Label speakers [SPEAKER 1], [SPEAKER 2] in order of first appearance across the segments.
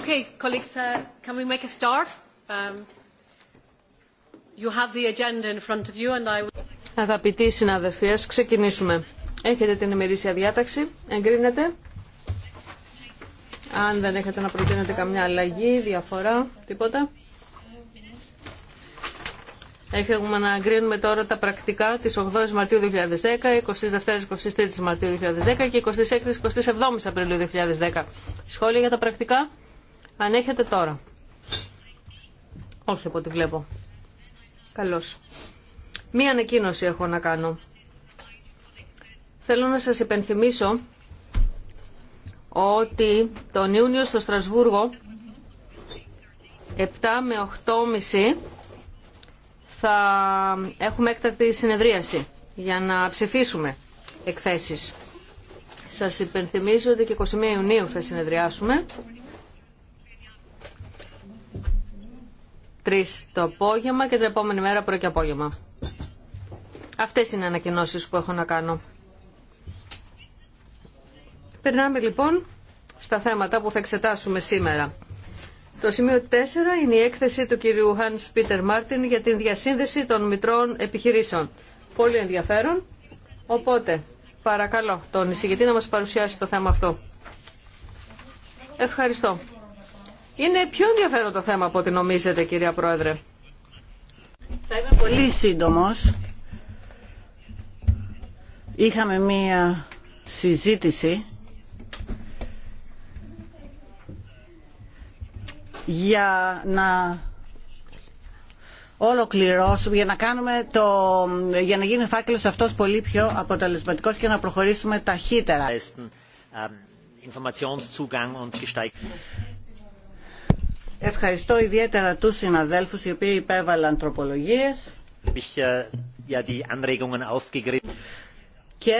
[SPEAKER 1] Okay, colleagues,
[SPEAKER 2] Αγαπητοί συναδελφοί, ας ξεκινήσουμε. Έχετε την ημερήσια διάταξη, εγκρίνετε. Αν δεν έχετε να προτείνετε καμιά αλλαγή, διαφορά, τίποτα. Έχουμε να εγκρίνουμε τώρα τα πρακτικά τη 8η Μαρτίου 2010, 22η-23η Μαρτίου 2010 και 26η-27η Απριλίου 2010. Σχόλια για τα πρακτικά. Αν έχετε τώρα. Όχι από ό,τι βλέπω. Καλώς. Μία ανακοίνωση έχω να κάνω. Θέλω να σας υπενθυμίσω ότι τον Ιούνιο στο Στρασβούργο 7 με 8.30 θα έχουμε έκτακτη συνεδρίαση για να ψηφίσουμε εκθέσεις. Σας υπενθυμίζω ότι και 21 Ιουνίου θα συνεδριάσουμε. 3 το απόγευμα και την επόμενη μέρα πρωί και απόγευμα. Αυτές είναι οι ανακοινώσεις που έχω να κάνω. Περνάμε λοιπόν στα θέματα που θα εξετάσουμε σήμερα. Το σημείο 4 είναι η έκθεση του κυρίου Hans Peter Μάρτιν για την διασύνδεση των μητρών επιχειρήσεων. Πολύ ενδιαφέρον. Οπότε, παρακαλώ τον εισηγητή να μας παρουσιάσει το θέμα αυτό. Ευχαριστώ. Είναι πιο ενδιαφέρον το θέμα από ό,τι νομίζετε, κυρία
[SPEAKER 3] Πρόεδρε. Θα είμαι πολύ σύντομος. Είχαμε μία συζήτηση για να ολοκληρώσουμε, για να, κάνουμε το, για να γίνει ο φάκελος αυτός πολύ πιο αποτελεσματικό και να προχωρήσουμε ταχύτερα. Ευχαριστώ ιδιαίτερα του συναδέλφου οι οποίοι υπέβαλαν τροπολογίες.
[SPEAKER 4] Äh,
[SPEAKER 3] και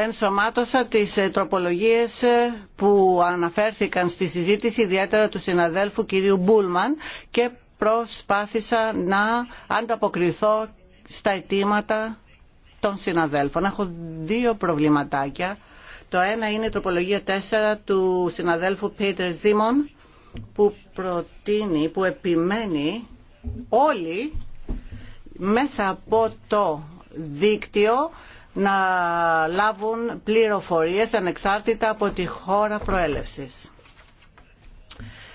[SPEAKER 3] ενσωμάτωσα τις ε, τροπολογίες ε, που αναφέρθηκαν στη συζήτηση ιδιαίτερα του συναδέλφου κυρίου Μπούλμαν και προσπάθησα να ανταποκριθώ στα αιτήματα των συναδέλφων. Έχω δύο προβληματάκια. Το ένα είναι η τροπολογία 4 του συναδέλφου Πίτερ Ζήμον που προτείνει, που επιμένει όλοι μέσα από το δίκτυο να λάβουν πληροφορίες ανεξάρτητα από τη χώρα προέλευσης.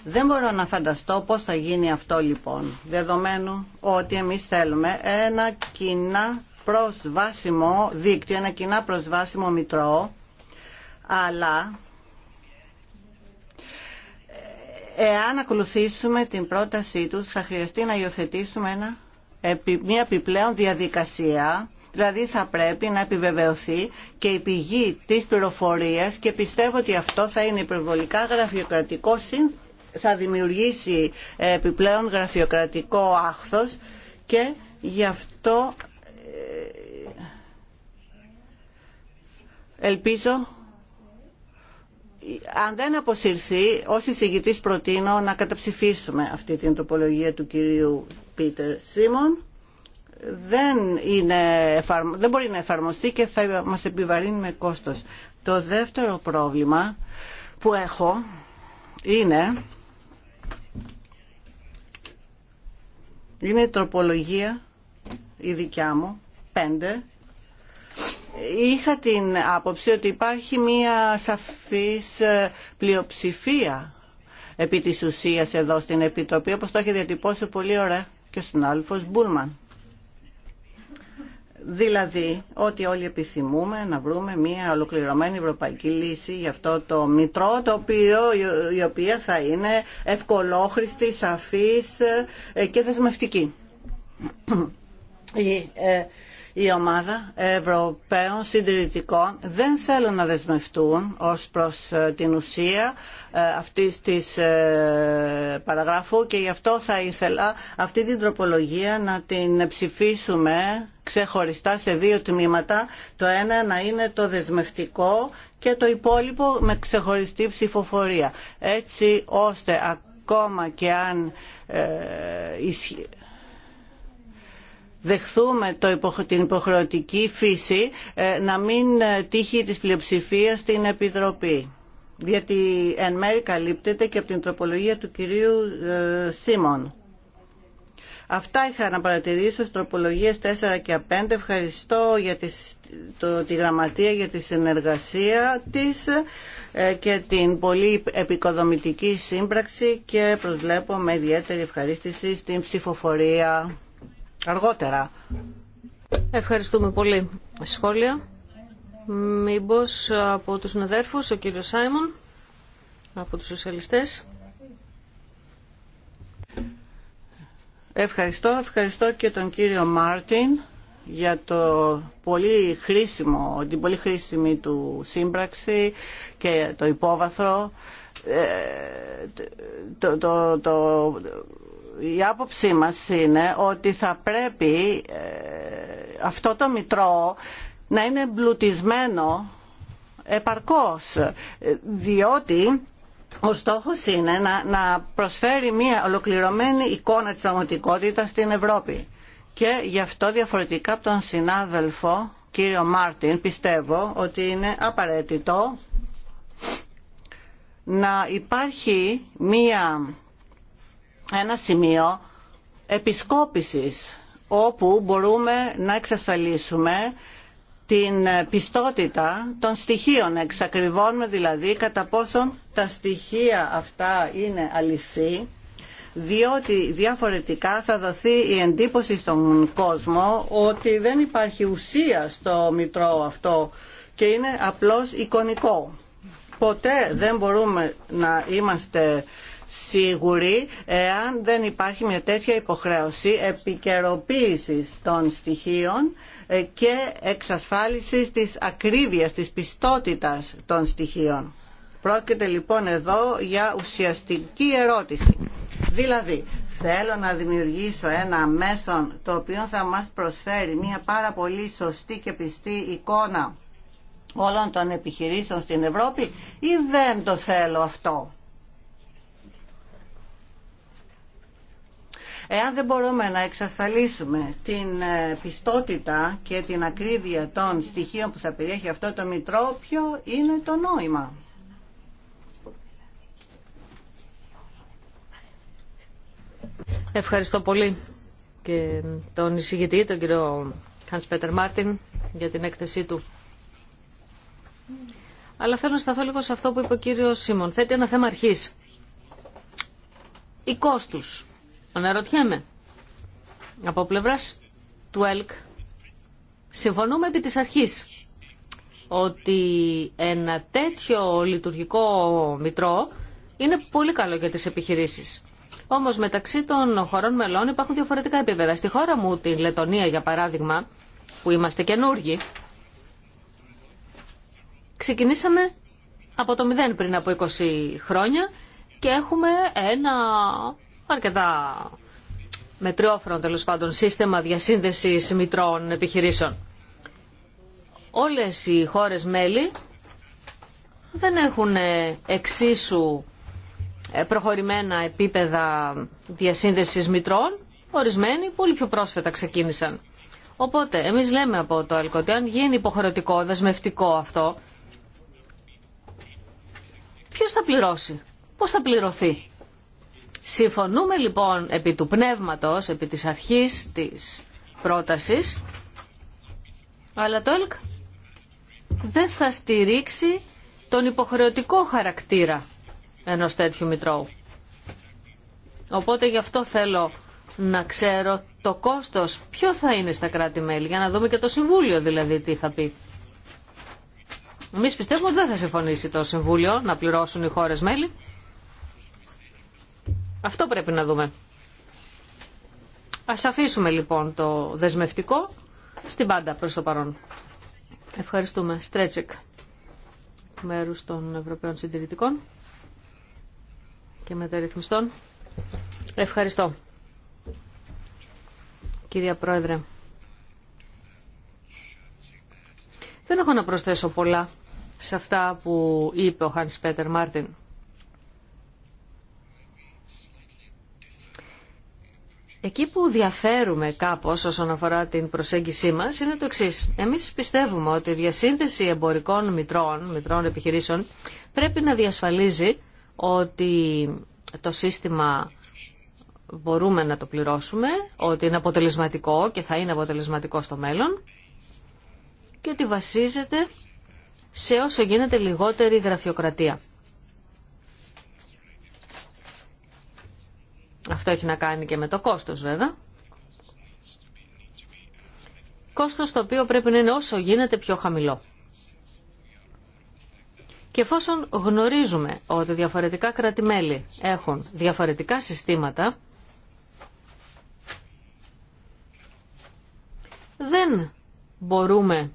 [SPEAKER 3] Δεν μπορώ να φανταστώ πώς θα γίνει αυτό λοιπόν, δεδομένου ότι εμείς θέλουμε ένα κοινά προσβάσιμο δίκτυο, ένα κοινά προσβάσιμο μητρό, αλλά εάν ακολουθήσουμε την πρότασή τους θα χρειαστεί να υιοθετήσουμε ένα, μια επιπλέον διαδικασία Δηλαδή θα πρέπει να επιβεβαιωθεί και η πηγή της πληροφορίας και πιστεύω ότι αυτό θα είναι υπερβολικά γραφειοκρατικό συν θα δημιουργήσει επιπλέον γραφειοκρατικό άχθος και γι' αυτό ε, ελπίζω αν δεν αποσυρθεί, ως εισηγητής προτείνω να καταψηφίσουμε αυτή την τροπολογία του κυρίου Πίτερ Σίμον δεν, είναι, δεν μπορεί να εφαρμοστεί και θα μας επιβαρύνει με κόστος. Το δεύτερο πρόβλημα που έχω είναι, η τροπολογία η δικιά μου, πέντε. Είχα την άποψη ότι υπάρχει μία σαφής ε, πλειοψηφία επί της ουσίας εδώ στην Επιτροπή, όπως το έχει διατυπώσει πολύ ωραία και ο συνάδελφος Μπούλμαν. Δηλαδή ότι όλοι επισημούμε να βρούμε μια ολοκληρωμένη ευρωπαϊκή λύση για αυτό το μητρό το οποίο, η οποία θα είναι ευκολόχρηστη, σαφής ε, και δεσμευτική. Ε, η ομάδα Ευρωπαίων Συντηρητικών δεν θέλουν να δεσμευτούν ως προς ε, την ουσία ε, αυτής της ε, παραγράφου και γι' αυτό θα ήθελα αυτή την τροπολογία να την ψηφίσουμε ξεχωριστά σε δύο τμήματα. Το ένα να είναι το δεσμευτικό και το υπόλοιπο με ξεχωριστή ψηφοφορία. Έτσι ώστε ακόμα και αν ε, δεχθούμε το, την υποχρεωτική φύση ε, να μην ε, τύχει της πλειοψηφίας στην Επιτροπή. Γιατί εν μέρη καλύπτεται και από την τροπολογία του κυρίου ε, Σίμων. Αυτά είχα να παρατηρήσω στις τροπολογίες 4 και 5. Ευχαριστώ για τη, το, τη γραμματεία για τη συνεργασία της και την πολύ επικοδομητική σύμπραξη και προσβλέπω με ιδιαίτερη ευχαρίστηση στην ψηφοφορία.
[SPEAKER 2] Ευχαριστούμε πολύ. Σχόλια. Μήπω από τους συναδέρφους, ο κύριο Σάιμον, από τους σοσιαλιστέ.
[SPEAKER 3] Ευχαριστώ, ευχαριστώ και τον κύριο Μάρτιν για το πολύ χρήσιμο, την πολύ χρήσιμη του σύμπραξη και το υπόβαθρο. Ε, το, το, το, η άποψή μας είναι ότι θα πρέπει ε, αυτό το μητρό να είναι εμπλουτισμένο επαρκώς, ε, διότι ο στόχος είναι να, να προσφέρει μια ολοκληρωμένη εικόνα της πραγματικότητα στην Ευρώπη. Και γι' αυτό διαφορετικά από τον συνάδελφο, κύριο Μάρτιν, πιστεύω ότι είναι απαραίτητο να υπάρχει μια ένα σημείο επισκόπησης όπου μπορούμε να εξασφαλίσουμε την πιστότητα των στοιχείων, εξακριβώνουμε δηλαδή κατά πόσον τα στοιχεία αυτά είναι αληθή, διότι διαφορετικά θα δοθεί η εντύπωση στον κόσμο ότι δεν υπάρχει ουσία στο μητρό αυτό και είναι απλώς εικονικό. Ποτέ δεν μπορούμε να είμαστε σίγουροι εάν δεν υπάρχει μια τέτοια υποχρέωση επικαιροποίησης των στοιχείων ε, και εξασφάλισης της ακρίβειας, της πιστότητας των στοιχείων. Πρόκειται λοιπόν εδώ για ουσιαστική ερώτηση. Δηλαδή, θέλω να δημιουργήσω ένα μέσο το οποίο θα μας προσφέρει μια πάρα πολύ σωστή και πιστή εικόνα όλων των επιχειρήσεων στην Ευρώπη ή δεν το θέλω αυτό. Εάν δεν μπορούμε να εξασφαλίσουμε την ε, πιστότητα και την ακρίβεια των στοιχείων που θα περιέχει αυτό το μητρό, είναι το νόημα.
[SPEAKER 2] Ευχαριστώ πολύ και τον εισηγητή, τον κύριο Hans Peter Μάρτιν, για την έκθεσή του. Αλλά θέλω να σταθώ λίγο σε αυτό που είπε ο κύριο Σίμων. Θέτει ένα θέμα αρχής. Οι κόστους Αναρωτιέμαι. Από πλευράς του ΕΛΚ συμφωνούμε επί της αρχής ότι ένα τέτοιο λειτουργικό μητρό είναι πολύ καλό για τις επιχειρήσεις. Όμως μεταξύ των χωρών μελών υπάρχουν διαφορετικά επίπεδα. Στη χώρα μου, τη Λετωνία για παράδειγμα, που είμαστε καινούργοι, ξεκινήσαμε από το μηδέν πριν από 20 χρόνια και έχουμε ένα αρκετά μετριόφρον τέλο πάντων σύστημα διασύνδεσης μητρών επιχειρήσεων. Όλες οι χώρες μέλη δεν έχουν ε, εξίσου ε, προχωρημένα επίπεδα διασύνδεσης μητρών, ορισμένοι πολύ πιο πρόσφατα ξεκίνησαν. Οπότε, εμείς λέμε από το ΕΛΚ ότι αν γίνει υποχρεωτικό, δεσμευτικό αυτό, ποιος θα πληρώσει, πώς θα πληρωθεί. Συμφωνούμε λοιπόν επί του πνεύματος, επί της αρχής της πρότασης, αλλά το ΕΛΚ δεν θα στηρίξει τον υποχρεωτικό χαρακτήρα ενός τέτοιου μητρώου. Οπότε γι' αυτό θέλω να ξέρω το κόστος ποιο θα είναι στα κράτη-μέλη, για να δούμε και το Συμβούλιο δηλαδή τι θα πει. Εμεί πιστεύουμε ότι δεν θα συμφωνήσει το Συμβούλιο να πληρώσουν οι χώρες μέλη. Αυτό πρέπει να δούμε. Ας αφήσουμε λοιπόν το δεσμευτικό στην πάντα προς το παρόν. Ευχαριστούμε. Στρέτσεκ, μέρους των Ευρωπαίων Συντηρητικών και μεταρρυθμιστών. Ευχαριστώ. Κυρία Πρόεδρε, δεν έχω να προσθέσω πολλά σε αυτά που είπε ο Χάνς Πέτερ Μάρτιν. Εκεί που διαφέρουμε κάπως όσον αφορά την προσέγγισή μας είναι το εξής. Εμείς πιστεύουμε ότι η διασύνδεση εμπορικών μητρών, μητρών επιχειρήσεων πρέπει να διασφαλίζει ότι το σύστημα μπορούμε να το πληρώσουμε, ότι είναι αποτελεσματικό και θα είναι αποτελεσματικό στο μέλλον και ότι βασίζεται σε όσο γίνεται λιγότερη γραφειοκρατία. Αυτό έχει να κάνει και με το κόστος βέβαια. Κόστος το οποίο πρέπει να είναι όσο γίνεται πιο χαμηλό. Και εφόσον γνωρίζουμε ότι διαφορετικά κράτη-μέλη έχουν διαφορετικά συστήματα, δεν μπορούμε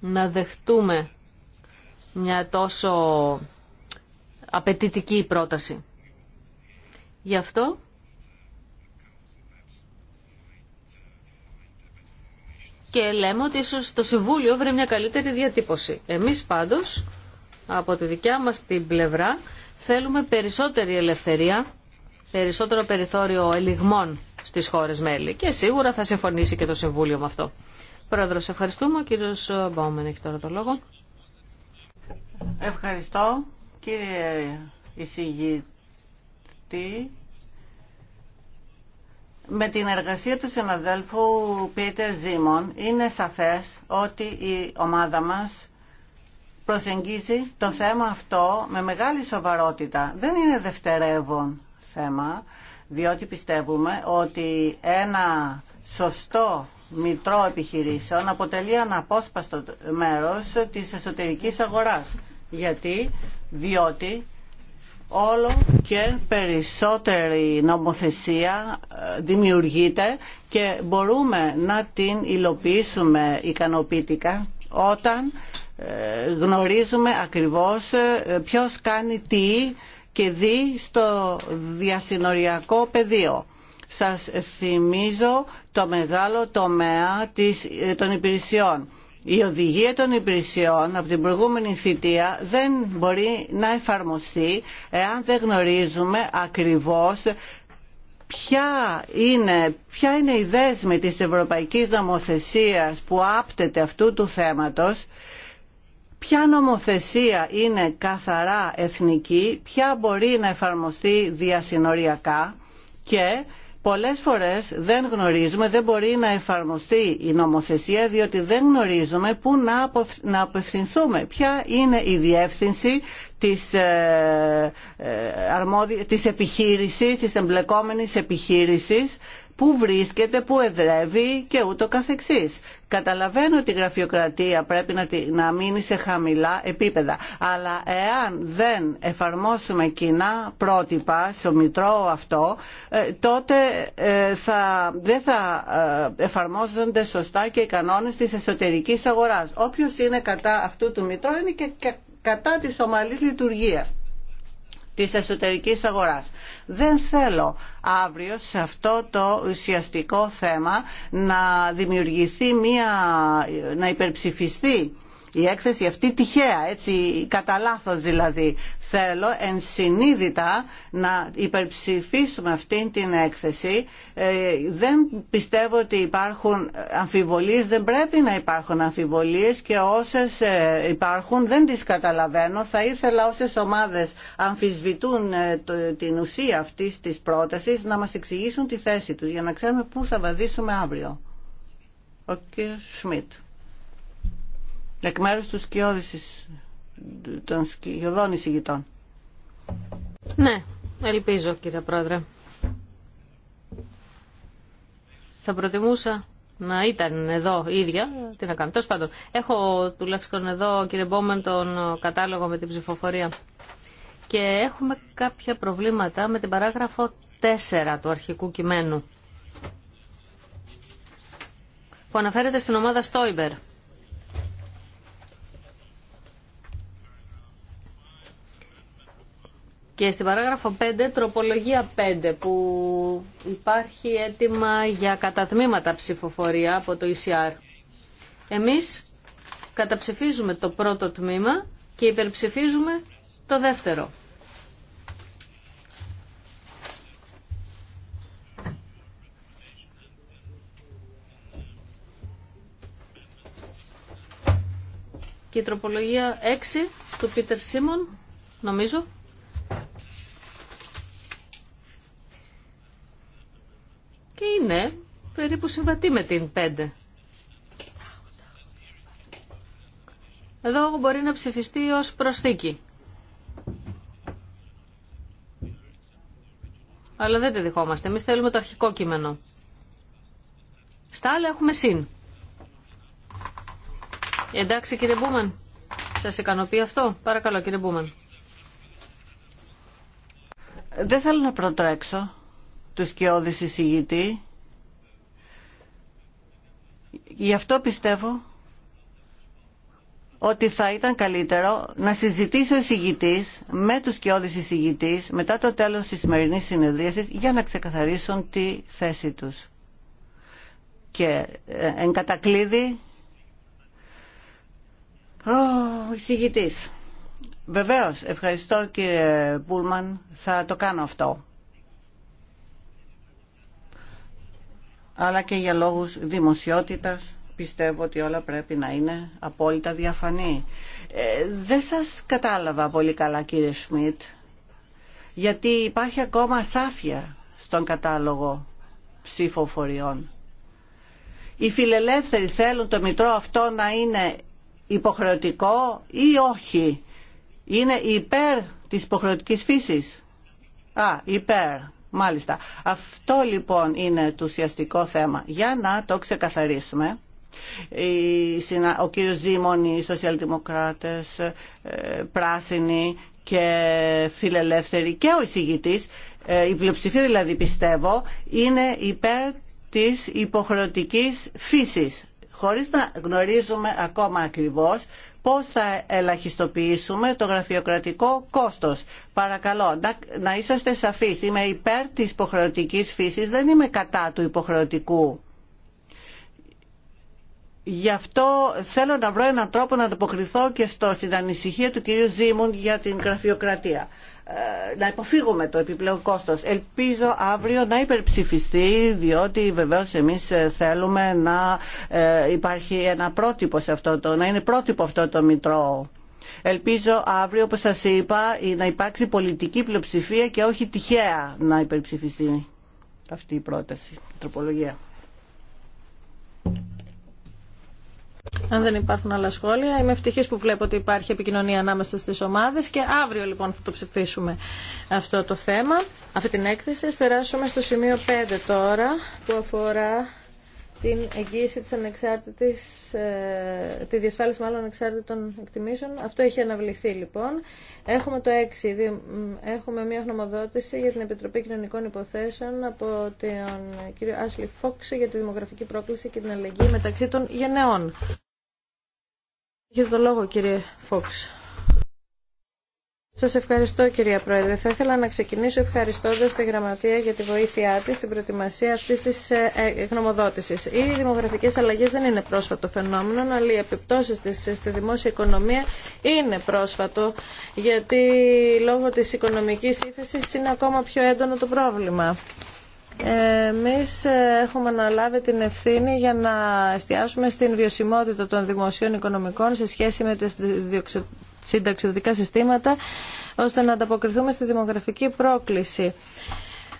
[SPEAKER 2] να δεχτούμε μια τόσο απαιτητική πρόταση. Γι' αυτό και λέμε ότι ίσως το Συμβούλιο βρει μια καλύτερη διατύπωση. Εμείς πάντως, από τη δικιά μας την πλευρά, θέλουμε περισσότερη ελευθερία, περισσότερο περιθώριο ελιγμών στις χώρες μέλη. Και σίγουρα θα συμφωνήσει και το Συμβούλιο με αυτό. Πρόεδρος, ευχαριστούμε. Ο κύριος Μπόμεν έχει τώρα
[SPEAKER 3] το λόγο. Ευχαριστώ, κύριε εισηγητή. Με την εργασία του συναδέλφου Πίτερ Ζήμων είναι σαφές ότι η ομάδα μας προσεγγίζει το θέμα αυτό με μεγάλη σοβαρότητα. Δεν είναι δευτερεύον θέμα, διότι πιστεύουμε ότι ένα σωστό μητρό επιχειρήσεων αποτελεί αναπόσπαστο μέρος της εσωτερικής αγοράς. Γιατί, διότι όλο και περισσότερη νομοθεσία ε, δημιουργείται και μπορούμε να την υλοποιήσουμε ικανοποιητικά όταν ε, γνωρίζουμε ακριβώς ε, ποιος κάνει τι και δει στο διασυνοριακό πεδίο. Σας θυμίζω το μεγάλο τομέα των υπηρεσιών η οδηγία των υπηρεσιών από την προηγούμενη θητεία δεν μπορεί να εφαρμοστεί εάν δεν γνωρίζουμε ακριβώς ποια είναι, ποια είναι η δέσμη της ευρωπαϊκής νομοθεσίας που άπτεται αυτού του θέματος Ποια νομοθεσία είναι καθαρά εθνική, ποια μπορεί να εφαρμοστεί διασυνοριακά και Πολλές φορές δεν γνωρίζουμε, δεν μπορεί να εφαρμοστεί η νομοθεσία διότι δεν γνωρίζουμε πού να απευθυνθούμε. Ποια είναι η διεύθυνση της, ε, ε της επιχείρησης, της εμπλεκόμενης επιχείρησης, πού βρίσκεται, πού εδρεύει και ούτω καθεξής. Καταλαβαίνω ότι η γραφειοκρατία πρέπει να, να μείνει σε χαμηλά επίπεδα, αλλά εάν δεν εφαρμόσουμε κοινά πρότυπα στο μητρό αυτό, ε, τότε ε, θα, δεν θα ε, εφαρμόζονται σωστά και οι κανόνες της εσωτερικής αγοράς. Όποιος είναι κατά αυτού του μητρό είναι και κατά της ομαλής λειτουργίας της εσωτερικής αγοράς. Δεν θέλω αύριο σε αυτό το ουσιαστικό θέμα να δημιουργηθεί μία, να υπερψηφιστεί η έκθεση αυτή τυχαία, έτσι κατά λάθο δηλαδή. Θέλω ενσυνείδητα να υπερψηφίσουμε αυτήν την έκθεση. Ε, δεν πιστεύω ότι υπάρχουν αμφιβολίες, δεν πρέπει να υπάρχουν αμφιβολίες και όσες ε, υπάρχουν δεν τις καταλαβαίνω. Θα ήθελα όσες ομάδες αμφισβητούν ε, την ουσία αυτής της πρότασης να μας εξηγήσουν τη θέση τους για να ξέρουμε πού θα βαδίσουμε αύριο. Ο Σμιτ εκ μέρους του σκιώδησης των σκιωδών εισηγητών.
[SPEAKER 2] Ναι, ελπίζω κύριε Πρόεδρε. Θα προτιμούσα να ήταν εδώ ίδια, τι να κάνω. Τέλο πάντων, έχω τουλάχιστον εδώ κύριε Μπόμεν τον κατάλογο με την ψηφοφορία. Και έχουμε κάποια προβλήματα με την παράγραφο 4 του αρχικού κειμένου που αναφέρεται στην ομάδα Στόιμπερ. Και στην παράγραφο 5, τροπολογία 5, που υπάρχει έτοιμα για κατατμήματα ψηφοφορία από το ECR. Εμείς καταψηφίζουμε το πρώτο τμήμα και υπερψηφίζουμε το δεύτερο. Και η τροπολογία 6 του Πίτερ Σίμον, νομίζω. Και είναι περίπου συμβατή με την 5. Εδώ μπορεί να ψηφιστεί ως προσθήκη. Αλλά δεν τη διχόμαστε. Εμεί θέλουμε το αρχικό κείμενο. Στα άλλα έχουμε συν. Εντάξει κύριε Μπούμαν, σας ικανοποιεί αυτό. Παρακαλώ κύριε Μπούμαν.
[SPEAKER 3] Δεν θέλω να προτρέξω του σκιώδη εισηγητή. Γι' αυτό πιστεύω ότι θα ήταν καλύτερο να συζητήσει ο με τους σκιώδη εισηγητής μετά το τέλος της σημερινή συνεδρίασης για να ξεκαθαρίσουν τη θέση τους. Και ε, εν κατακλείδη, ο εισηγητής. Βεβαίως, ευχαριστώ κύριε Πούλμαν, θα το κάνω αυτό. Αλλά και για λόγους δημοσιότητας πιστεύω ότι όλα πρέπει να είναι απόλυτα διαφανή. Ε, δεν σας κατάλαβα πολύ καλά κύριε Σμιτ, γιατί υπάρχει ακόμα σάφια στον κατάλογο ψηφοφοριών. Οι φιλελεύθεροι θέλουν το μητρό αυτό να είναι υποχρεωτικό ή όχι είναι υπέρ της υποχρεωτικής φύσης. Α, υπέρ. Μάλιστα. Αυτό λοιπόν είναι το ουσιαστικό θέμα. Για να το ξεκαθαρίσουμε. Ο κύριος Ζήμων, οι σοσιαλδημοκράτες, ε, πράσινοι και φιλελεύθεροι και ο εισηγητής, ε, η πλειοψηφία δηλαδή πιστεύω, είναι υπέρ της υποχρεωτικής φύσης χωρίς να γνωρίζουμε ακόμα ακριβώς πώς θα ελαχιστοποιήσουμε το γραφειοκρατικό κόστος. Παρακαλώ, να, να είσαστε σαφείς. Είμαι υπέρ της υποχρεωτικής φύσης, δεν είμαι κατά του υποχρεωτικού Γι' αυτό θέλω να βρω έναν τρόπο να ανταποκριθώ και στο, στην ανησυχία του κυρίου Ζήμουν για την γραφειοκρατία. Ε, να υποφύγουμε το επιπλέον κόστος. Ελπίζω αύριο να υπερψηφιστεί, διότι βεβαίως εμείς ε, θέλουμε να ε, υπάρχει ένα πρότυπο σε αυτό το, να είναι πρότυπο αυτό το Μητρό. Ελπίζω αύριο, όπως σας είπα, να υπάρξει πολιτική πλειοψηφία και όχι τυχαία να υπερψηφιστεί αυτή η πρόταση, η τροπολογία.
[SPEAKER 1] Αν δεν υπάρχουν άλλα σχόλια, είμαι ευτυχής που βλέπω ότι υπάρχει επικοινωνία ανάμεσα στις ομάδες και αύριο λοιπόν θα το ψηφίσουμε αυτό το θέμα, αυτή την έκθεση. Περάσουμε στο σημείο 5 τώρα που αφορά την εγγύηση της ανεξάρτητης, ε, τη διασφάλιση μάλλον ανεξάρτητων εκτιμήσεων. Αυτό έχει αναβληθεί λοιπόν. Έχουμε το 6. Έχουμε μια γνωμοδότηση για την Επιτροπή Κοινωνικών Υποθέσεων από τον κύριο Άσλι Φόξ για τη δημογραφική πρόκληση και την αλληλεγγύη μεταξύ των γενεών. Έχετε το λόγο κύριε Φόξ. Σα ευχαριστώ κυρία Πρόεδρε. Θα ήθελα να ξεκινήσω ευχαριστώντα τη Γραμματεία για τη βοήθειά τη στην προετοιμασία αυτή τη ε, ε, γνωμοδότηση. Οι δημογραφικέ αλλαγέ δεν είναι πρόσφατο φαινόμενο, αλλά οι επιπτώσει τη ε, στη δημόσια οικονομία είναι πρόσφατο, γιατί λόγω τη οικονομική ύφεση είναι ακόμα πιο έντονο το πρόβλημα. Εμεί έχουμε αναλάβει την ευθύνη για να εστιάσουμε στην βιωσιμότητα των δημοσίων οικονομικών σε σχέση με τις συνταξιδοτικά συστήματα ώστε να ανταποκριθούμε στη δημογραφική πρόκληση.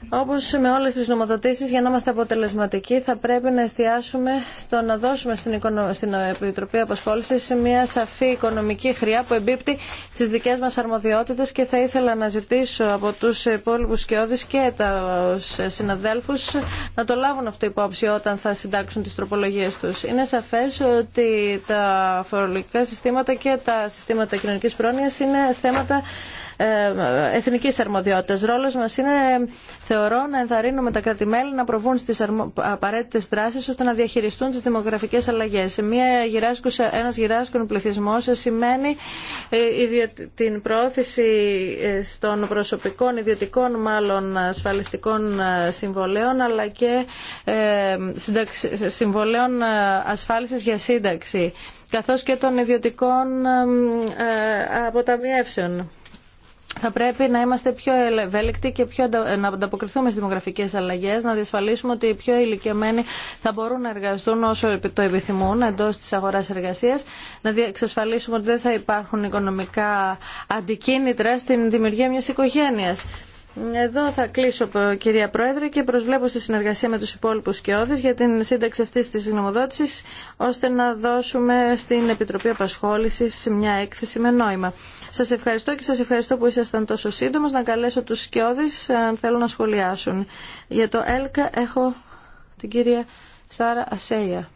[SPEAKER 1] Όπως με όλες τις νομοδοτήσεις, για να είμαστε αποτελεσματικοί, θα πρέπει να εστιάσουμε στο να δώσουμε στην, στην Επιτροπή Αποσχόληση μια σαφή οικονομική χρειά που εμπίπτει στις δικές μας αρμοδιότητες και θα ήθελα να ζητήσω από τους υπόλοιπους σκιώδεις και του συναδέλφους να το λάβουν αυτό υπόψη όταν θα συντάξουν τις τροπολογίες τους. Είναι σαφές ότι τα φορολογικά συστήματα και τα συστήματα κοινωνικής πρόνοιας είναι θέματα ε, εθνικής αρμοδιότητας. Ρόλος μας είναι, θεωρώ, να ενθαρρύνουμε τα κράτη-μέλη να προβούν στις αρμο... απαραίτητες δράσεις ώστε να διαχειριστούν τις δημογραφικές αλλαγές. Μια γυράσκουσα, ένας γυράσκων πληθυσμός σημαίνει ε, την πρόθεση ε, των προσωπικών, ιδιωτικών μάλλον ασφαλιστικών συμβολέων αλλά και συμβολέων ασφάλισης για σύνταξη καθώς και των ιδιωτικών αποταμιεύσεων θα πρέπει να είμαστε πιο ευέλικτοι και πιο, να ανταποκριθούμε στι δημογραφικέ αλλαγέ, να διασφαλίσουμε ότι οι πιο ηλικιωμένοι θα μπορούν να εργαστούν όσο το επιθυμούν εντό τη αγορά εργασία, να εξασφαλίσουμε ότι δεν θα υπάρχουν οικονομικά αντικίνητρα στην δημιουργία μιας οικογένεια. Εδώ θα κλείσω, κυρία Πρόεδρε, και προσβλέπω στη συνεργασία με τους υπόλοιπους σκιώδης για την σύνταξη αυτής της γνωμοδότησης, ώστε να δώσουμε στην Επιτροπή Απασχόλησης μια έκθεση με νόημα. Σας ευχαριστώ και σας ευχαριστώ που ήσασταν τόσο σύντομος. Να καλέσω τους σκιώδης αν θέλουν να σχολιάσουν. Για το ΕΛΚΑ έχω την κυρία Σάρα Ασέια.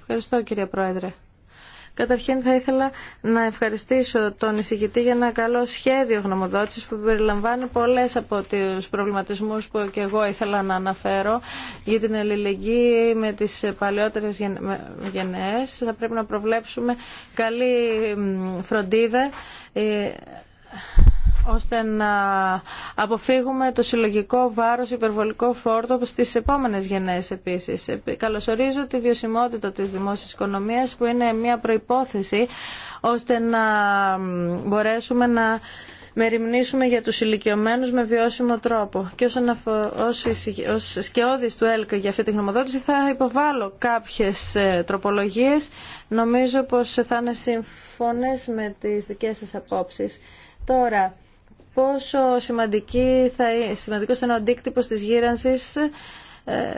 [SPEAKER 1] Ευχαριστώ, κυρία Πρόεδρε. Καταρχήν θα ήθελα να ευχαριστήσω τον εισηγητή για ένα καλό σχέδιο γνωμοδότησης που περιλαμβάνει πολλές από τους προβληματισμούς που και εγώ ήθελα να αναφέρω για την αλληλεγγύη με τις παλαιότερες γενναίες. Θα πρέπει να προβλέψουμε καλή φροντίδα ε, ώστε να αποφύγουμε το συλλογικό βάρος, υπερβολικό φόρτο στις επόμενες γενναίες επίσης. Καλωσορίζω τη βιωσιμότητα της δημόσιας οικονομίας που είναι μια προϋπόθεση ώστε να μπορέσουμε να μεριμνήσουμε για τους ηλικιωμένου με βιώσιμο τρόπο. Και ως, αναφο... ως, του ΕΛΚ για αυτή τη γνωμοδότηση θα υποβάλω κάποιες ε, τροπολογίες. Νομίζω πως θα είναι σύμφωνες με τις δικές σας απόψεις. Τώρα, πόσο σημαντική θα, σημαντικός είναι ο αντίκτυπος της γύρανσης ε,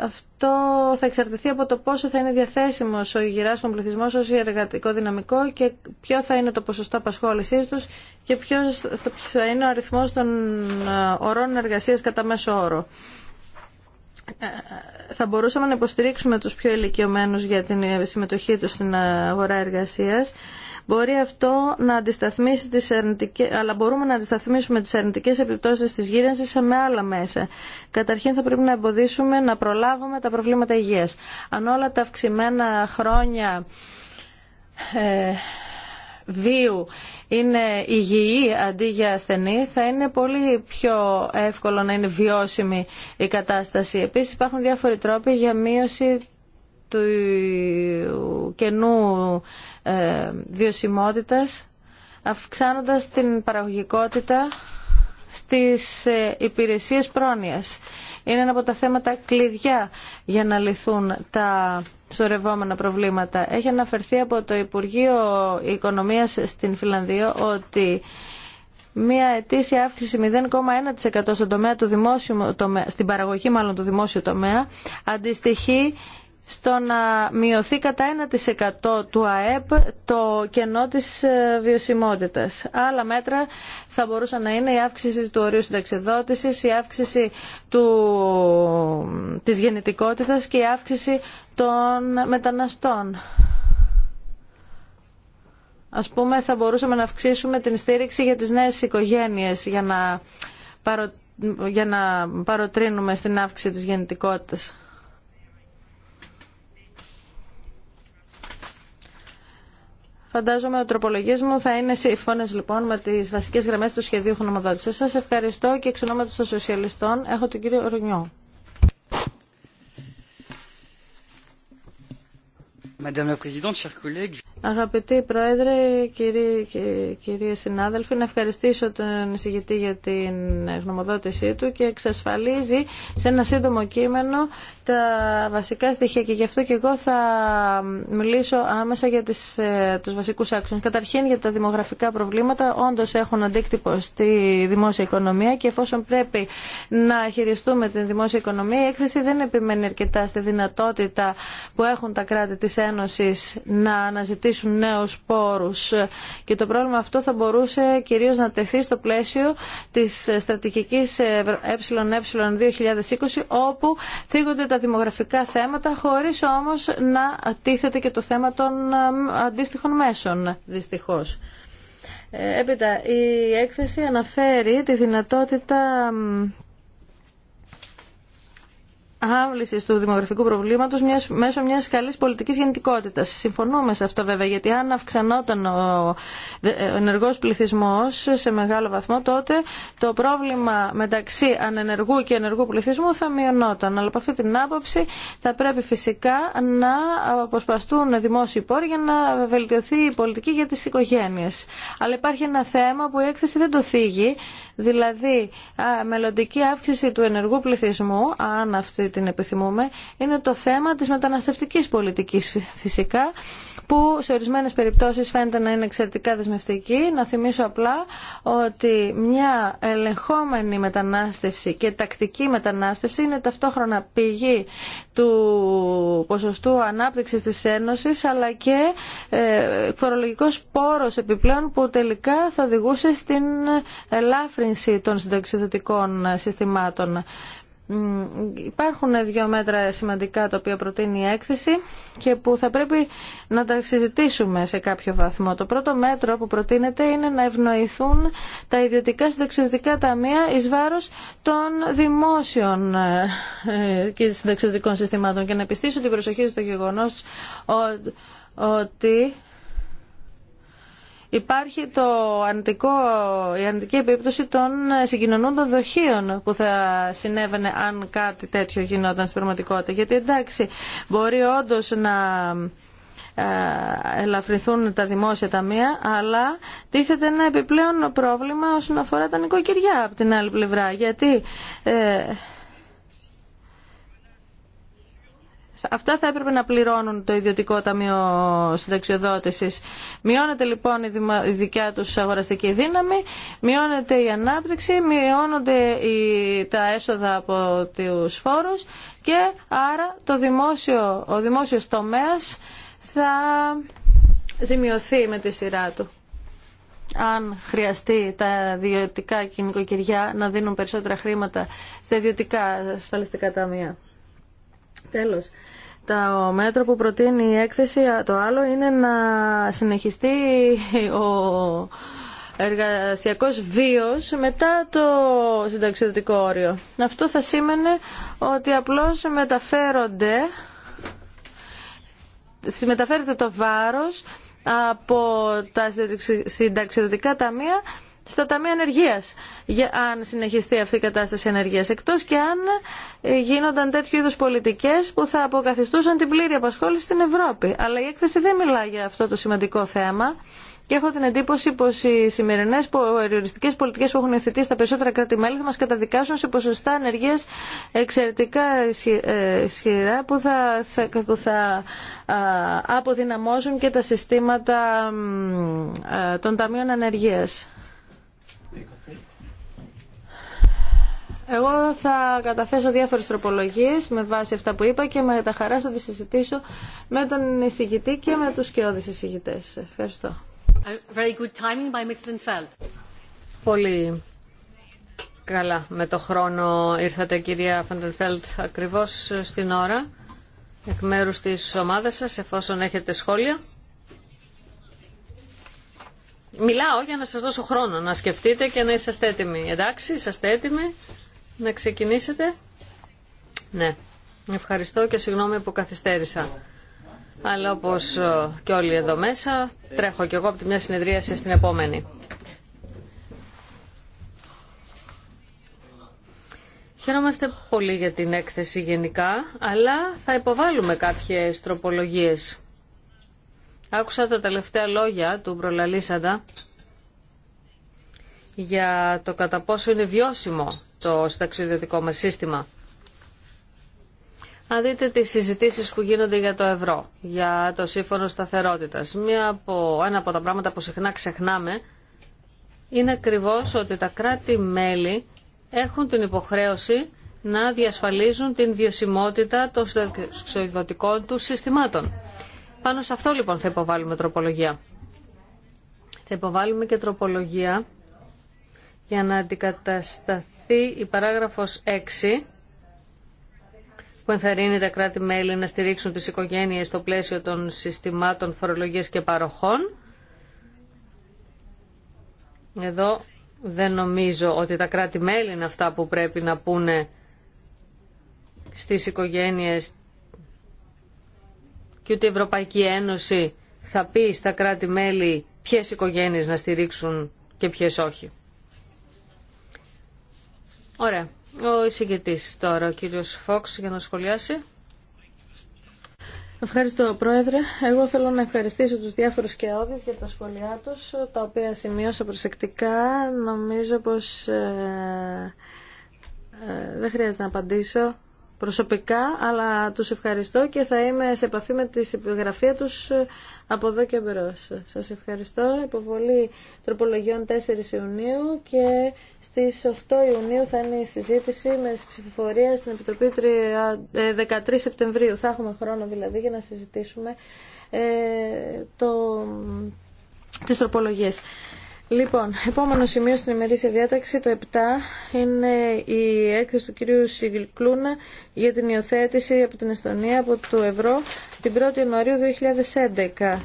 [SPEAKER 1] αυτό θα εξαρτηθεί από το πόσο θα είναι διαθέσιμος ο των πληθυσμός ως εργατικό δυναμικό και ποιο θα είναι το ποσοστό απασχόλησής τους και ποιο θα είναι ο αριθμός των ε, ωρών εργασίας κατά μέσο όρο. Ε, θα μπορούσαμε να υποστηρίξουμε τους πιο ηλικιωμένους για την συμμετοχή τους στην ε, αγορά εργασίας Μπορεί αυτό να αντισταθμίσει τις αρνητικές, αλλά μπορούμε να αντισταθμίσουμε τις αρνητικές επιπτώσεις της γύρενσης με άλλα μέσα. Καταρχήν θα πρέπει να εμποδίσουμε να προλάβουμε τα προβλήματα υγείας. Αν όλα τα αυξημένα χρόνια ε, βίου είναι υγιή αντί για ασθενή, θα είναι πολύ πιο εύκολο να είναι βιώσιμη η κατάσταση. Επίσης υπάρχουν διάφοροι τρόποι για μείωση του κενού ε, βιωσιμότητας αυξάνοντας την παραγωγικότητα στις ε, υπηρεσίες πρόνοιας. Είναι ένα από τα θέματα κλειδιά για να λυθούν τα σορευόμενα προβλήματα. Έχει αναφερθεί από το Υπουργείο Οικονομίας στην Φιλανδία ότι μια ετήσια αύξηση 0,1% στον τομέα του δημόσιου, τομέα, στην παραγωγή μάλλον του δημόσιου τομέα αντιστοιχεί στο να μειωθεί κατά 1% του ΑΕΠ το κενό της ε, βιωσιμότητας. Άλλα μέτρα θα μπορούσαν να είναι η αύξηση του ορίου συνταξιδότησης, η αύξηση του, της γεννητικότητας και η αύξηση των μεταναστών. Ας πούμε θα μπορούσαμε να αυξήσουμε την στήριξη για τις νέες οικογένειες για να, παρο, για να παροτρύνουμε στην αύξηση της γεννητικότητας. Φαντάζομαι ο τροπολογίε μου θα είναι σύμφωνε λοιπόν με τις βασικές γραμμές του σχεδίου χρηματοδότηση. Σα ευχαριστώ και εξ ονόματο των Σοσιαλιστών έχω τον κύριο Ρουνιό.
[SPEAKER 4] Madame la Présidente, chers collègues.
[SPEAKER 1] Αγαπητοί Πρόεδρε, και κυρίες συνάδελφοι, να ευχαριστήσω τον εισηγητή για την γνωμοδότησή του και εξασφαλίζει σε ένα σύντομο κείμενο τα βασικά στοιχεία και γι' αυτό και εγώ θα μιλήσω άμεσα για τις, ε, τους βασικούς άξονες. Καταρχήν για τα δημογραφικά προβλήματα, όντως έχουν αντίκτυπο στη δημόσια οικονομία και εφόσον πρέπει να χειριστούμε την δημόσια οικονομία, η έκθεση δεν επιμένει αρκετά στη δυνατότητα που έχουν τα κράτη της Ένωσης να αναζητήσουν αποκτήσουν πόρους και το πρόβλημα αυτό θα μπορούσε κυρίως να τεθεί στο πλαίσιο της στρατηγικής ΕΕ 2020 όπου θίγονται τα δημογραφικά θέματα χωρίς όμως να τίθεται και το θέμα των ε, αντίστοιχων μέσων δυστυχώς. Ε, έπειτα, η έκθεση αναφέρει τη δυνατότητα του δημογραφικού προβλήματο μέσω μια καλή πολιτική γεννητικότητα. Συμφωνούμε σε αυτό βέβαια, γιατί αν αυξανόταν ο ε, ενεργό πληθυσμό σε μεγάλο βαθμό, τότε το πρόβλημα μεταξύ ανενεργού και ενεργού πληθυσμού θα μειωνόταν. Αλλά από αυτή την άποψη θα πρέπει φυσικά να αποσπαστούν δημόσιοι πόροι για να βελτιωθεί η πολιτική για τι οικογένειε. Αλλά υπάρχει ένα θέμα που η έκθεση δεν το θίγει, δηλαδή μελλοντική αύξηση του ενεργού πληθυσμού, αν αυτή την επιθυμούμε, είναι το θέμα της μεταναστευτικής πολιτικής φυσικά, που σε ορισμένες περιπτώσεις φαίνεται να είναι εξαιρετικά δεσμευτική. Να θυμίσω απλά ότι μια ελεγχόμενη μετανάστευση και τακτική μετανάστευση είναι ταυτόχρονα πηγή του ποσοστού ανάπτυξης της Ένωσης, αλλά και ε, φορολογικός πόρος επιπλέον που τελικά θα οδηγούσε στην ελάφρυνση των συνταξιδοτικών συστημάτων. Υπάρχουν δύο μέτρα σημαντικά τα οποία προτείνει η έκθεση και που θα πρέπει να τα συζητήσουμε σε κάποιο βαθμό. Το πρώτο μέτρο που προτείνεται είναι να ευνοηθούν τα ιδιωτικά συνταξιδοτικά ταμεία εις βάρος των δημόσιων ε, και συνταξιδοτικών συστημάτων και να επιστήσουν την προσοχή στο γεγονός ότι υπάρχει το αντικό, η αντική επίπτωση των συγκοινωνούντων δοχείων που θα συνέβαινε αν κάτι τέτοιο γινόταν στην πραγματικότητα. Γιατί εντάξει, μπορεί όντω να ε, ελαφρυνθούν τα δημόσια ταμεία, αλλά τίθεται ένα επιπλέον πρόβλημα όσον αφορά τα νοικοκυριά από την άλλη πλευρά. Γιατί ε, Αυτά θα έπρεπε να πληρώνουν το ιδιωτικό ταμείο συνταξιοδότησης. Μειώνεται λοιπόν η δικιά τους αγοραστική δύναμη, μειώνεται η ανάπτυξη, μειώνονται τα έσοδα από του φόρους και άρα το δημόσιο, ο δημόσιος τομέας θα ζημιωθεί με τη σειρά του αν χρειαστεί τα ιδιωτικά κοινικοκυριά να δίνουν περισσότερα χρήματα σε ιδιωτικά ασφαλιστικά ταμεία. Τέλος, το μέτρο που προτείνει η έκθεση, το άλλο, είναι να συνεχιστεί ο εργασιακός βίος μετά το συνταξιδοτικό όριο. Αυτό θα σήμαινε ότι απλώς μεταφέρονται, μεταφέρεται το βάρος από τα συνταξιδοτικά ταμεία στα ταμεία ανεργία, αν συνεχιστεί αυτή η κατάσταση ανεργία. Εκτό και αν ε, γίνονταν τέτοιου είδου πολιτικέ που θα αποκαθιστούσαν την πλήρη απασχόληση στην Ευρώπη. Αλλά η έκθεση δεν μιλά για αυτό το σημαντικό θέμα. Και έχω την εντύπωση πω οι σημερινέ περιοριστικέ πολιτικέ που έχουν ευθετεί στα περισσότερα κράτη-μέλη θα μα καταδικάσουν σε ποσοστά ανεργία εξαιρετικά ε, ισχυρά που θα, που θα αποδυναμώσουν και τα συστήματα ε, των ταμείων ανεργία. Εγώ θα καταθέσω διάφορες τροπολογίες με βάση αυτά που είπα και με τα χαρά θα τις συζητήσω με τον εισηγητή και με τους σκιώδει εισηγητέ. Ευχαριστώ.
[SPEAKER 2] Very good timing by Mrs. Πολύ καλά με το χρόνο ήρθατε κυρία Φαντενφέλτ ακριβώς στην ώρα εκ μέρους της ομάδας σας εφόσον έχετε σχόλια. Μιλάω για να σας δώσω χρόνο να σκεφτείτε και να είσαστε έτοιμοι. Εντάξει, είσαστε έτοιμοι να ξεκινήσετε. Ναι, ευχαριστώ και συγγνώμη που καθυστέρησα. Αλλά όπως ε, και όλοι εδώ μέσα, τρέχω και εγώ από τη μια συνεδρίαση στην επόμενη. Χαίρομαστε πολύ για την έκθεση γενικά, αλλά θα υποβάλουμε κάποιες τροπολογίες. Άκουσα τα τελευταία λόγια του προλαλήσαντα για το κατά πόσο είναι βιώσιμο το συνταξιδιωτικό μας σύστημα. Αν δείτε τις συζητήσεις που γίνονται για το ευρώ, για το σύμφωνο σταθερότητας, μία από, ένα από τα πράγματα που συχνά ξεχνάμε είναι ακριβώς ότι τα κράτη-μέλη έχουν την υποχρέωση να διασφαλίζουν την βιωσιμότητα των συνταξιδιωτικών του συστημάτων. Πάνω σε αυτό λοιπόν θα υποβάλουμε τροπολογία. Θα υποβάλουμε και τροπολογία για να αντικατασταθεί η παράγραφος 6 που ενθαρρύνει τα κράτη-μέλη να στηρίξουν τις οικογένειες στο πλαίσιο των συστημάτων φορολογίας και παροχών. Εδώ δεν νομίζω ότι τα κράτη-μέλη είναι αυτά που πρέπει να πούνε στις οικογένειες και ούτε η Ευρωπαϊκή Ένωση θα πει στα κράτη-μέλη ποιες οικογένειες να στηρίξουν και ποιες όχι. Ωραία. Ο εισηγητής τώρα, ο κύριος Φόξ, για να σχολιάσει.
[SPEAKER 1] Ευχαριστώ Πρόεδρε. Εγώ θέλω να ευχαριστήσω τους διάφορους κεώδεις για τα σχολιά τους, τα οποία σημείωσα προσεκτικά. Νομίζω πως ε, ε δεν χρειάζεται να απαντήσω προσωπικά, αλλά τους ευχαριστώ και θα είμαι σε επαφή με τη γραφεία τους από εδώ και μπρος. Σας ευχαριστώ. Υποβολή τροπολογιών 4 Ιουνίου και στις 8 Ιουνίου θα είναι η συζήτηση με ψηφοφορία στην Επιτροπή 13 ε, Σεπτεμβρίου. Θα έχουμε χρόνο δηλαδή για να συζητήσουμε ε, το, τις τροπολογίες. Λοιπόν, επόμενο σημείο στην ημερήσια διάταξη, το 7, είναι η έκθεση του κυρίου Σιγκλούνα για την υιοθέτηση από την Εστονία από το ευρώ την 1η Ιανουαρίου 2011.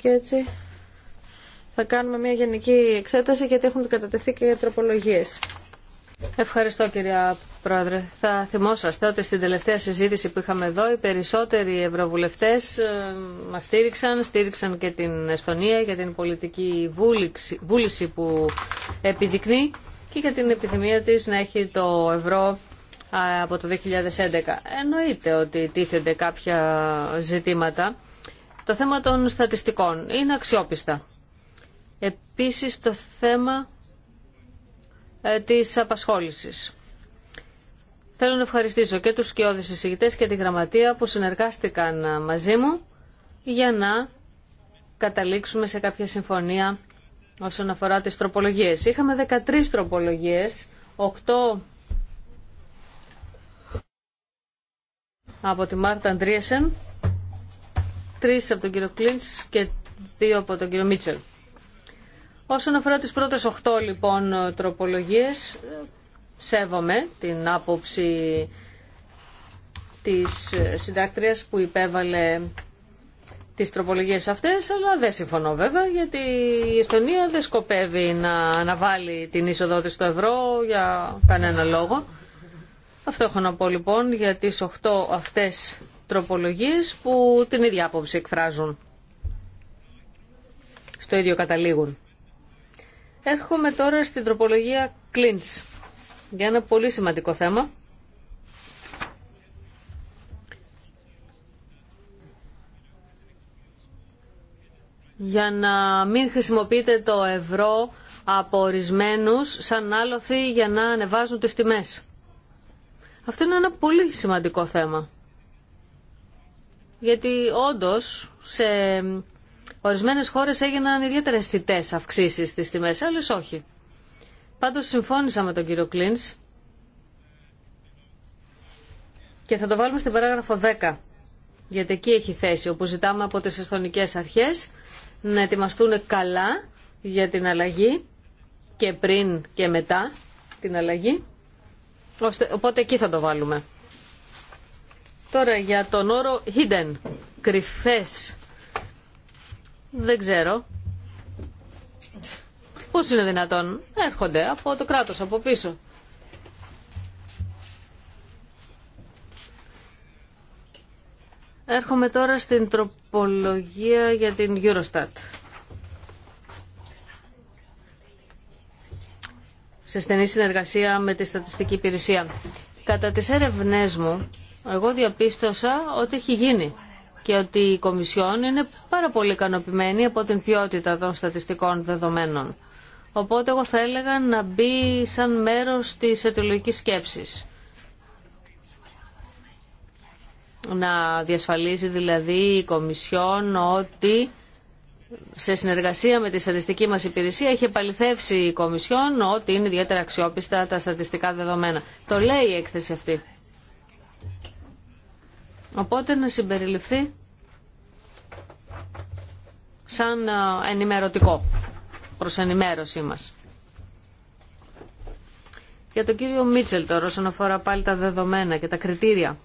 [SPEAKER 1] Και έτσι θα κάνουμε μια γενική εξέταση γιατί έχουν κατατεθεί και τροπολογίες.
[SPEAKER 2] Ευχαριστώ κυρία Πρόεδρε. Θα θυμόσαστε ότι στην τελευταία συζήτηση που είχαμε εδώ οι περισσότεροι ευρωβουλευτές ε, μας στήριξαν, στήριξαν και την Εστονία για την πολιτική βούληξη, βούληση που επιδεικνύει και για την επιθυμία της να έχει το ευρώ από το 2011. Εννοείται ότι τίθενται κάποια ζητήματα. Το θέμα των στατιστικών είναι αξιόπιστα. Επίσης το θέμα ε, της απασχόλησης. Θέλω να ευχαριστήσω και τους σκιώδεις εισηγητές και τη γραμματεία που συνεργάστηκαν ε, μαζί μου για να καταλήξουμε σε κάποια συμφωνία όσον αφορά τις τροπολογίες. Είχαμε 13 τροπολογίες, 8 από τη Μάρτα Αντρίεσεν, 3 από τον κύριο Κλίντς και 2 από τον κύριο Μίτσελ. Όσον αφορά τις πρώτες 8 λοιπόν τροπολογίες, σέβομαι την άποψη της συντάκτριας που υπέβαλε τις τροπολογίες αυτές, αλλά δεν συμφωνώ βέβαια, γιατί η Εστονία δεν σκοπεύει να αναβάλει την είσοδό της στο ευρώ για κανένα λόγο. Αυτό έχω να πω λοιπόν για τις 8 αυτές τροπολογίες που την ίδια άποψη εκφράζουν. Στο ίδιο καταλήγουν. Έρχομαι τώρα στην τροπολογία Κλίντς για ένα πολύ σημαντικό θέμα. για να μην χρησιμοποιείτε το ευρώ από ορισμένου σαν άλοθη για να ανεβάζουν τις τιμές. Αυτό είναι ένα πολύ σημαντικό θέμα. Γιατί όντως σε Ορισμένες χώρες έγιναν ιδιαίτερα αισθητέ αυξήσεις στις τιμές, άλλε όχι. Πάντως συμφώνησα με τον κύριο Κλίν. και θα το βάλουμε στην παράγραφο 10, γιατί εκεί έχει θέση, όπου ζητάμε από τις εσθονικές αρχές να ετοιμαστούν καλά για την αλλαγή και πριν και μετά την αλλαγή, οπότε εκεί θα το βάλουμε. Τώρα για τον όρο hidden, κρυφές δεν ξέρω. Πώς είναι δυνατόν. Έρχονται από το κράτος, από πίσω. Έρχομαι τώρα στην τροπολογία για την Eurostat. Σε στενή συνεργασία με τη Στατιστική Υπηρεσία. Κατά τις έρευνές μου, εγώ διαπίστωσα ότι έχει γίνει και ότι η Κομισιόν είναι πάρα πολύ ικανοποιημένη από την ποιότητα των στατιστικών δεδομένων. Οπότε εγώ θα έλεγα να μπει σαν μέρος της αιτιολογικής σκέψης. Να διασφαλίζει δηλαδή η Κομισιόν ότι σε συνεργασία με τη στατιστική μας υπηρεσία έχει επαληθεύσει η Κομισιόν ότι είναι ιδιαίτερα αξιόπιστα τα στατιστικά δεδομένα. Το λέει η έκθεση αυτή. Οπότε να συμπεριληφθεί σαν ε, ενημερωτικό προς ενημέρωσή μας. Για τον κύριο Μίτσελ τώρα όσον αφορά πάλι τα δεδομένα και τα κριτήρια.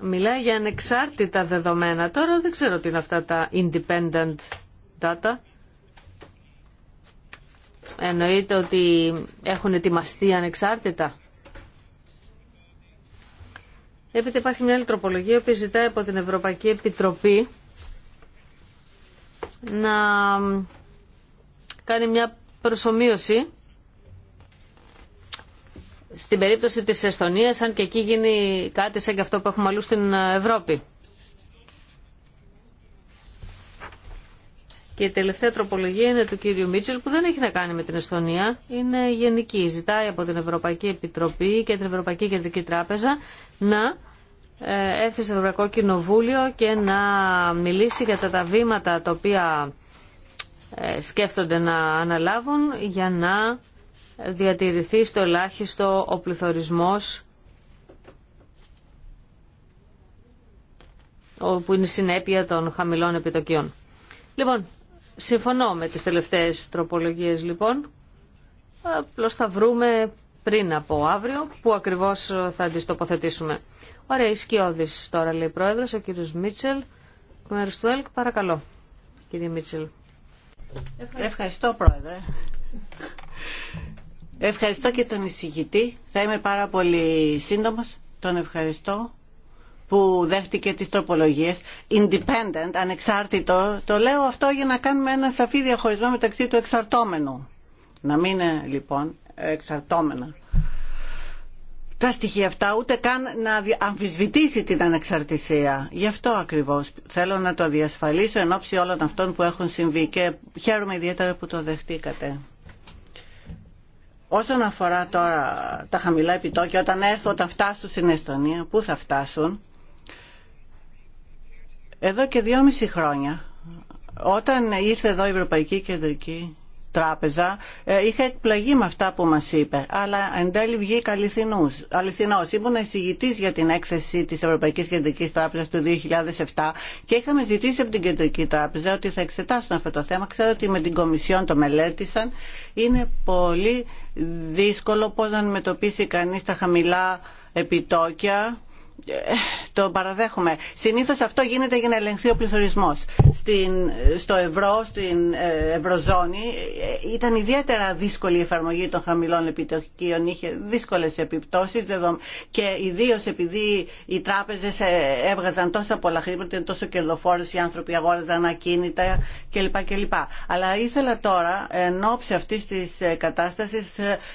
[SPEAKER 2] Μιλάει για ανεξάρτητα δεδομένα. Τώρα δεν ξέρω τι είναι αυτά τα independent data. Εννοείται ότι έχουν ετοιμαστεί ανεξάρτητα. Έπειτα υπάρχει μια άλλη τροπολογία που ζητάει από την Ευρωπαϊκή Επιτροπή να κάνει μια προσωμείωση στην περίπτωση της Εστονίας, αν και εκεί γίνει κάτι σαν και αυτό που έχουμε αλλού στην Ευρώπη. Και η τελευταία τροπολογία είναι του κύριου Μίτσελ που δεν έχει να κάνει με την Εστονία. Είναι γενική. Ζητάει από την Ευρωπαϊκή Επιτροπή και την Ευρωπαϊκή Κεντρική Τράπεζα να ε, έρθει στο Ευρωπαϊκό Κοινοβούλιο και να μιλήσει για τα, τα βήματα τα οποία ε, σκέφτονται να αναλάβουν για να διατηρηθεί στο ελάχιστο ο πληθωρισμός που είναι συνέπεια των χαμηλών επιτοκιών. Λοιπόν, Συμφωνώ με τις τελευταίες τροπολογίες λοιπόν. Απλώς θα βρούμε πριν από αύριο που ακριβώς θα τις τοποθετήσουμε. Ωραία, η Σκιώδης τώρα λέει πρόεδρος, ο κύριος Μίτσελ. Μέρος του παρακαλώ, κύριε Μίτσελ.
[SPEAKER 3] Ευχαριστώ πρόεδρε. Ευχαριστώ και τον εισηγητή. Θα είμαι πάρα πολύ σύντομος. Τον ευχαριστώ που δέχτηκε τις τροπολογίες independent, ανεξάρτητο το λέω αυτό για να κάνουμε ένα σαφή διαχωρισμό μεταξύ του εξαρτώμενου να μην είναι λοιπόν εξαρτώμενα τα στοιχεία αυτά ούτε καν να αμφισβητήσει την ανεξαρτησία. Γι' αυτό ακριβώς θέλω να το διασφαλίσω εν ώψη όλων αυτών που έχουν συμβεί και χαίρομαι ιδιαίτερα που το δεχτήκατε. Όσον αφορά τώρα τα χαμηλά επιτόκια, όταν έρθω, όταν φτάσουν στην Εστονία, πού θα φτάσουν, εδώ και δυόμιση χρόνια, όταν ήρθε εδώ η Ευρωπαϊκή Κεντρική Τράπεζα, ε, είχα εκπλαγεί με αυτά που μας είπε, αλλά εν τέλει βγήκα αληθινός. Ήμουν εισηγητής για την έκθεση της Ευρωπαϊκής Κεντρικής Τράπεζας του 2007 και είχαμε ζητήσει από την Κεντρική Τράπεζα ότι θα εξετάσουν αυτό το θέμα. Ξέρω ότι με την Κομισιόν το μελέτησαν. Είναι πολύ δύσκολο πώς να αντιμετωπίσει κανείς τα χαμηλά επιτόκια το παραδέχομαι. Συνήθω αυτό γίνεται για να ελεγχθεί ο πληθωρισμό. στο ευρώ, στην ε, ευρωζώνη ε, ήταν ιδιαίτερα δύσκολη η εφαρμογή των χαμηλών επιτοκίων. Είχε δύσκολε επιπτώσει και ιδίω επειδή οι τράπεζε ε, έβγαζαν τόσα πολλά χρήματα, ήταν τόσο κερδοφόρε, οι άνθρωποι αγόραζαν ακίνητα κλπ. κλπ. Αλλά ήθελα τώρα εν ώψη αυτή τη κατάσταση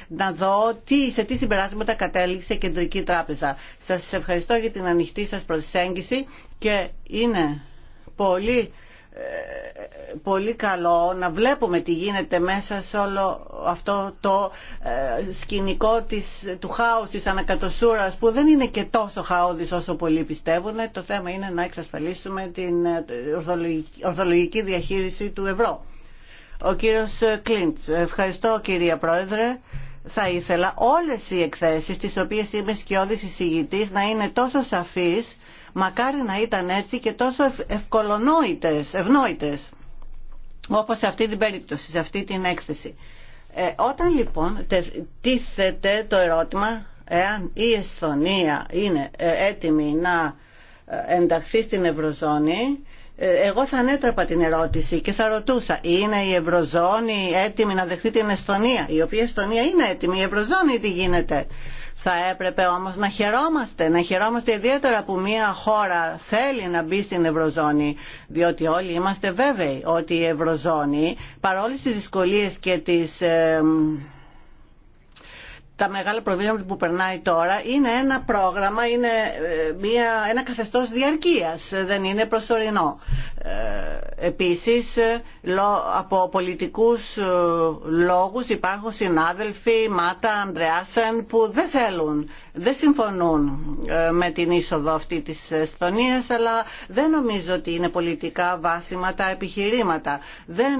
[SPEAKER 3] να δω τι, σε τι συμπεράσματα κατέληξε η Κεντρική Τράπεζα. Σα ευχαριστώ για την ανοιχτή σας προσέγγιση και είναι πολύ, ε, πολύ καλό να βλέπουμε τι γίνεται μέσα σε όλο αυτό το ε, σκηνικό της, του χάους, της ανακατοσούρας που δεν είναι και τόσο χαόδης όσο πολλοί πιστεύουν. Το θέμα είναι να εξασφαλίσουμε την ε, ορθολογική διαχείριση του ευρώ. Ο κύριος Κλίντς. Ευχαριστώ κυρία Πρόεδρε θα ήθελα όλες οι εκθέσεις τις οποίες είμαι σκιώδης εισηγητής να είναι τόσο σαφείς μακάρι να ήταν έτσι και τόσο ευκολονόητες, ευνόητες όπως σε αυτή την περίπτωση, σε αυτή την έκθεση. Ε, όταν λοιπόν τίθεται το ερώτημα εάν η Εσθονία είναι ε, έτοιμη να ε, ενταχθεί στην Ευρωζώνη εγώ θα ανέτρεπα την ερώτηση και θα ρωτούσα είναι η Ευρωζώνη έτοιμη να δεχτεί την Εστονία η οποία Εστονία είναι έτοιμη, η Ευρωζώνη τι γίνεται θα έπρεπε όμως να χαιρόμαστε, να χαιρόμαστε ιδιαίτερα που μια χώρα θέλει να μπει στην Ευρωζώνη, διότι όλοι είμαστε βέβαιοι ότι η Ευρωζώνη, παρόλες τις δυσκολίες και τις τα μεγάλα προβλήματα που περνάει τώρα είναι ένα πρόγραμμα, είναι ε, μια, ένα καθεστώς διαρκείας, ε, δεν είναι προσωρινό. Ε, επίσης, από πολιτικούς λόγους υπάρχουν συνάδελφοι, Μάτα, Ανδρεάσεν, που δεν θέλουν δεν συμφωνούν ε, με την είσοδο αυτή της Εστονίας αλλά δεν νομίζω ότι είναι πολιτικά βάσιμα τα επιχειρήματα. Δεν,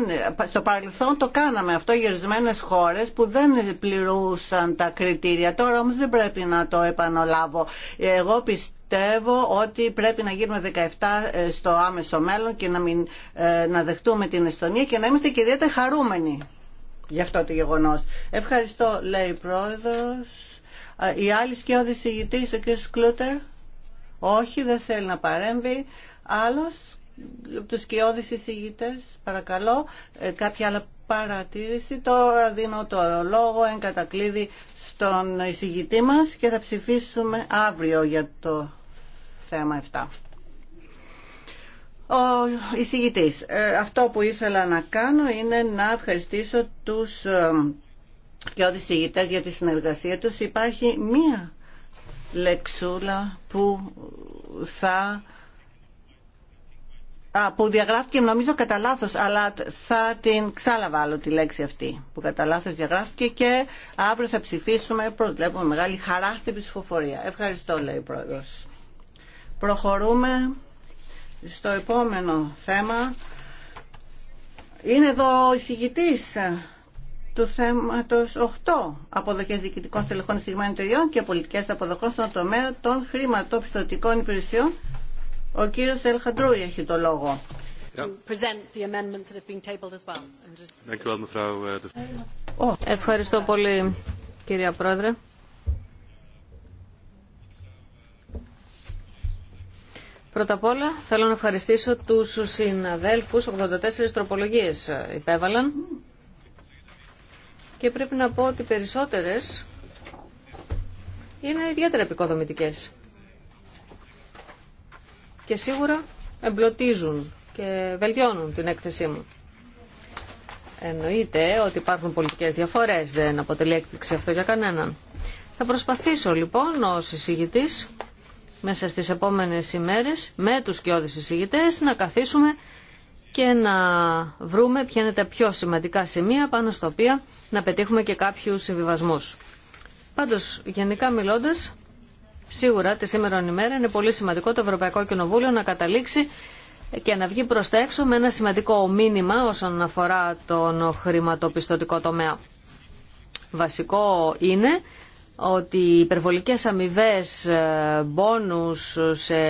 [SPEAKER 3] στο παρελθόν το κάναμε αυτό για ορισμένε χώρες που δεν πληρούσαν τα κριτήρια. Τώρα όμως δεν πρέπει να το επαναλάβω. Εγώ πιστεύω ότι πρέπει να γίνουμε 17 ε, στο άμεσο μέλλον και να, μην, ε, να δεχτούμε την Εστονία και να είμαστε και ιδιαίτερα χαρούμενοι για αυτό το γεγονός. Ευχαριστώ λέει η Πρόεδρος. Η άλλη σκιώδη ηγητής, ο κ. Σκλούτερ, όχι, δεν θέλει να παρέμβει. Άλλος, τους σκιώδη εισηγητές, παρακαλώ, ε, κάποια άλλα παρατήρηση. Τώρα δίνω το λόγο εν κατακλείδη στον εισηγητή μας και θα ψηφίσουμε αύριο για το θέμα 7. Ο εισηγητής, ε, αυτό που ήθελα να κάνω είναι να ευχαριστήσω τους ε, και ότι ηγητές για τη συνεργασία τους υπάρχει μία λεξούλα που θα Α, που διαγράφηκε νομίζω κατά λάθο, αλλά θα την ξαλαβάλω τη λέξη αυτή που κατά λάθο διαγράφηκε και αύριο θα ψηφίσουμε, προσβλέπουμε μεγάλη χαρά στην ψηφοφορία. Ευχαριστώ λέει ο Πρόεδρος. Προχωρούμε στο επόμενο θέμα. Είναι εδώ ο εισηγητής του θέματος 8 Αποδοχέ διοικητικών στελεχών στιγμών εταιριών και πολιτικέ αποδοχών στον τομέα των χρηματοπιστωτικών υπηρεσιών. Ο κύριος Ελχαντρούη έχει το λόγο. Uh,
[SPEAKER 1] oh.
[SPEAKER 2] Ευχαριστώ πολύ κυρία Πρόεδρε. Πρώτα απ' όλα θέλω να ευχαριστήσω τους συναδέλφους, 84 τροπολογίες υπέβαλαν και πρέπει να πω ότι περισσότερες είναι ιδιαίτερα επικοδομητικές και σίγουρα εμπλωτίζουν και βελτιώνουν την έκθεσή μου. Εννοείται ότι υπάρχουν πολιτικές διαφορές, δεν αποτελεί έκπληξη αυτό για κανέναν. Θα προσπαθήσω λοιπόν ως εισηγητής μέσα στις επόμενες ημέρες με τους κοιόδης εισηγητές να καθίσουμε και να βρούμε ποια είναι τα πιο σημαντικά σημεία πάνω στα οποία να πετύχουμε και κάποιους συμβιβασμούς. Πάντως, γενικά μιλώντας, σίγουρα τη σήμερα ημέρα είναι πολύ σημαντικό το Ευρωπαϊκό Κοινοβούλιο να καταλήξει και να βγει προς τα έξω με ένα σημαντικό μήνυμα όσον αφορά τον χρηματοπιστωτικό τομέα. Βασικό είναι ότι οι υπερβολικές αμοιβέ ε, μπόνους σε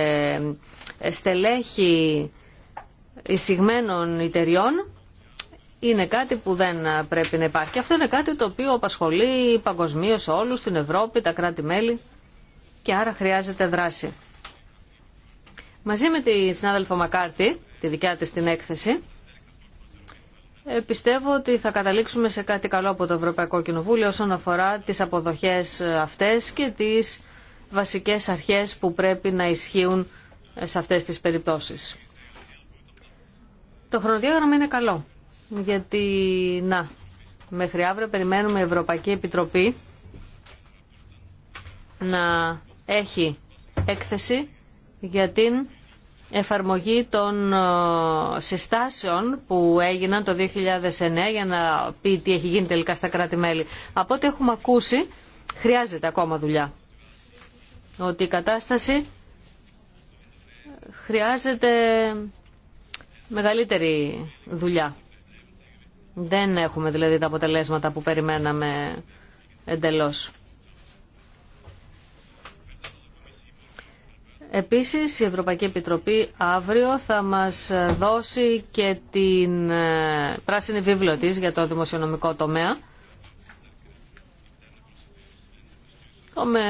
[SPEAKER 2] στελέχη εισηγμένων εταιριών είναι κάτι που δεν πρέπει να υπάρχει. Αυτό είναι κάτι το οποίο απασχολεί παγκοσμίω όλους, την Ευρώπη, τα κράτη-μέλη και άρα χρειάζεται δράση. Μαζί με τη συνάδελφο Μακάρτη, τη δικιά της την έκθεση, ε, πιστεύω ότι θα καταλήξουμε σε κάτι καλό από το Ευρωπαϊκό Κοινοβούλιο όσον αφορά τις αποδοχές αυτές και τις βασικές αρχές που πρέπει να ισχύουν σε αυτές τις περιπτώσεις. Το χρονοδιάγραμμα είναι καλό, γιατί να, μέχρι αύριο περιμένουμε η Ευρωπαϊκή Επιτροπή να έχει έκθεση για την εφαρμογή των ε, συστάσεων που έγιναν το 2009 για να πει τι έχει γίνει τελικά στα κράτη-μέλη. Από ό,τι έχουμε ακούσει, χρειάζεται ακόμα δουλειά. Ότι η κατάσταση χρειάζεται μεγαλύτερη δουλειά. Δεν έχουμε δηλαδή τα αποτελέσματα που περιμέναμε εντελώς. Επίσης η Ευρωπαϊκή Επιτροπή αύριο θα μας δώσει και την ε, πράσινη βίβλο της για το δημοσιονομικό τομέα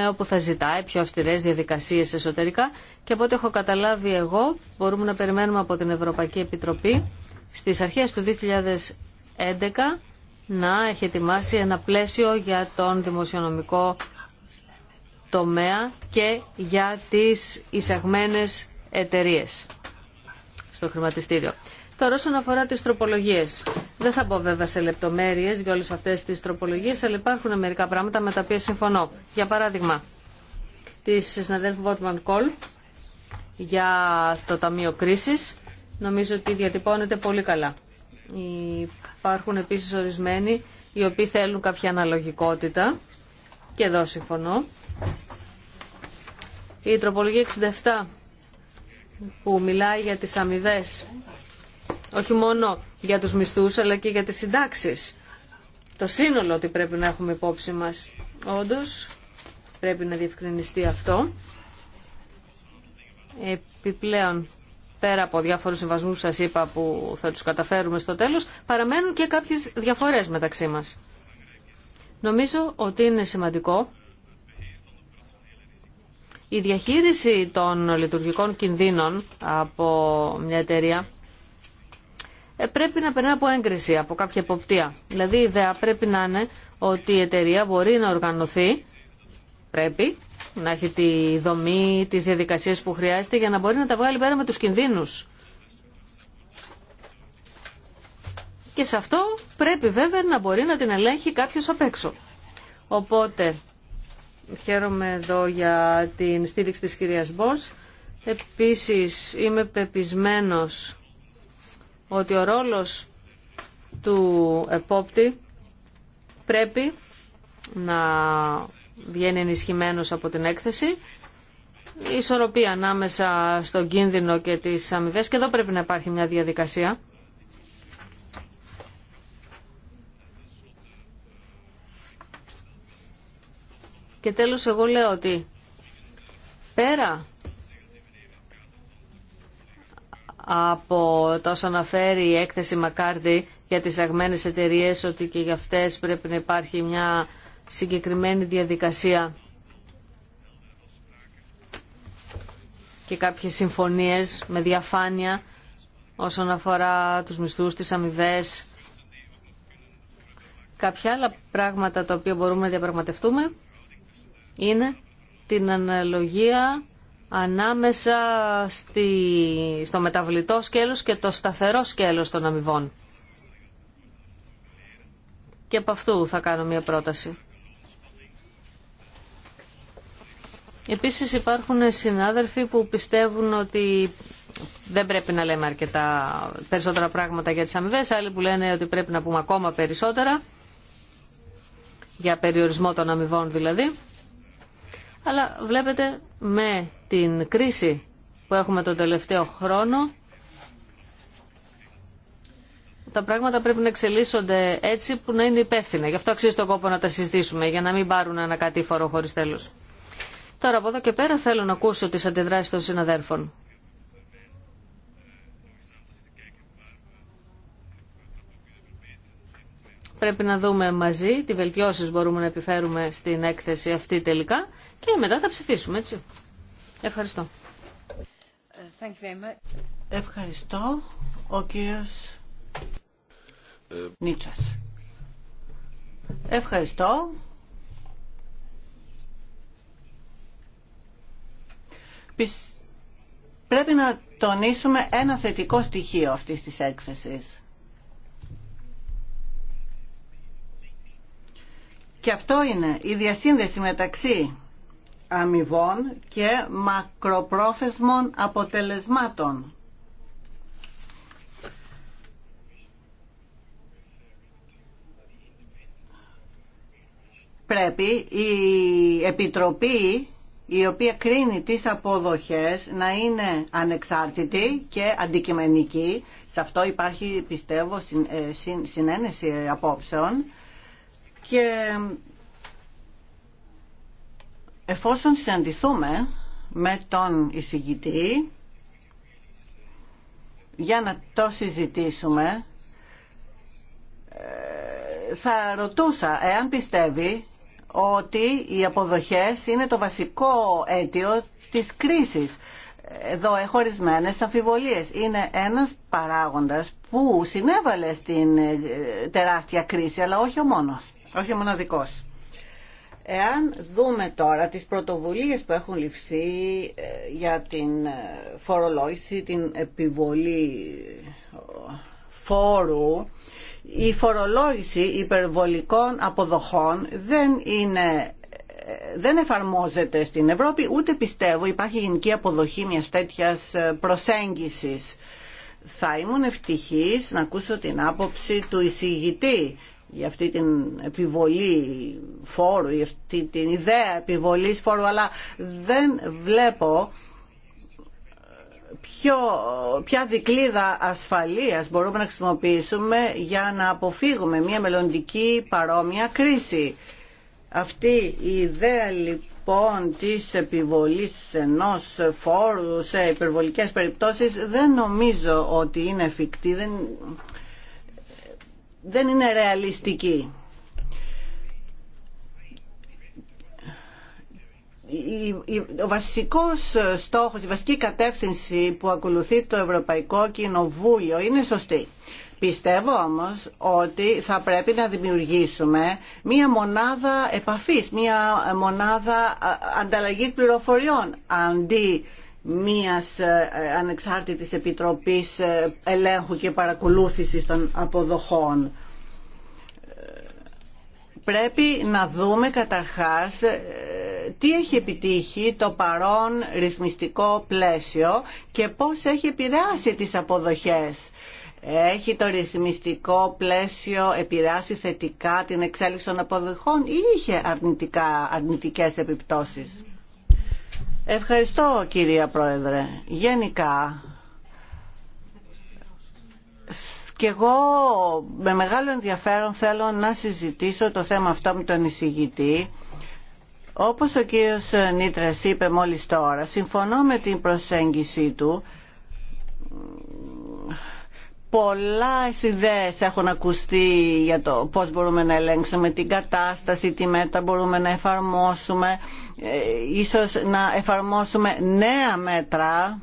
[SPEAKER 2] όπου θα ζητάει πιο αυστηρές διαδικασίες εσωτερικά και από ό,τι έχω καταλάβει εγώ μπορούμε να περιμένουμε από την Ευρωπαϊκή Επιτροπή στις αρχές του 2011 να έχει ετοιμάσει ένα πλαίσιο για τον δημοσιονομικό τομέα και για τις εισαγμένες εταιρείε στο χρηματιστήριο. Τώρα όσον αφορά τις τροπολογίες. Δεν θα μπω βέβαια σε λεπτομέρειες για όλες αυτές τις τροπολογίες, αλλά υπάρχουν μερικά πράγματα με τα οποία συμφωνώ. Για παράδειγμα, της συναδέλφου Βότμαν Κόλ για το Ταμείο Κρίσης. Νομίζω ότι διατυπώνεται πολύ καλά. Υπάρχουν επίσης ορισμένοι οι οποίοι θέλουν κάποια αναλογικότητα και εδώ συμφωνώ. Η τροπολογία 67 που μιλάει για τις αμοιβέ όχι μόνο για τους μισθούς αλλά και για τις συντάξεις. Το σύνολο ότι πρέπει να έχουμε υπόψη μας. Όντως πρέπει να διευκρινιστεί αυτό. Επιπλέον πέρα από διάφορους συμβασμούς που σας είπα που θα τους καταφέρουμε στο τέλος, παραμένουν και κάποιες διαφορές μεταξύ μας. Νομίζω ότι είναι σημαντικό η διαχείριση των λειτουργικών κινδύνων από μια εταιρεία ε, πρέπει να περνά από έγκριση, από κάποια εποπτεία. Δηλαδή η ιδέα πρέπει να είναι ότι η εταιρεία μπορεί να οργανωθεί, πρέπει να έχει τη δομή, τις διαδικασίες που χρειάζεται για να μπορεί να τα βγάλει πέρα με τους κινδύνους. Και σε αυτό πρέπει βέβαια να μπορεί να την ελέγχει κάποιος απ' έξω. Οπότε, χαίρομαι εδώ για την στήριξη της κυρίας Μπόρς. Επίσης, είμαι πεπισμένος ότι ο ρόλος του επόπτη πρέπει να βγαίνει ενισχυμένος από την έκθεση η ισορροπία ανάμεσα στον κίνδυνο και τις αμοιβέ και εδώ πρέπει να υπάρχει μια διαδικασία. Και τέλος εγώ λέω ότι πέρα από τα αναφέρει η έκθεση Μακάρδη για τις αγμένες εταιρείε ότι και για αυτές πρέπει να υπάρχει μια συγκεκριμένη διαδικασία και κάποιες συμφωνίες με διαφάνεια όσον αφορά τους μισθούς, τις αμοιβέ. Κάποια άλλα πράγματα τα οποία μπορούμε να διαπραγματευτούμε είναι την αναλογία ανάμεσα στη, στο μεταβλητό σκέλος και το σταθερό σκέλος των αμοιβών. Και από αυτού θα κάνω μια πρόταση. Επίσης υπάρχουν συνάδελφοι που πιστεύουν ότι δεν πρέπει να λέμε αρκετά περισσότερα πράγματα για τις αμοιβέ, άλλοι που λένε ότι πρέπει να πούμε ακόμα περισσότερα, για περιορισμό των αμοιβών δηλαδή. Αλλά βλέπετε με την κρίση που έχουμε τον τελευταίο χρόνο τα πράγματα πρέπει να εξελίσσονται έτσι που να είναι υπεύθυνα. Γι' αυτό αξίζει τον κόπο να τα συζητήσουμε για να μην πάρουν ανακατήφορο χωρί τέλο. Τώρα από εδώ και πέρα θέλω να ακούσω τις αντιδράσεις των συναδέλφων. πρέπει να δούμε μαζί τι βελτιώσεις μπορούμε να επιφέρουμε στην έκθεση αυτή τελικά και μετά θα ψηφίσουμε, έτσι. Ευχαριστώ.
[SPEAKER 3] Ευχαριστώ. Ο κύριος ε, Νίτσας. Ευχαριστώ. Πρέπει να τονίσουμε ένα θετικό στοιχείο αυτής της έκθεσης Και αυτό είναι η διασύνδεση μεταξύ αμοιβών και μακροπρόθεσμων αποτελεσμάτων. Πρέπει η Επιτροπή η οποία κρίνει τις αποδοχές να είναι ανεξάρτητη και αντικειμενική. Σε αυτό υπάρχει πιστεύω ε, συνένεση απόψεων και εφόσον συναντηθούμε με τον εισηγητή για να το συζητήσουμε ε, θα ρωτούσα εάν πιστεύει ότι οι αποδοχές είναι το βασικό αίτιο της κρίσης. Εδώ έχω ορισμένε αμφιβολίες. Είναι ένας παράγοντας που συνέβαλε στην ε, τεράστια κρίση, αλλά όχι ο μόνος όχι μοναδικός. Εάν δούμε τώρα τις πρωτοβουλίες που έχουν ληφθεί ε, για την ε, φορολόγηση, την επιβολή ε, φόρου, η φορολόγηση υπερβολικών αποδοχών δεν είναι δεν εφαρμόζεται στην Ευρώπη, ούτε πιστεύω υπάρχει γενική αποδοχή μιας τέτοιας προσέγγισης. Θα ήμουν ευτυχής να ακούσω την άποψη του εισηγητή για αυτή την επιβολή φόρου, για αυτή την ιδέα επιβολής φόρου, αλλά δεν βλέπω ποια δικλίδα ασφαλείας μπορούμε να χρησιμοποιήσουμε για να αποφύγουμε μια μελλοντική παρόμοια κρίση. Αυτή η ιδέα λοιπόν της επιβολής ενός φόρου σε υπερβολικές περιπτώσεις δεν νομίζω ότι είναι εφικτή, δεν, δεν είναι ρεαλιστική. ο βασικός στόχος, η βασική κατεύθυνση που ακολουθεί το Ευρωπαϊκό Κοινοβούλιο είναι σωστή. Πιστεύω όμως ότι θα πρέπει να δημιουργήσουμε μία μονάδα επαφής, μία μονάδα ανταλλαγής πληροφοριών αντί μίας ε, ε, ανεξάρτητης επιτροπής ε, ελέγχου και παρακολούθησης των αποδοχών. Πρέπει να δούμε καταρχάς τι έχει επιτύχει το παρόν ρυθμιστικό πλαίσιο και πώς έχει επηρεάσει τις αποδοχές. Έχει το ρυθμιστικό πλαίσιο επηρεάσει θετικά την εξέλιξη των αποδοχών ή είχε αρνητικά, αρνητικές επιπτώσεις. Ευχαριστώ κυρία Πρόεδρε. Γενικά και εγώ με μεγάλο ενδιαφέρον θέλω να συζητήσω το θέμα αυτό με τον εισηγητή. Όπως ο κύριος Νίτρας είπε μόλις τώρα, συμφωνώ με την προσέγγιση του πολλά ιδέες έχουν ακουστεί για το πώς μπορούμε να ελέγξουμε την κατάσταση, τι μέτρα μπορούμε να εφαρμόσουμε, ε, ίσως να εφαρμόσουμε νέα μέτρα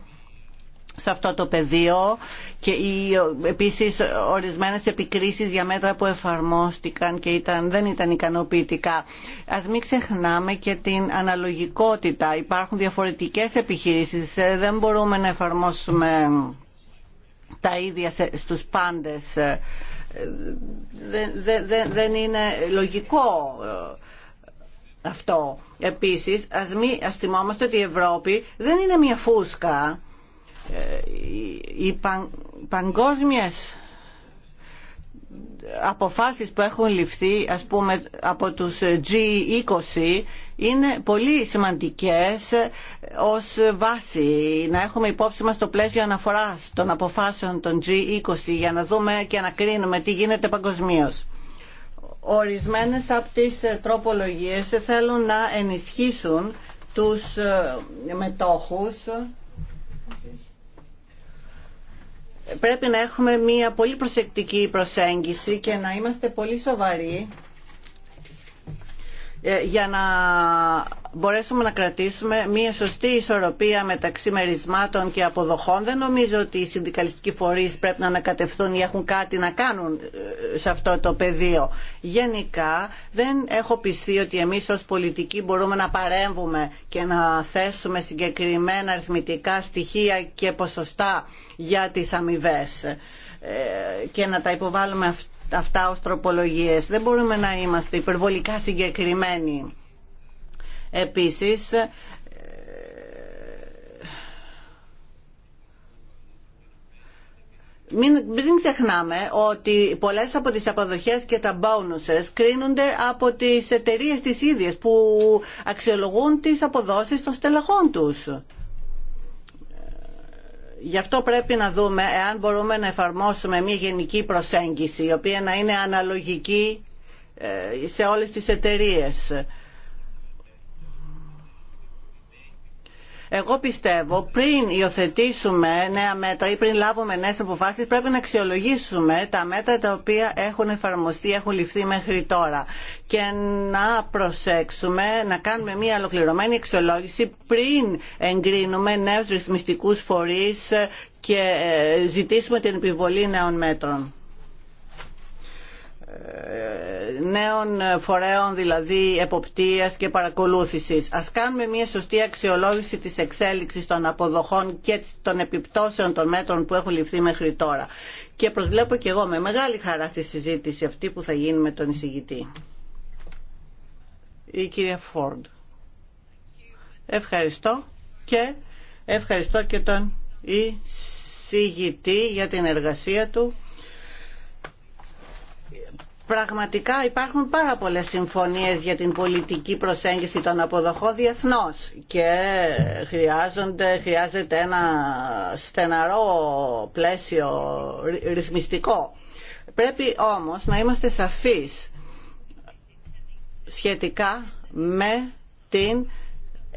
[SPEAKER 3] σε αυτό το πεδίο και οι, επίσης ορισμένες επικρίσεις για μέτρα που εφαρμόστηκαν και ήταν, δεν ήταν ικανοποιητικά. Ας μην ξεχνάμε και την αναλογικότητα. Υπάρχουν διαφορετικές επιχειρήσεις. Ε, δεν μπορούμε να εφαρμόσουμε τα ίδια στους πάντες. Δεν, δεν, δεν είναι λογικό ε, αυτό. Επίσης, ας, μη, ας θυμόμαστε ότι η Ευρώπη δεν είναι μια φούσκα. Ε, οι παν, παγκόσμιες αποφάσεις που έχουν ληφθεί ας πούμε από τους G20 είναι πολύ σημαντικές ως βάση να έχουμε υπόψη μας το πλαίσιο αναφοράς των αποφάσεων των G20 για να δούμε και να κρίνουμε τι γίνεται παγκοσμίω. Ορισμένες από τις τροπολογίες θέλουν να ενισχύσουν τους μετόχους πρέπει να έχουμε μια πολύ προσεκτική προσέγγιση και να είμαστε πολύ σοβαροί ε, για να μπορέσουμε να κρατήσουμε μια σωστή ισορροπία μεταξύ μερισμάτων και αποδοχών. Δεν νομίζω ότι οι συνδικαλιστικοί φορείς πρέπει να ανακατευθούν ή έχουν κάτι να κάνουν ε, σε αυτό το πεδίο. Γενικά δεν έχω πιστεί ότι εμείς ως πολιτικοί μπορούμε να παρέμβουμε και να θέσουμε συγκεκριμένα αριθμητικά στοιχεία και ποσοστά για τις αμοιβέ ε, και να τα υποβάλουμε αυτά αυτά ως τροπολογίες. Δεν μπορούμε να είμαστε υπερβολικά συγκεκριμένοι. Επίσης, ε, Μην, μην ξεχνάμε ότι πολλές από τις αποδοχές και τα bonuses κρίνονται από τις εταιρείες τις ίδιες που αξιολογούν τις αποδόσεις των στελεχών τους. Γι' αυτό πρέπει να δούμε εάν μπορούμε να εφαρμόσουμε μια γενική προσέγγιση η οποία να είναι αναλογική ε, σε όλες τις εταιρείες Εγώ πιστεύω πριν υιοθετήσουμε νέα μέτρα ή πριν λάβουμε νέε αποφάσει πρέπει να αξιολογήσουμε τα μέτρα τα οποία έχουν εφαρμοστεί, έχουν ληφθεί μέχρι τώρα και να προσέξουμε να κάνουμε μια ολοκληρωμένη αξιολόγηση πριν εγκρίνουμε νέου ρυθμιστικού φορεί και ε, ζητήσουμε την επιβολή νέων μέτρων νέων φορέων δηλαδή εποπτείας και παρακολούθησης. Ας κάνουμε μια σωστή αξιολόγηση της εξέλιξης των αποδοχών και των επιπτώσεων των μέτρων που έχουν ληφθεί μέχρι τώρα. Και προσβλέπω και εγώ με μεγάλη χαρά στη συζήτηση αυτή που θα γίνει με τον εισηγητή. Η κυρία Φόρντ. Ευχαριστώ και ευχαριστώ και τον εισηγητή για την εργασία του πραγματικά υπάρχουν πάρα πολλές συμφωνίες για την πολιτική προσέγγιση των αποδοχών διεθνώ και χρειάζονται, χρειάζεται ένα στεναρό πλαίσιο ρυθμιστικό. Πρέπει όμως να είμαστε σαφείς σχετικά με την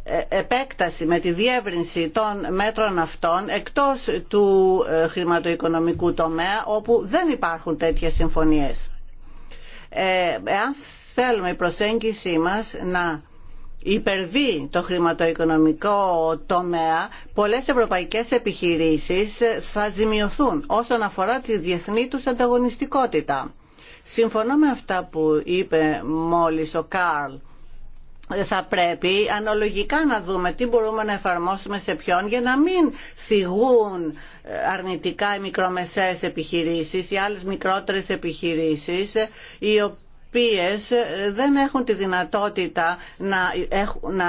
[SPEAKER 3] ε, επέκταση με τη διεύρυνση των μέτρων αυτών εκτός του ε, χρηματοοικονομικού τομέα όπου δεν υπάρχουν τέτοιες συμφωνίες. Ε, εάν θέλουμε η προσέγγιση μας να υπερβεί το χρηματοοικονομικό τομέα, πολλές ευρωπαϊκές επιχειρήσεις θα ζημιωθούν όσον αφορά τη διεθνή τους ανταγωνιστικότητα. Συμφωνώ με αυτά που είπε μόλις ο Κάρλ. Θα πρέπει αναλογικά να δούμε τι μπορούμε να εφαρμόσουμε σε ποιον για να μην θυγούν αρνητικά οι μικρομεσαίες επιχειρήσεις οι άλλες μικρότερες επιχειρήσεις οι οποίες ε, δεν έχουν τη δυνατότητα να να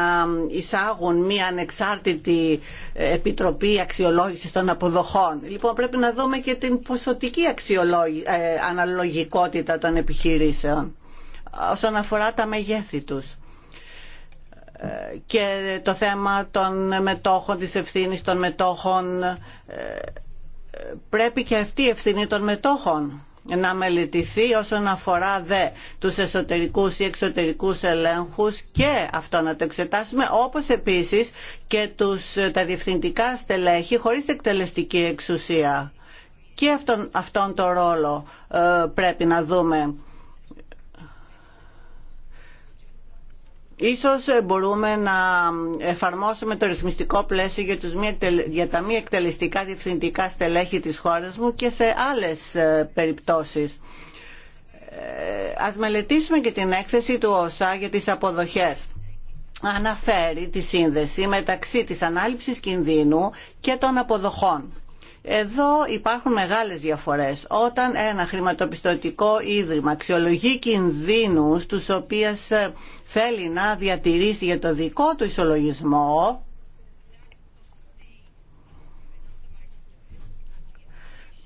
[SPEAKER 3] εισάγουν μία ανεξάρτητη ε, επιτροπή αξιολόγησης των αποδοχών. Λοιπόν, πρέπει να δούμε και την ποσοτική αξιολόγη, ε, αναλογικότητα των επιχειρήσεων όσον αφορά τα μεγέθη τους και το θέμα των μετόχων, της ευθύνης των μετόχων. Ε, πρέπει και αυτή η ευθύνη των μετόχων να μελετηθεί όσον αφορά δε τους εσωτερικούς ή εξωτερικούς ελέγχους και αυτό να το εξετάσουμε όπως επίσης και τους, τα διευθυντικά στελέχη χωρίς εκτελεστική εξουσία. Και αυτόν, αυτόν τον ρόλο ε, πρέπει να δούμε. Ίσως ε, μπορούμε να εφαρμόσουμε το ρυθμιστικό πλαίσιο για, τους για τα μη εκτελεστικά διευθυντικά στελέχη της χώρας μου και σε άλλες ε, περιπτώσεις. Ε, ας μελετήσουμε και την έκθεση του ΩΣΑ για τις αποδοχές. Αναφέρει τη σύνδεση μεταξύ της ανάληψης κινδύνου και των αποδοχών. Εδώ υπάρχουν μεγάλες διαφορές. Όταν ένα χρηματοπιστωτικό ίδρυμα αξιολογεί κινδύνους, τους οποίες ε, θέλει να διατηρήσει για το δικό του ισολογισμό,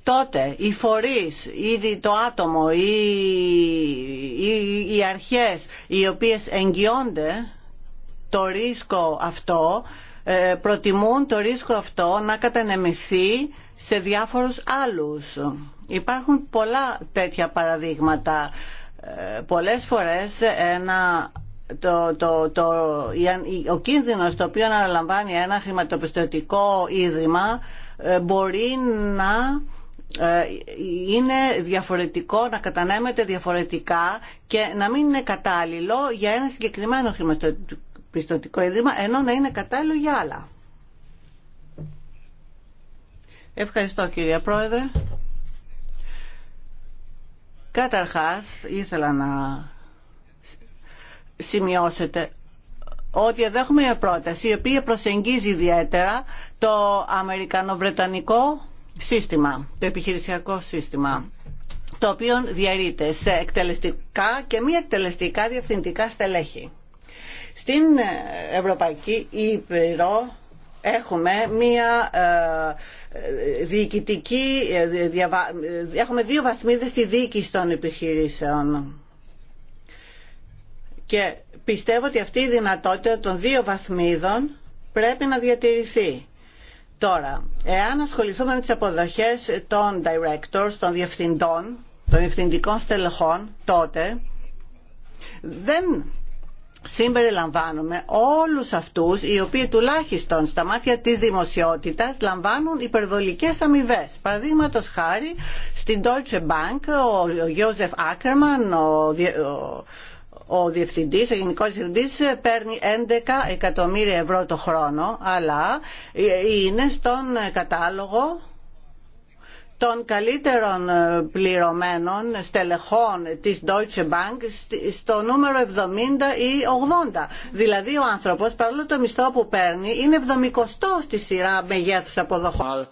[SPEAKER 3] τότε οι φορείς, ήδη το άτομο ή οι, οι αρχές οι οποίες εγγυώνται το ρίσκο αυτό, ε, προτιμούν το ρίσκο αυτό να κατανεμηθεί σε διάφορους άλλους. Υπάρχουν πολλά τέτοια παραδείγματα. Ε, πολλές φορές ένα το, το, το, ο κίνδυνος το οποίο αναλαμβάνει ένα χρηματοπιστωτικό ίδρυμα ε, μπορεί να ε, είναι διαφορετικό, να κατανέμεται διαφορετικά και να μην είναι κατάλληλο για ένα συγκεκριμένο χρηματοπιστωτικό ίδρυμα ενώ να είναι κατάλληλο για άλλα. Ευχαριστώ κυρία Πρόεδρε. Καταρχάς ήθελα να σημειώσετε ότι εδώ έχουμε μια πρόταση η οποία προσεγγίζει ιδιαίτερα το αμερικανο-βρετανικό σύστημα, το επιχειρησιακό σύστημα το οποίο διαρρείται σε εκτελεστικά και μη εκτελεστικά διευθυντικά στελέχη. Στην Ευρωπαϊκή Ήπειρο Έχουμε μία ε, διοικητική, ε, ε, έχουμε δύο βαθμίδες στη διοίκηση των επιχειρήσεων. Και πιστεύω ότι αυτή η δυνατότητα των δύο βαθμίδων πρέπει να διατηρηθεί. Τώρα, εάν ασχοληθούμε με τις αποδοχές των directors, των διευθυντών, των διευθυντικών στελεχών, τότε δεν συμπεριλαμβάνουμε όλους αυτούς οι οποίοι τουλάχιστον στα μάτια της δημοσιότητας λαμβάνουν υπερβολικές αμοιβέ. Παραδείγματο χάρη στην Deutsche Bank ο Γιώζεφ Άκερμαν, ο, ο διευθυντής, ο γενικός διευθυντής παίρνει 11 εκατομμύρια ευρώ το χρόνο αλλά ε, είναι στον κατάλογο των καλύτερων ε, πληρωμένων στελεχών της Deutsche Bank στο νούμερο 70 ή 80. Δηλαδή ο άνθρωπος παρόλο το μισθό που παίρνει είναι 70 στη σειρά μεγέθους αποδοχών.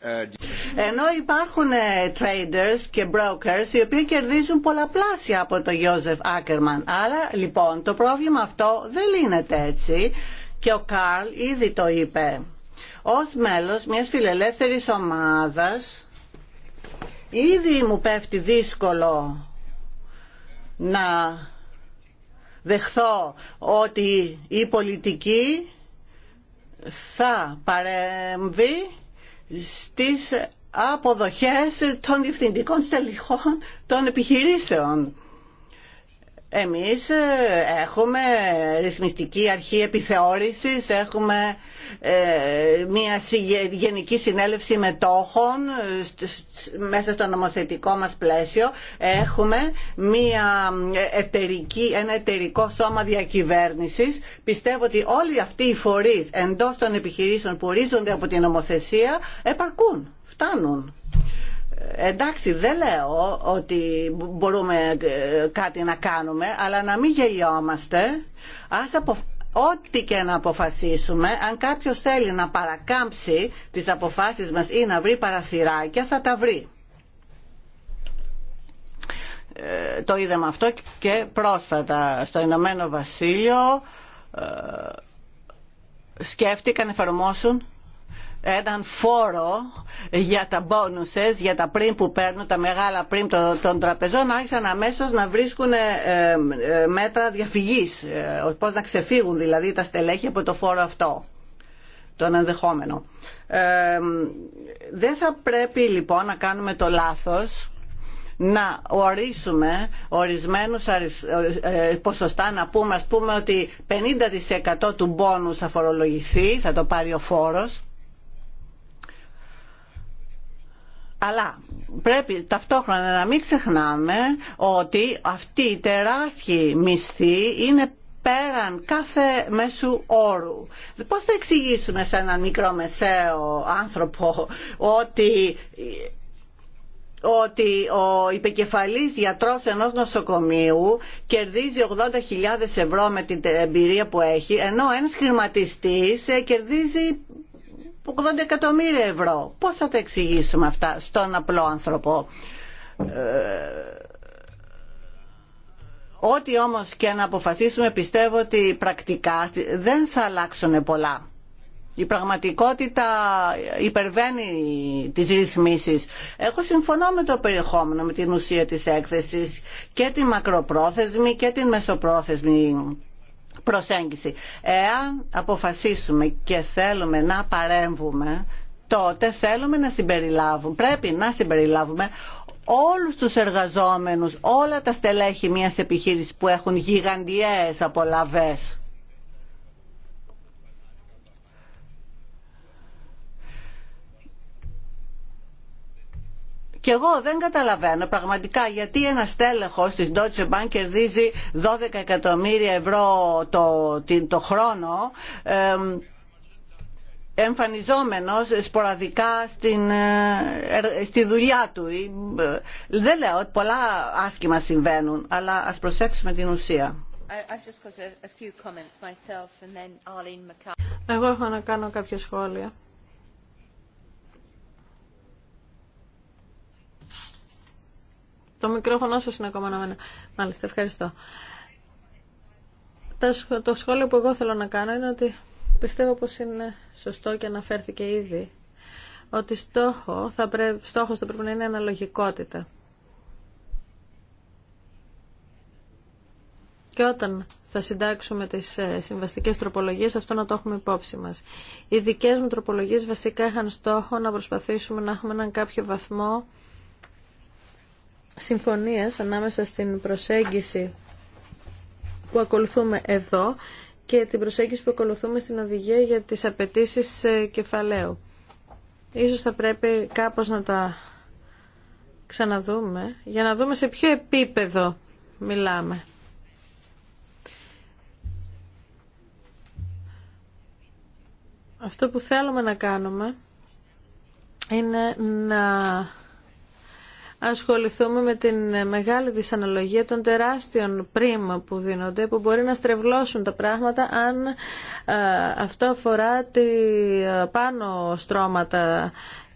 [SPEAKER 3] Ε, Ενώ υπάρχουν ε, traders και brokers οι οποίοι κερδίζουν πολλαπλάσια από το Γιώζεφ Άκερμαν. Άρα λοιπόν το πρόβλημα αυτό δεν λύνεται έτσι και ο Καρλ ήδη το είπε. Ως μέλος μιας φιλελεύθερης ομάδας Ήδη μου πέφτει δύσκολο να δεχθώ ότι η πολιτική θα παρέμβει στις αποδοχές των διευθυντικών στελεχών των επιχειρήσεων. Εμείς ε, έχουμε ρυθμιστική αρχή επιθεώρησης, έχουμε ε, μια γενική συνέλευση μετόχων ε, μέσα στο νομοθετικό μας πλαίσιο. Έχουμε μια εταιρική, ένα εταιρικό σώμα διακυβέρνησης. Πιστεύω ότι όλοι αυτοί οι φορείς εντός των επιχειρήσεων που ορίζονται από την νομοθεσία επαρκούν, φτάνουν εντάξει δεν λέω ότι μπορούμε ε, κάτι να κάνουμε αλλά να μην γελιόμαστε ας απο... ό,τι και να αποφασίσουμε αν κάποιος θέλει να παρακάμψει τις αποφάσεις μας ή να βρει παρασυράκια θα τα βρει ε, το είδαμε αυτό και πρόσφατα στο Ηνωμένο Βασίλειο ε, σκέφτηκαν εφαρμόσουν έναν φόρο για τα bonuses, για τα πριν που παίρνουν, τα μεγάλα πριν των τραπεζών, άρχισαν αμέσω να βρίσκουν ε, ε, μέτρα διαφυγής, ε, πώς να ξεφύγουν δηλαδή τα στελέχη από το φόρο αυτό, τον ενδεχόμενο. Δεν θα πρέπει λοιπόν να κάνουμε το λάθος να ορίσουμε ορισμένους ποσοστά να πούμε ας πούμε ότι 50% του μπόνους θα φορολογηθεί θα το πάρει ο φόρος Αλλά πρέπει ταυτόχρονα να μην ξεχνάμε ότι αυτή η τεράστια μισθή είναι πέραν κάθε μέσου όρου. Πώς θα εξηγήσουμε σε έναν μικρό μεσαίο άνθρωπο ότι ότι ο υπεκεφαλής γιατρός ενός νοσοκομείου κερδίζει 80.000 ευρώ με την εμπειρία που έχει, ενώ ένας χρηματιστής κερδίζει 80 εκατομμύρια ευρώ. Πώς θα τα εξηγήσουμε αυτά στον απλό άνθρωπο. Ε, ό,τι όμως και να αποφασίσουμε πιστεύω ότι πρακτικά δεν θα αλλάξουν πολλά. Η πραγματικότητα υπερβαίνει τις ρυθμίσεις. Έχω συμφωνώ με το περιεχόμενο, με την ουσία της έκθεσης και την μακροπρόθεσμη και την μεσοπρόθεσμη προσέγγιση. Εάν αποφασίσουμε και θέλουμε να παρέμβουμε, τότε θέλουμε να συμπεριλάβουμε, πρέπει να συμπεριλάβουμε όλους τους εργαζόμενους, όλα τα στελέχη μιας επιχείρησης που έχουν γιγαντιές απολαβές. Και εγώ δεν καταλαβαίνω πραγματικά γιατί ένα τέλεχο τη Deutsche Bank κερδίζει 12 εκατομμύρια ευρώ το, χρόνο. εμφανιζόμενο, εμφανιζόμενος σποραδικά στην, ε, ε, στη δουλειά του. Ε, δεν λέω ότι πολλά άσχημα συμβαίνουν, αλλά ας προσέξουμε την ουσία. Εγώ έχω να κάνω κάποια σχόλια.
[SPEAKER 1] Το μικρόφωνο σας είναι ακόμα αναμένα. Μάλιστα, ευχαριστώ. Το σχόλιο που εγώ θέλω να κάνω είναι ότι πιστεύω πως είναι σωστό και αναφέρθηκε ήδη ότι στόχο θα πρέπει, στόχος θα πρέπει να είναι αναλογικότητα. Και όταν θα συντάξουμε τις ε, συμβαστικές τροπολογίες, αυτό να το έχουμε υπόψη μας. Οι δικές μου τροπολογίες βασικά είχαν στόχο να προσπαθήσουμε να έχουμε έναν κάποιο βαθμό συμφωνίες ανάμεσα στην προσέγγιση που ακολουθούμε εδώ και την προσέγγιση που ακολουθούμε στην οδηγία για τις απαιτήσει ε, κεφαλαίου. Ίσως θα πρέπει κάπως να τα ξαναδούμε για να δούμε σε ποιο επίπεδο μιλάμε. Αυτό που θέλουμε να κάνουμε είναι να ασχοληθούμε με την μεγάλη δυσαναλογία των τεράστιων πριμ που δίνονται, που μπορεί να στρεβλώσουν τα πράγματα αν ε, αυτό αφορά τη ε, πάνω στρώματα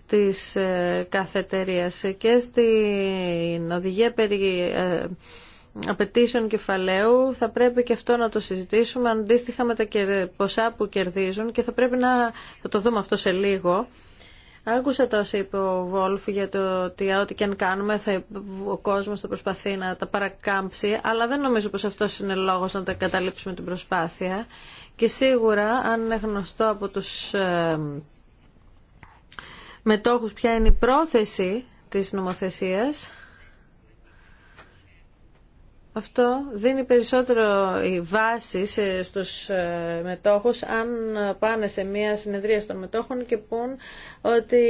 [SPEAKER 1] της ε, καθετερίας και στην οδηγία περί απαιτήσεων κεφαλαίου θα πρέπει και αυτό να το συζητήσουμε αντίστοιχα με τα ποσά που κερδίζουν και θα πρέπει να θα το δούμε αυτό σε λίγο Άκουσα τόσο, είπε ο Βόλφ για το ότι ό,τι και αν κάνουμε θα, ο κόσμος θα προσπαθεί να τα παρακάμψει, αλλά δεν νομίζω πως αυτό είναι λόγος να τα καταλήψουμε την προσπάθεια. Και σίγουρα, αν είναι γνωστό από τους ε, μετόχους ποια είναι η πρόθεση της νομοθεσίας, αυτό δίνει περισσότερο βάση στους ε, μετόχους αν πάνε σε μια συνεδρία των μετόχων και πούν ότι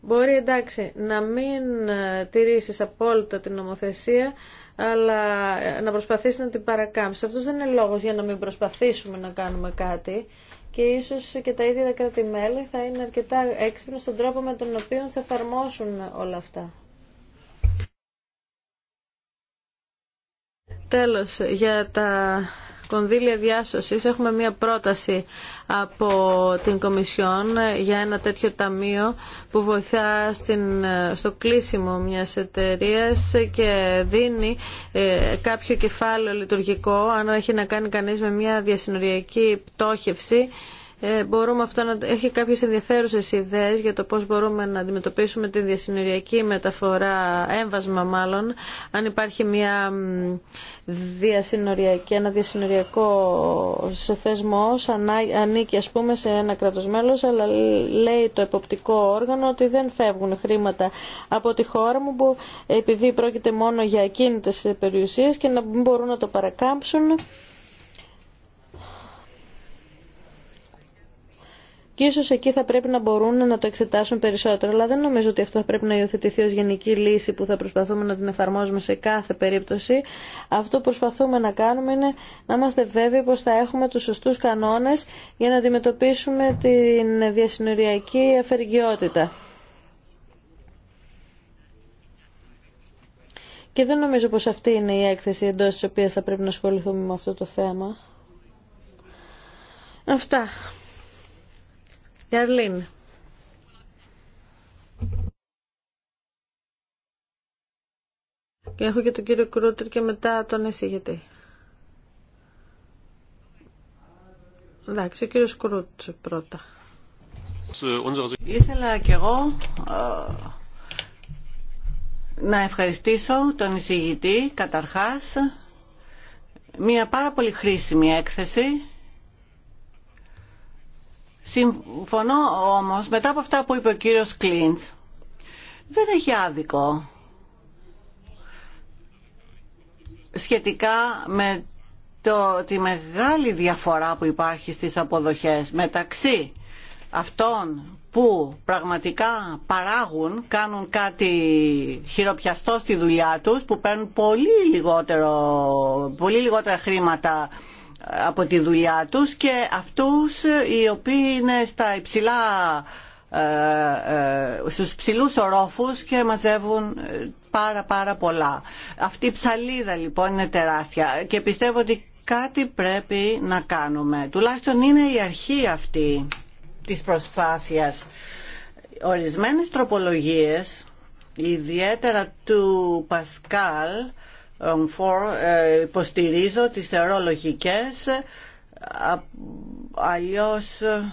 [SPEAKER 1] μπορεί εντάξει να μην ε, τηρήσεις απόλυτα την νομοθεσία αλλά ε, να προσπαθήσεις να την παρακάμψεις. Αυτός δεν είναι λόγος για να μην προσπαθήσουμε να κάνουμε κάτι και ίσως και τα ίδια τα κράτη-μέλη θα είναι αρκετά έξυπνα στον τρόπο με τον οποίο θα εφαρμόσουν όλα αυτά. Τέλος, για τα κονδύλια διάσωσης έχουμε μία πρόταση από την Κομισιόν για ένα τέτοιο ταμείο που βοηθά στην, στο κλείσιμο μιας εταιρείας και δίνει ε, κάποιο κεφάλαιο λειτουργικό αν έχει να κάνει κανείς με μια διασυνοριακή πτώχευση ε, μπορούμε αυτά να έχει κάποιες ενδιαφέρουσες ιδέες για το πώς μπορούμε να αντιμετωπίσουμε την διασυνοριακή μεταφορά, έμβασμα μάλλον, αν υπάρχει μια διασυνοριακή, ένα διασυνοριακό θεσμό, ανήκει ας πούμε σε ένα κράτος μέλος, αλλά λέει το εποπτικό όργανο ότι δεν φεύγουν χρήματα από τη χώρα μου που επειδή πρόκειται μόνο για ακίνητες περιουσίες και να μπορούν να το παρακάμψουν Και ίσω εκεί θα πρέπει να μπορούν να το εξετάσουν περισσότερο, αλλά δεν νομίζω ότι αυτό θα πρέπει να υιοθετηθεί ως γενική λύση που θα προσπαθούμε να την εφαρμόζουμε σε κάθε περίπτωση. Αυτό που προσπαθούμε να κάνουμε είναι να είμαστε βέβαιοι πω θα έχουμε του σωστού κανόνε για να αντιμετωπίσουμε την διασυνοριακή αφεργιότητα. Και δεν νομίζω πως αυτή είναι η έκθεση εντός της οποίας θα πρέπει να ασχοληθούμε με αυτό το θέμα. Αυτά. Και Και έχω και τον κύριο Κρούτρ και μετά τον εισηγητή. Εντάξει,
[SPEAKER 3] ο κύριο Κρούτ πρώτα. Ήθελα κι εγώ ε, να ευχαριστήσω τον εισηγητή καταρχάς. Μια πάρα πολύ χρήσιμη έκθεση Συμφωνώ όμως μετά από αυτά που είπε ο κύριος Κλίντς δεν έχει άδικο σχετικά με το, τη μεγάλη διαφορά που υπάρχει στις αποδοχές μεταξύ αυτών που πραγματικά παράγουν, κάνουν κάτι χειροπιαστό στη δουλειά τους, που παίρνουν πολύ, λιγότερο, πολύ λιγότερα χρήματα από τη δουλειά τους και αυτούς οι οποίοι είναι στα υψηλά ε, ε, στους ψηλούς ορόφους και μαζεύουν ε, πάρα πάρα πολλά. Αυτή η ψαλίδα λοιπόν είναι τεράστια και πιστεύω ότι κάτι πρέπει να κάνουμε. Τουλάχιστον είναι η αρχή αυτή της προσπάθειας. Ορισμένες τροπολογίες, ιδιαίτερα του Πασκάλ, ε, υποστηρίζω, τις θεωρώ λογικές, αλλιώς ε,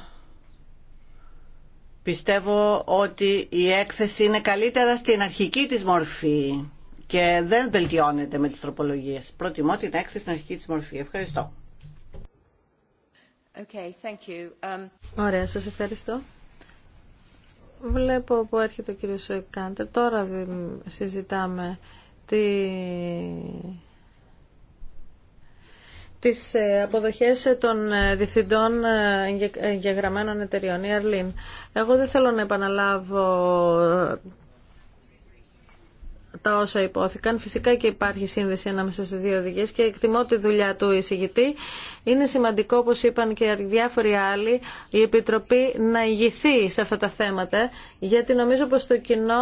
[SPEAKER 3] πιστεύω ότι η έκθεση είναι καλύτερα στην αρχική της μορφή και δεν βελτιώνεται με τις τροπολογίες. Προτιμώ την έκθεση στην αρχική της μορφή. Ευχαριστώ.
[SPEAKER 1] Okay, thank you. Um...
[SPEAKER 3] Ωραία, σας ευχαριστώ.
[SPEAKER 1] Βλέπω που έρχεται ο κύριος Κάντερ. Τώρα συζητάμε τι τις ε, αποδοχές των ε, διευθυντών ε, εγγεγραμμένων εταιριών, η Αρλίν. Εγώ δεν θέλω να επαναλάβω τα όσα υπόθηκαν. Φυσικά και υπάρχει σύνδεση ανάμεσα στι δύο οδηγίε και εκτιμώ τη δουλειά του εισηγητή. Είναι σημαντικό, όπω είπαν και διάφοροι άλλοι, η Επιτροπή να ηγηθεί σε αυτά τα θέματα, γιατί νομίζω πω το κοινό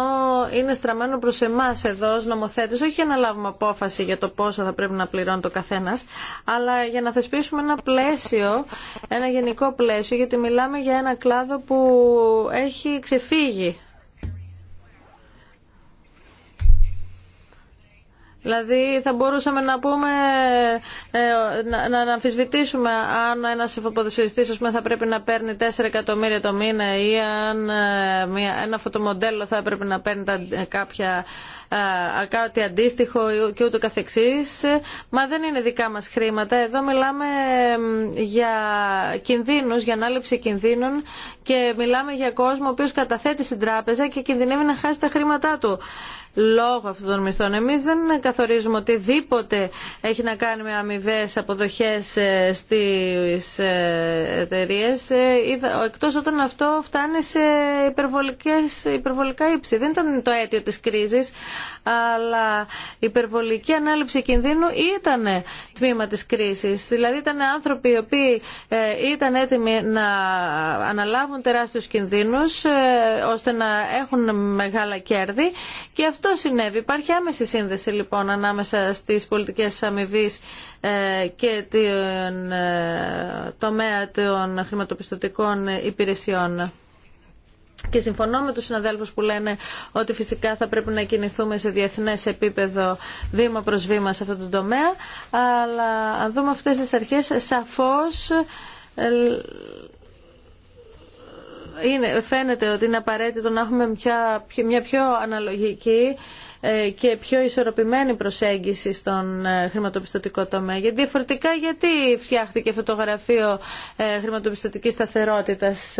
[SPEAKER 1] είναι στραμμένο προ εμά εδώ ω νομοθέτε, όχι για να λάβουμε απόφαση για το πόσα θα πρέπει να πληρώνει το καθένα, αλλά για να θεσπίσουμε ένα πλαίσιο, ένα γενικό πλαίσιο, γιατί μιλάμε για ένα κλάδο που έχει ξεφύγει Δηλαδή θα μπορούσαμε να πούμε, ε, να, να αμφισβητήσουμε αν ένας πούμε, θα πρέπει να παίρνει 4 εκατομμύρια το μήνα ή αν ε, ένα φωτομοντέλο θα πρέπει να παίρνει τα, ε, κάποια, κάτι αντίστοιχο και ούτω καθεξής. Μα δεν είναι δικά μας χρήματα. Εδώ μιλάμε για κινδύνους, για ανάληψη κινδύνων και μιλάμε για κόσμο ο οποίος καταθέτει στην τράπεζα και κινδυνεύει να χάσει τα χρήματά του λόγω αυτών των μισθών. Εμεί δεν καθορίζουμε οτιδήποτε έχει να κάνει με αμοιβέ αποδοχές ε, στι ε, εταιρείε, ε, εκτός όταν αυτό φτάνει σε υπερβολικά ύψη. Δεν ήταν το αίτιο της κρίσης, αλλά η υπερβολική ανάληψη κινδύνου ήταν τμήμα της κρίσης. Δηλαδή ήταν άνθρωποι οι οποίοι ήταν έτοιμοι να αναλάβουν τεράστιου κινδύνους ώστε να έχουν μεγάλα κέρδη και αυτό συνέβη. Υπάρχει άμεση σύνδεση λοιπόν ανάμεσα στις πολιτικές αμοιβή ε, και την ε, τομέα των χρηματοπιστωτικών υπηρεσιών. Και συμφωνώ με τους συναδέλφους που λένε ότι φυσικά θα πρέπει να κινηθούμε σε διεθνές επίπεδο βήμα προς βήμα σε αυτό το τομέα, αλλά αν δούμε αυτές τις αρχές σαφώς ε, είναι, φαίνεται ότι είναι απαραίτητο να έχουμε μια, πιο αναλογική ε, και πιο ισορροπημένη προσέγγιση στον ε, χρηματοπιστωτικό τομέα. Γιατί διαφορετικά γιατί φτιάχτηκε αυτό το γραφείο ε, χρηματοπιστωτικής σταθερότητας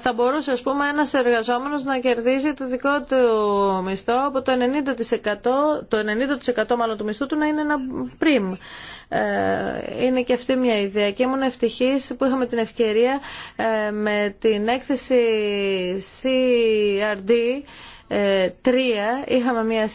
[SPEAKER 1] θα μπορούσε ας πούμε ένας εργαζόμενος να κερδίζει το δικό του μισθό από το 90%, το 90% μάλλον του μισθού του να είναι ένα πριμ. Ε, είναι και αυτή μια ιδέα και ήμουν ευτυχής που είχαμε την ευκαιρία ε, με την έκθεση CRD ε, τρία είχαμε μια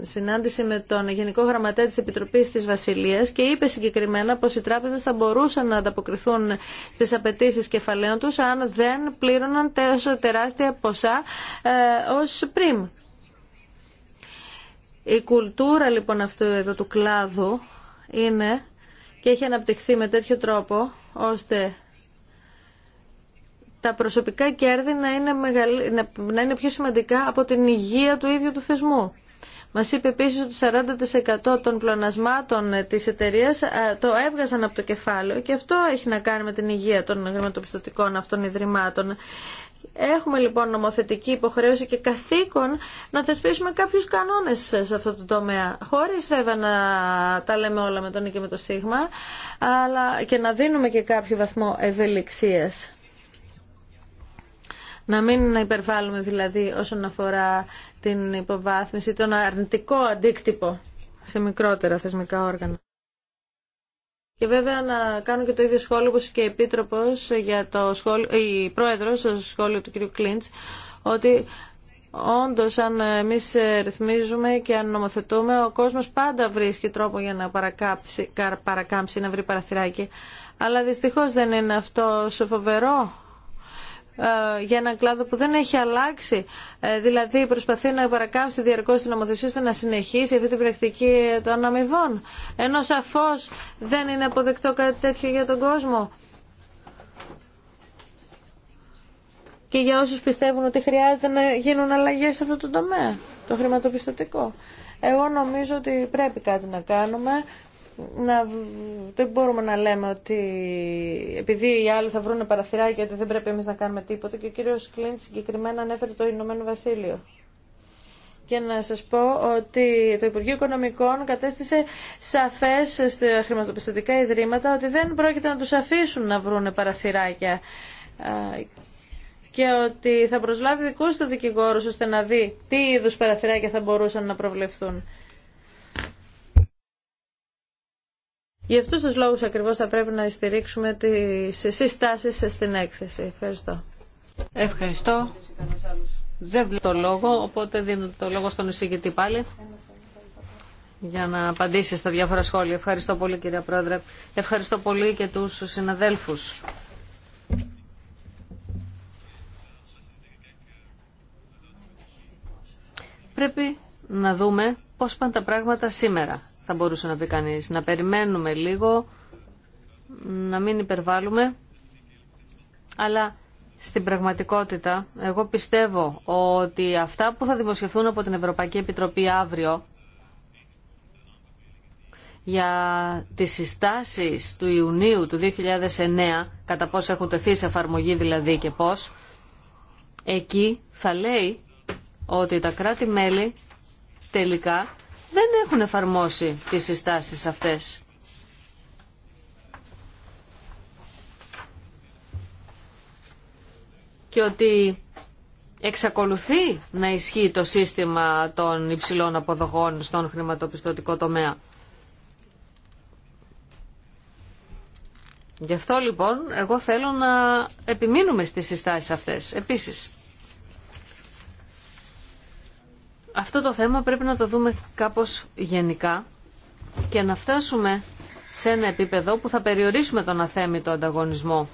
[SPEAKER 1] συνάντηση με τον Γενικό Γραμματέα της Επιτροπής της Βασιλείας και είπε συγκεκριμένα πως οι τράπεζες θα μπορούσαν να ανταποκριθούν στις απαιτήσεις κεφαλαίων τους αν δεν πλήρωναν τόσο τεράστια ποσά ε, ως πριν. Η κουλτούρα λοιπόν αυτού εδώ του κλάδου είναι και έχει αναπτυχθεί με τέτοιο τρόπο ώστε τα προσωπικά κέρδη να είναι, να είναι πιο σημαντικά από την υγεία του ίδιου του θεσμού. Μα είπε επίση ότι 40% των πλονασμάτων ε, τη εταιρεία ε, το έβγαζαν από το κεφάλαιο και αυτό έχει να κάνει με την υγεία των χρηματοπιστωτικών αυτών ιδρυμάτων. Έχουμε λοιπόν νομοθετική υποχρέωση και καθήκον να θεσπίσουμε κάποιου κανόνε σε αυτό το τομέα. Χωρί βέβαια να τα λέμε όλα με τον ή και με το σίγμα, αλλά και να δίνουμε και κάποιο βαθμό ευελιξία. Να μην υπερβάλλουμε δηλαδή όσον αφορά την υποβάθμιση, τον αρνητικό αντίκτυπο σε μικρότερα θεσμικά όργανα. Και βέβαια να κάνω και το ίδιο σχόλιο όπως και η Επίτροπος για το σχόλιο, η Πρόεδρος στο σχόλιο του κ. Κλίντς, ότι όντως αν εμείς ρυθμίζουμε και αν νομοθετούμε, ο κόσμος πάντα βρίσκει τρόπο για να παρακάψει να βρει παραθυράκι. Αλλά δυστυχώς δεν είναι αυτό φοβερό ε, για έναν κλάδο που δεν έχει αλλάξει. Ε, δηλαδή προσπαθεί να παρακάμψει διαρκώ την νομοθεσία ώστε να συνεχίσει αυτή την πρακτική των αμοιβών. Ενώ σαφώ δεν είναι αποδεκτό κάτι τέτοιο για τον κόσμο. Και για όσους πιστεύουν ότι χρειάζεται να γίνουν αλλαγές σε αυτό το τομέα, το χρηματοπιστωτικό. Εγώ νομίζω ότι πρέπει κάτι να κάνουμε να, δεν μπορούμε να λέμε ότι επειδή οι άλλοι θα βρουν παραθυράκια ότι δεν πρέπει εμείς να κάνουμε τίποτα και ο κύριος Κλίντ συγκεκριμένα ανέφερε το Ηνωμένο Βασίλειο. Και να σας πω ότι το Υπουργείο Οικονομικών κατέστησε σαφές στα χρηματοπιστωτικά ιδρύματα ότι δεν πρόκειται να τους αφήσουν να βρουν παραθυράκια και ότι θα προσλάβει δικούς του δικηγόρους ώστε να δει τι είδους παραθυράκια θα μπορούσαν να προβλεφθούν. Γι' αυτούς τους λόγους ακριβώς θα πρέπει να στηρίξουμε τις συστάσεις στην έκθεση. Ευχαριστώ. Ευχαριστώ. Δεν βλέπω το
[SPEAKER 2] λόγο, οπότε δίνω το λόγο στον εισηγητή πάλι για να απαντήσει στα διάφορα σχόλια. Ευχαριστώ πολύ κυρία Πρόεδρε. Ευχαριστώ πολύ και τους συναδέλφους. Πρέπει να δούμε πώς πάνε τα πράγματα σήμερα θα μπορούσε να πει κανείς. Να περιμένουμε λίγο, να μην υπερβάλλουμε, αλλά στην πραγματικότητα εγώ πιστεύω ότι αυτά που θα δημοσιευθούν από την Ευρωπαϊκή Επιτροπή αύριο για τις συστάσεις του Ιουνίου του 2009, κατά πώς έχουν τεθεί σε εφαρμογή δηλαδή και πώς, εκεί θα λέει ότι τα κράτη-μέλη τελικά δεν έχουν εφαρμόσει τις συστάσεις αυτές. Και ότι εξακολουθεί να ισχύει το σύστημα των υψηλών αποδοχών στον χρηματοπιστωτικό τομέα. Γι' αυτό λοιπόν εγώ θέλω να επιμείνουμε στις συστάσεις αυτές. Επίσης, αυτό το θέμα πρέπει να το δούμε κάπως γενικά και να φτάσουμε σε ένα επίπεδο που θα περιορίσουμε τον αθέμητο ανταγωνισμό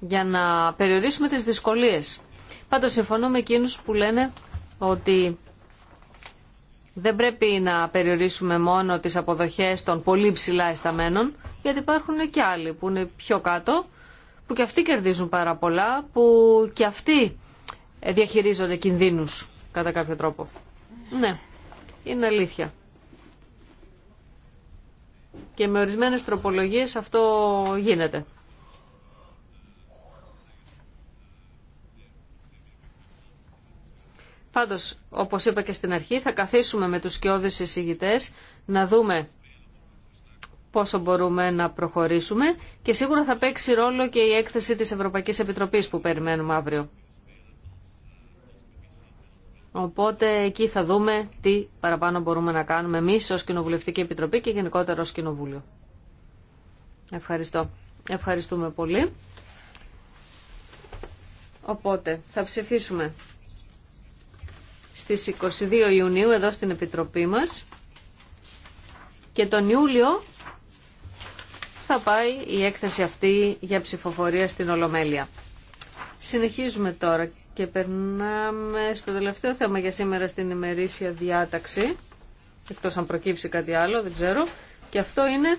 [SPEAKER 2] για να περιορίσουμε τις δυσκολίες. Πάντως συμφωνώ με εκείνους που λένε ότι δεν πρέπει να περιορίσουμε μόνο τις αποδοχές των πολύ ψηλά εσταμένων, γιατί υπάρχουν και άλλοι που είναι πιο κάτω, που και αυτοί κερδίζουν πάρα πολλά, που και αυτοί διαχειρίζονται κινδύνους κατά κάποιο τρόπο. Ναι, είναι αλήθεια. Και με ορισμένες τροπολογίες αυτό γίνεται. Πάντως, όπως είπα και στην αρχή, θα καθίσουμε με τους σκιώδεις εισηγητές να δούμε πόσο μπορούμε να προχωρήσουμε και σίγουρα θα παίξει ρόλο και η έκθεση της Ευρωπαϊκής Επιτροπής που περιμένουμε αύριο. Οπότε εκεί θα δούμε τι παραπάνω μπορούμε να κάνουμε εμείς ως Κοινοβουλευτική Επιτροπή και γενικότερα ως Κοινοβούλιο. Ευχαριστώ. Ευχαριστούμε πολύ. Οπότε θα ψηφίσουμε στις 22 Ιουνίου εδώ στην Επιτροπή μας και τον Ιούλιο θα πάει η έκθεση αυτή για ψηφοφορία στην Ολομέλεια. Συνεχίζουμε τώρα και περνάμε στο τελευταίο θέμα για σήμερα στην ημερήσια διάταξη. Εκτός αν προκύψει κάτι άλλο, δεν ξέρω. Και αυτό είναι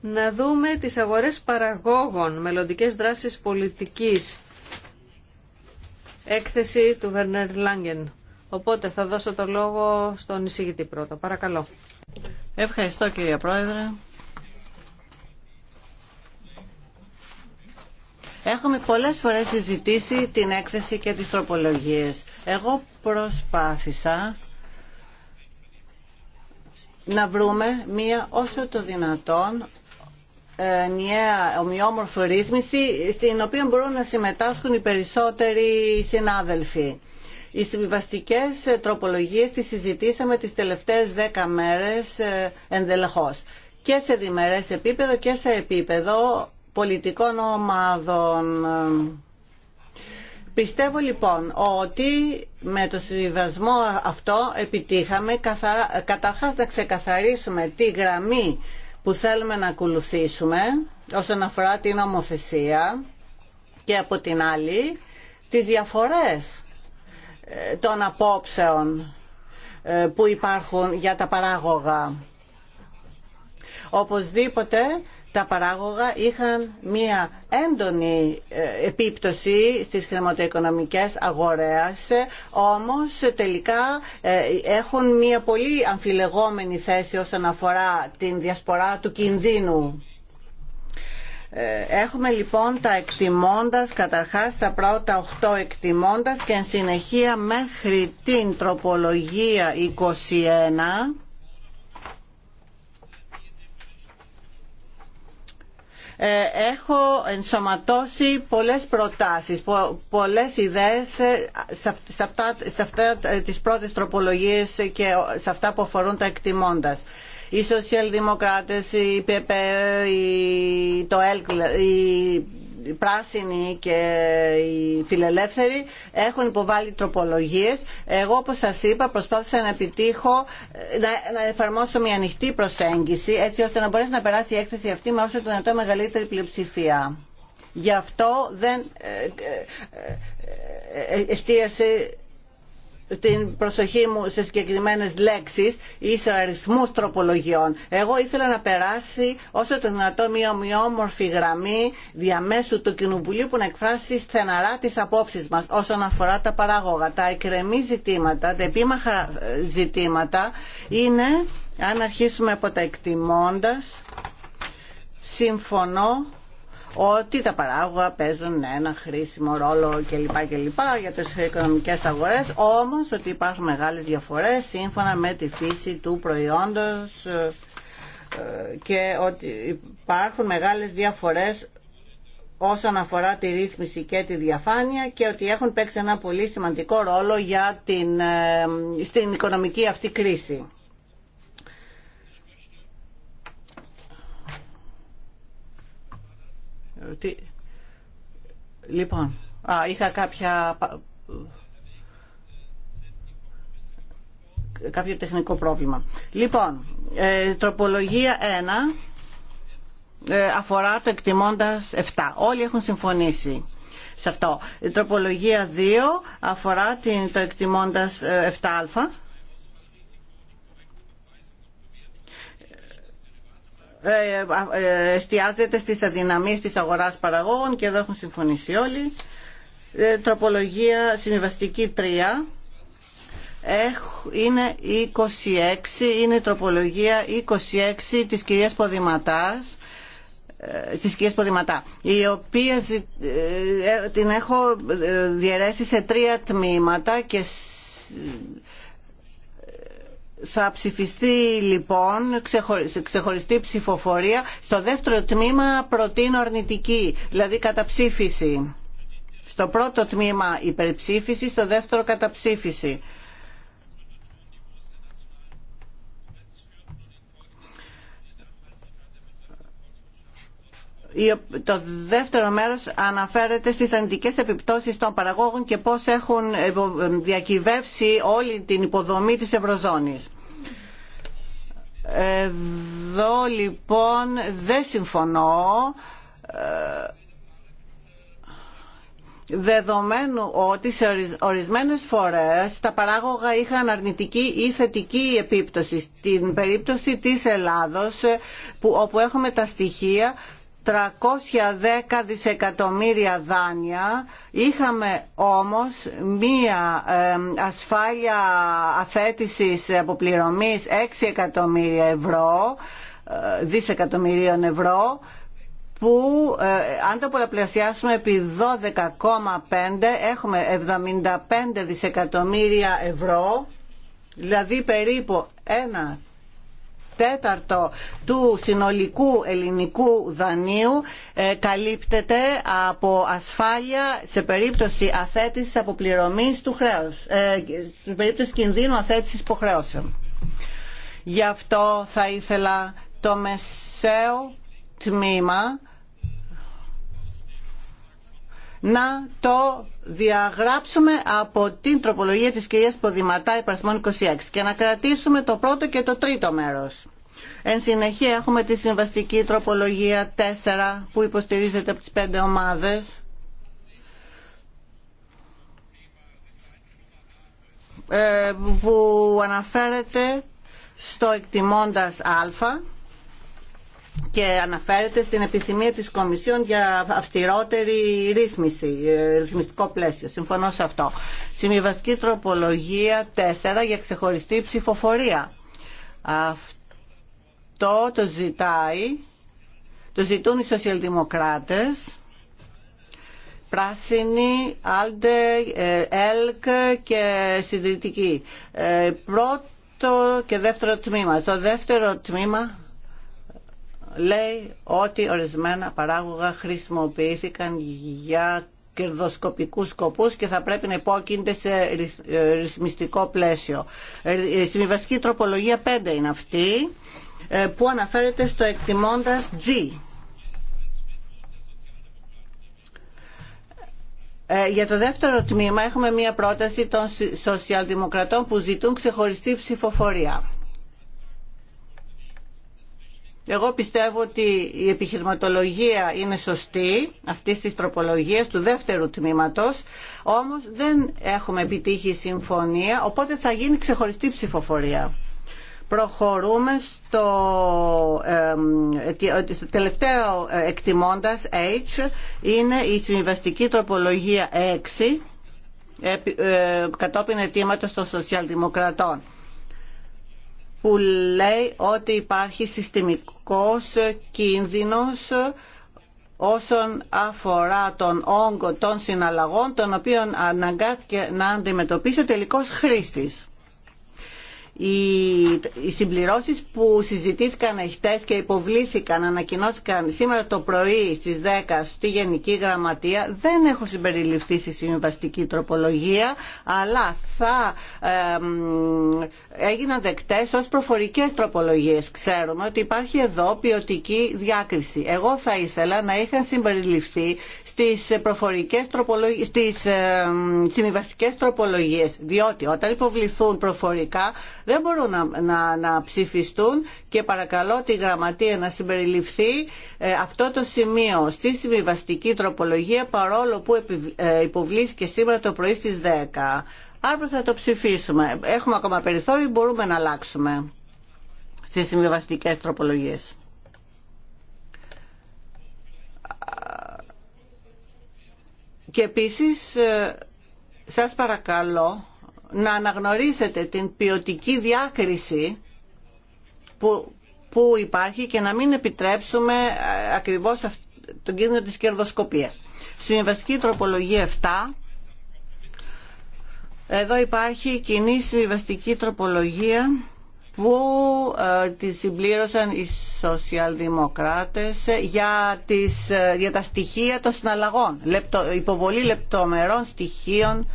[SPEAKER 2] να δούμε τις αγορές παραγόγων, μελλοντικές δράσεις πολιτικής. Έκθεση του Βέρνερ Λάγκεν. Οπότε θα δώσω το λόγο
[SPEAKER 3] στον εισηγητή πρώτα. Παρακαλώ. Ευχαριστώ κυρία Πρόεδρε. Έχουμε πολλές φορές συζητήσει την έκθεση και τις τροπολογίες. Εγώ προσπάθησα να βρούμε μία όσο το δυνατόν ε, ενιαία ομοιόμορφη ρύθμιση στην οποία μπορούν να συμμετάσχουν οι περισσότεροι συνάδελφοι. Οι συμβιβαστικέ ε, τροπολογίες τις συζητήσαμε τις τελευταίες δέκα μέρες ε, ενδελεχώς και σε διμερές επίπεδο και σε επίπεδο πολιτικών ομάδων. Πιστεύω λοιπόν ότι με το συνδυασμό αυτό επιτύχαμε καθαρά, καταρχάς να ξεκαθαρίσουμε τη γραμμή που θέλουμε να ακολουθήσουμε όσον αφορά την ομοθεσία και από την άλλη τις διαφορές ε, των απόψεων ε, που υπάρχουν για τα παράγωγα. Οπωσδήποτε τα παράγωγα είχαν μία έντονη ε, επίπτωση στις χρηματοοικονομικές αγορές, όμως τελικά ε, έχουν μία πολύ αμφιλεγόμενη θέση όσον αφορά την διασπορά του κινδύνου. Ε, έχουμε λοιπόν τα εκτιμώντας, καταρχάς τα πρώτα 8 εκτιμώντας και εν συνεχεία μέχρι την τροπολογία 21 Ε, έχω ενσωματώσει πολλές προτάσεις, πο, πολλές ιδέες ε, σε, αυτά, σε αυτά ε, τις πρώτες τροπολογίες και σε αυτά που αφορούν τα εκτιμώντας. Οι σοσιαλδημοκράτες, η ΠΕΠΕ, το ΕΛΚ, οι πράσινοι και οι φιλελεύθεροι έχουν υποβάλει τροπολογίες. Εγώ όπως σας είπα προσπάθησα να επιτύχω, να, να εφαρμόσω μια ανοιχτή προσέγγιση έτσι ώστε να μπορέσει να περάσει η έκθεση αυτή με όσο το δυνατό μεγαλύτερη πλειοψηφία. Γι' αυτό δεν ε, ε, ε, εστίασε την προσοχή μου σε συγκεκριμένε λέξεις ή σε αριθμού τροπολογιών. Εγώ ήθελα να περάσει όσο το δυνατόν μια ομοιόμορφη γραμμή διαμέσου του Κοινοβουλίου που να εκφράσει στεναρά τι απόψεις μα όσον αφορά τα παράγωγα. Τα εκρεμή ζητήματα, τα επίμαχα ζητήματα είναι, αν αρχίσουμε από τα εκτιμώντας, συμφωνώ ότι τα παράγωγα παίζουν ένα χρήσιμο ρόλο κλπ. κλπ για τις οικονομικές αγορές, όμως ότι υπάρχουν μεγάλες διαφορές σύμφωνα με τη φύση του προϊόντος ε, και ότι υπάρχουν μεγάλες διαφορές όσον αφορά τη ρύθμιση και τη διαφάνεια και ότι έχουν παίξει ένα πολύ σημαντικό ρόλο για την, ε, στην οικονομική αυτή κρίση. Τι... Λοιπόν, α, είχα κάποια... κάποιο τεχνικό πρόβλημα. Λοιπόν, ε, τροπολογία 1 ε, αφορά το εκτιμώντας 7. Όλοι έχουν συμφωνήσει σε αυτό. Η τροπολογία 2 αφορά την, το εκτιμώντας 7α. Ε, Ε, ε, εστιάζεται στις αδυναμίες της αγοράς παραγόγων και εδώ έχουν συμφωνήσει όλοι. Ε, τροπολογία συμβιβαστική 3 είναι 26, είναι τροπολογία 26 της κυρίας Ποδηματάς της κυρίας Ποδηματά η οποία την έχω διαιρέσει σε τρία τμήματα και θα ψηφιστεί λοιπόν ξεχωριστή, ψηφοφορία. Στο δεύτερο τμήμα προτείνω αρνητική, δηλαδή καταψήφιση. Στο πρώτο τμήμα υπερψήφιση, στο δεύτερο καταψήφιση. το δεύτερο μέρος αναφέρεται στις αρνητικές επιπτώσεις των παραγόγων και πώς έχουν ε, ε, διακυβεύσει όλη την υποδομή της Ευρωζώνης. Εδώ λοιπόν δεν συμφωνώ ε, δεδομένου ότι σε ορισμένες φορές τα παράγωγα είχαν αρνητική ή θετική επίπτωση. Στην περίπτωση της Ελλάδος που, όπου έχουμε τα στοιχεία 310 δισεκατομμύρια δάνεια, είχαμε όμως μία ασφάλεια αθέτησης αποπληρωμής 6 εκατομμύρια ευρώ, ε, δισεκατομμυρίων ευρώ, που ε, αν το πολλαπλασιάσουμε επί 12,5 έχουμε 75 δισεκατομμύρια ευρώ, δηλαδή περίπου ένα τέταρτο του συνολικού ελληνικού δανείου ε, καλύπτεται από ασφάλεια σε περίπτωση αθέτησης αποπληρωμής του χρέους, ε, σε περίπτωση κινδύνου αθέτησης υποχρέωσεων. Γι' αυτό θα ήθελα το μεσαίο τμήμα να το διαγράψουμε από την τροπολογία της κυρίας Ποδηματά υπαρθμών 26 και να κρατήσουμε το πρώτο και το τρίτο μέρος. Εν συνεχεία έχουμε τη συμβαστική τροπολογία 4 που υποστηρίζεται από τις πέντε ομάδες. Ε, που αναφέρεται στο εκτιμώντας α και αναφέρεται στην επιθυμία της Κομισιόν για αυστηρότερη ρύθμιση, ε, ρυθμιστικό πλαίσιο. Συμφωνώ σε αυτό. Συμβιβαστική τροπολογία 4 για ξεχωριστή ψηφοφορία. Αυτό το ζητάει, το ζητούν οι σοσιαλδημοκράτες, πράσινοι, Άλτε, έλκ ε, και συντηρητικοί. Ε, πρώτο και δεύτερο τμήμα. Το δεύτερο τμήμα λέει ότι ορισμένα παράγωγα χρησιμοποιήθηκαν για κερδοσκοπικούς σκοπούς και θα πρέπει να υπόκεινται σε ε, ρυθμιστικό πλαίσιο. Ε, η συμβιβαστική τροπολογία 5 είναι αυτή ε, που αναφέρεται στο εκτιμώντας G. για το δεύτερο τμήμα έχουμε μία πρόταση των σοσιαλδημοκρατών που ζητούν ξεχωριστή ψηφοφορία. Εγώ πιστεύω ότι η επιχειρηματολογία είναι σωστή αυτή τη τροπολογία του δεύτερου τμήματος, όμως δεν έχουμε επιτύχει συμφωνία, οπότε θα γίνει ξεχωριστή ψηφοφορία. Προχωρούμε στο, ε, τελευταίο ε, εκτιμώντας H, είναι η συμβαστική τροπολογία 6, ε, κατόπιν αιτήματος των σοσιαλδημοκρατών που λέει ότι υπάρχει συστημικός κίνδυνος όσον αφορά τον όγκο των συναλλαγών τον οποίο αναγκάστηκε να αντιμετωπίσει ο τελικός χρήστης. Οι συμπληρώσεις που συζητήθηκαν εχθές και υποβλήθηκαν, ανακοινώθηκαν σήμερα το πρωί στις 10 στη Γενική Γραμματεία δεν έχω συμπεριληφθεί στη συμβαστική τροπολογία αλλά θα έγιναν δεκτές ως προφορικές τροπολογίες. Ξέρουμε ότι υπάρχει εδώ ποιοτική διάκριση. Εγώ θα ήθελα να είχαν συμπεριληφθεί στις, προφορικές τροπολογίες, στις ε, συμβιβαστικές τροπολογίες, διότι όταν υποβληθούν προφορικά δεν μπορούν να, να, ψηφιστούν και παρακαλώ τη γραμματεία να συμπεριληφθεί ε, αυτό το σημείο στη συμβιβαστική τροπολογία παρόλο που ε, υποβλήθηκε σήμερα το πρωί στις 10. Αύριο θα το ψηφίσουμε. Έχουμε ακόμα περιθώριο, μπορούμε να αλλάξουμε στις συμβιβαστικέ τροπολογίες. Και επίσης ε, σας παρακαλώ να αναγνωρίσετε την ποιοτική διάκριση που, που υπάρχει και να μην επιτρέψουμε ε, ακριβώς τον κίνδυνο της κερδοσκοπίας. Συμβιβαστική τροπολογία 7 εδώ υπάρχει κοινή συμβιβαστική τροπολογία που ε, τη συμπλήρωσαν οι σοσιαλδημοκράτες για, τις, ε, για τα στοιχεία των συναλλαγών, υποβολή λεπτομερών στοιχείων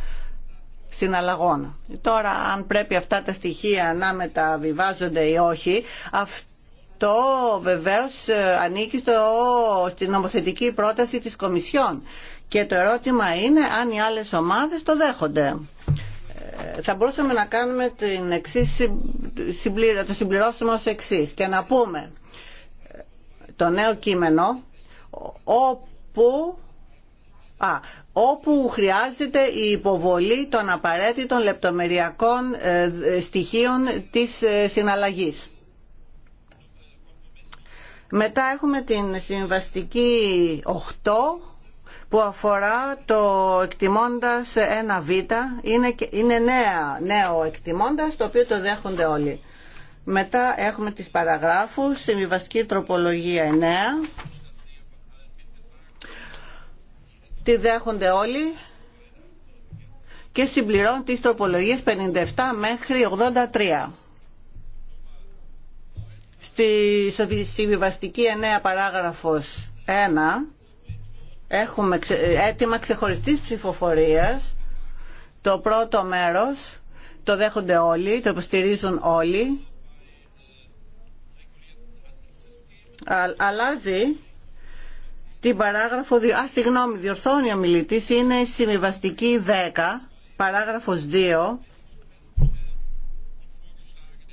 [SPEAKER 3] συναλλαγών. Τώρα αν πρέπει αυτά τα στοιχεία να μεταβιβάζονται ή όχι, αυτό βεβαίως ε, ανήκει στο, στην νομοθετική πρόταση της Κομισιόν. Και το ερώτημα είναι αν οι άλλες ομάδες το δέχονται θα μπορούσαμε να κάνουμε την εξής, το συμπληρώσουμε ως εξής και να πούμε το νέο κείμενο όπου, α, όπου χρειάζεται η υποβολή των απαραίτητων λεπτομεριακών ε, στοιχείων της ε, συναλλαγής. Μετά έχουμε την συμβαστική 8 που αφορά το εκτιμώντας 1β, είναι, είναι νέα, νέο εκτιμώντας το οποίο το δέχονται όλοι. Μετά έχουμε τις παραγράφους, συμβιβαστική τροπολογία 9, τη δέχονται όλοι και συμπληρώνει τις τροπολογίες 57 μέχρι 83. Στη συμβιβαστική 9 παράγραφος 1 Έχουμε έτοιμα ξεχωριστής ψηφοφορίας. Το πρώτο μέρος το δέχονται όλοι, το υποστηρίζουν όλοι. αλλάζει την παράγραφο 2. Α, συγγνώμη, διορθώνει ο μιλητής, είναι η συμβιβαστική 10, παράγραφος 2.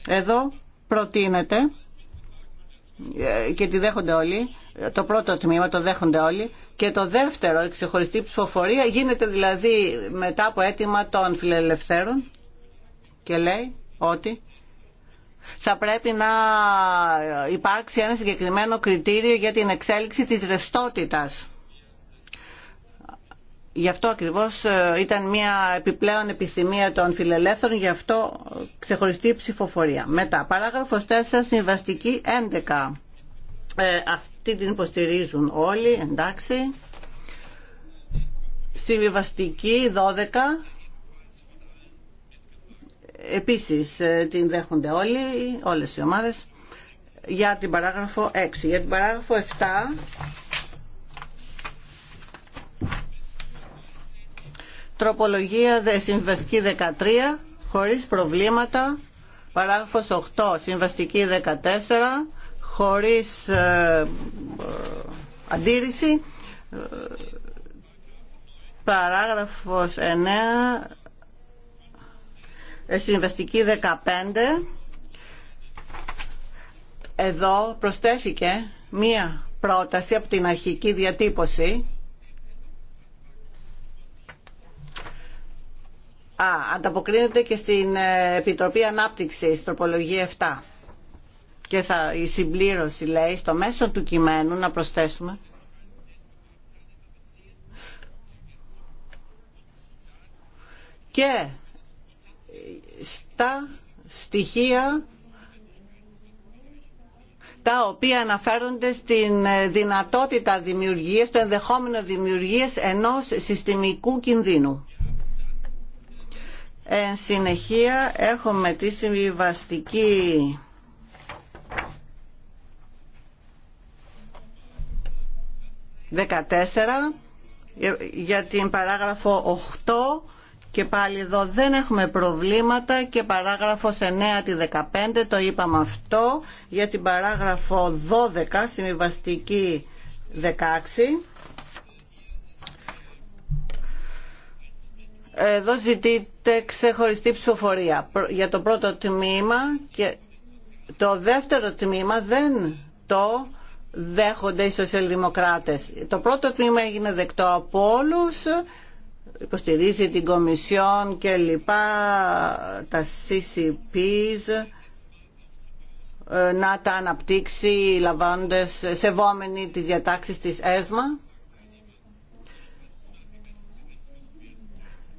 [SPEAKER 3] Εδώ προτείνεται ε, και τη δέχονται όλοι το πρώτο τμήμα το δέχονται όλοι και το δεύτερο, η ξεχωριστή ψηφοφορία, γίνεται δηλαδή μετά από αίτημα των φιλελευθέρων και λέει ότι θα πρέπει να υπάρξει ένα συγκεκριμένο κριτήριο για την εξέλιξη της ρευστότητας. Γι' αυτό ακριβώς ε, ήταν μια επιπλέον επισημία των φιλελεύθερων, γι' αυτό ξεχωριστή ψηφοφορία. Μετά, παράγραφος 4, συμβαστική 11. Ε, αυτή την υποστηρίζουν όλοι, εντάξει. Συμβιβαστική 12. Επίσης ε, την δέχονται όλοι, όλες οι ομάδες. Για την παράγραφο 6. Για την παράγραφο 7... Τροπολογία συμβαστική 13, χωρίς προβλήματα, παράγραφος 8, συμβαστική 14, χωρίς ε, ε, αντίρρηση παράγραφος 9 ε, συμβαστική 15 εδώ προσθέθηκε μία πρόταση από την αρχική διατύπωση Α, ανταποκρίνεται και στην Επιτροπή Ανάπτυξης, τροπολογία 7 και θα, η συμπλήρωση λέει στο μέσο του κειμένου να προσθέσουμε και στα στοιχεία τα οποία αναφέρονται στην δυνατότητα δημιουργίας, το ενδεχόμενο δημιουργίας ενός συστημικού κινδύνου. Εν συνεχεία έχουμε τη συμβιβαστική 14 για την παράγραφο 8 και πάλι εδώ δεν έχουμε προβλήματα και παράγραφο 9 τη 15 το είπαμε αυτό για την παράγραφο 12 συμβιβαστική 16 Εδώ ζητείται ξεχωριστή ψηφοφορία για το πρώτο τμήμα και το δεύτερο τμήμα δεν το δέχονται οι σοσιαλδημοκράτες. Το πρώτο τμήμα έγινε δεκτό από όλους, υποστηρίζει την Κομισιόν και λοιπά, τα CCPs ε, να τα αναπτύξει λαμβάνοντας σεβόμενοι τις διατάξεις της ΕΣΜΑ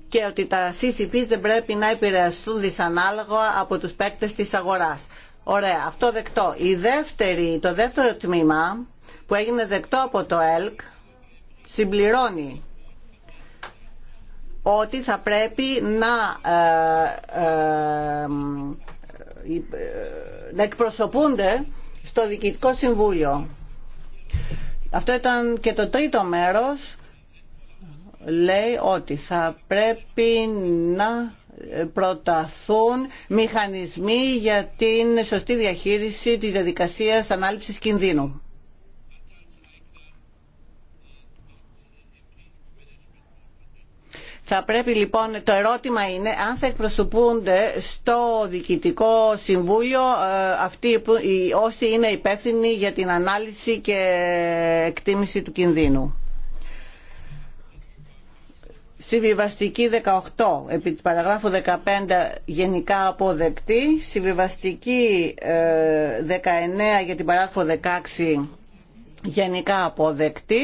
[SPEAKER 3] και ότι τα CCPs δεν πρέπει να επηρεαστούν δυσανάλογα από τους παίκτες της αγοράς. Ωραία, αυτό δεκτό. Η δεύτερη, το δεύτερο τμήμα που έγινε δεκτό από το ΕΛΚ συμπληρώνει ότι θα πρέπει να, ε, ε, ε, ε να εκπροσωπούνται στο Διοικητικό Συμβούλιο. Αυτό ήταν και το τρίτο μέρος λέει ότι θα πρέπει να προταθούν μηχανισμοί για την σωστή διαχείριση της διαδικασίας ανάληψης κινδύνου. Θα πρέπει λοιπόν, το ερώτημα είναι αν θα εκπροσωπούνται στο Διοικητικό Συμβούλιο ε, αυτοί όσοι είναι υπεύθυνοι για την ανάλυση και εκτίμηση του κινδύνου. Συμβιβαστική 18, επί της παραγράφου 15 γενικά αποδεκτή. Συμβιβαστική 19 ε, για την παράγραφο 16 γενικά αποδεκτή.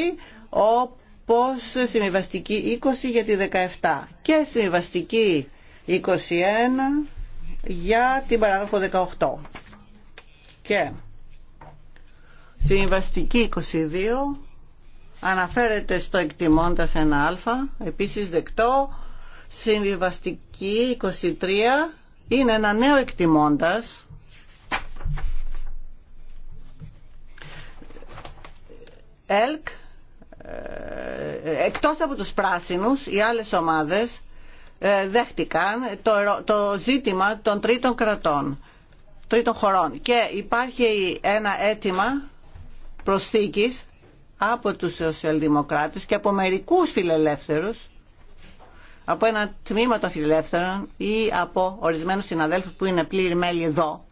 [SPEAKER 3] Όπως συμβιβαστική 20 για τη 17 και συμβιβαστική 21 για την παράγραφο 18. Και συμβιβαστική 22 αναφέρεται στο εκτιμωντας ένα 1α, επίσης δεκτό, συμβιβαστική 23, είναι ένα νέο εκτιμώντας, ΕΛΚ, ε, εκτός από τους πράσινους, οι άλλες ομάδες ε, δέχτηκαν το, το ζήτημα των τρίτων κρατών, τρίτων χωρών. Και υπάρχει ένα αίτημα προσθήκης από τους σοσιαλδημοκράτες και από μερικούς φιλελεύθερους από ένα τμήμα των φιλελεύθερων ή από ορισμένους συναδέλφους που είναι πλήρη μέλη εδώ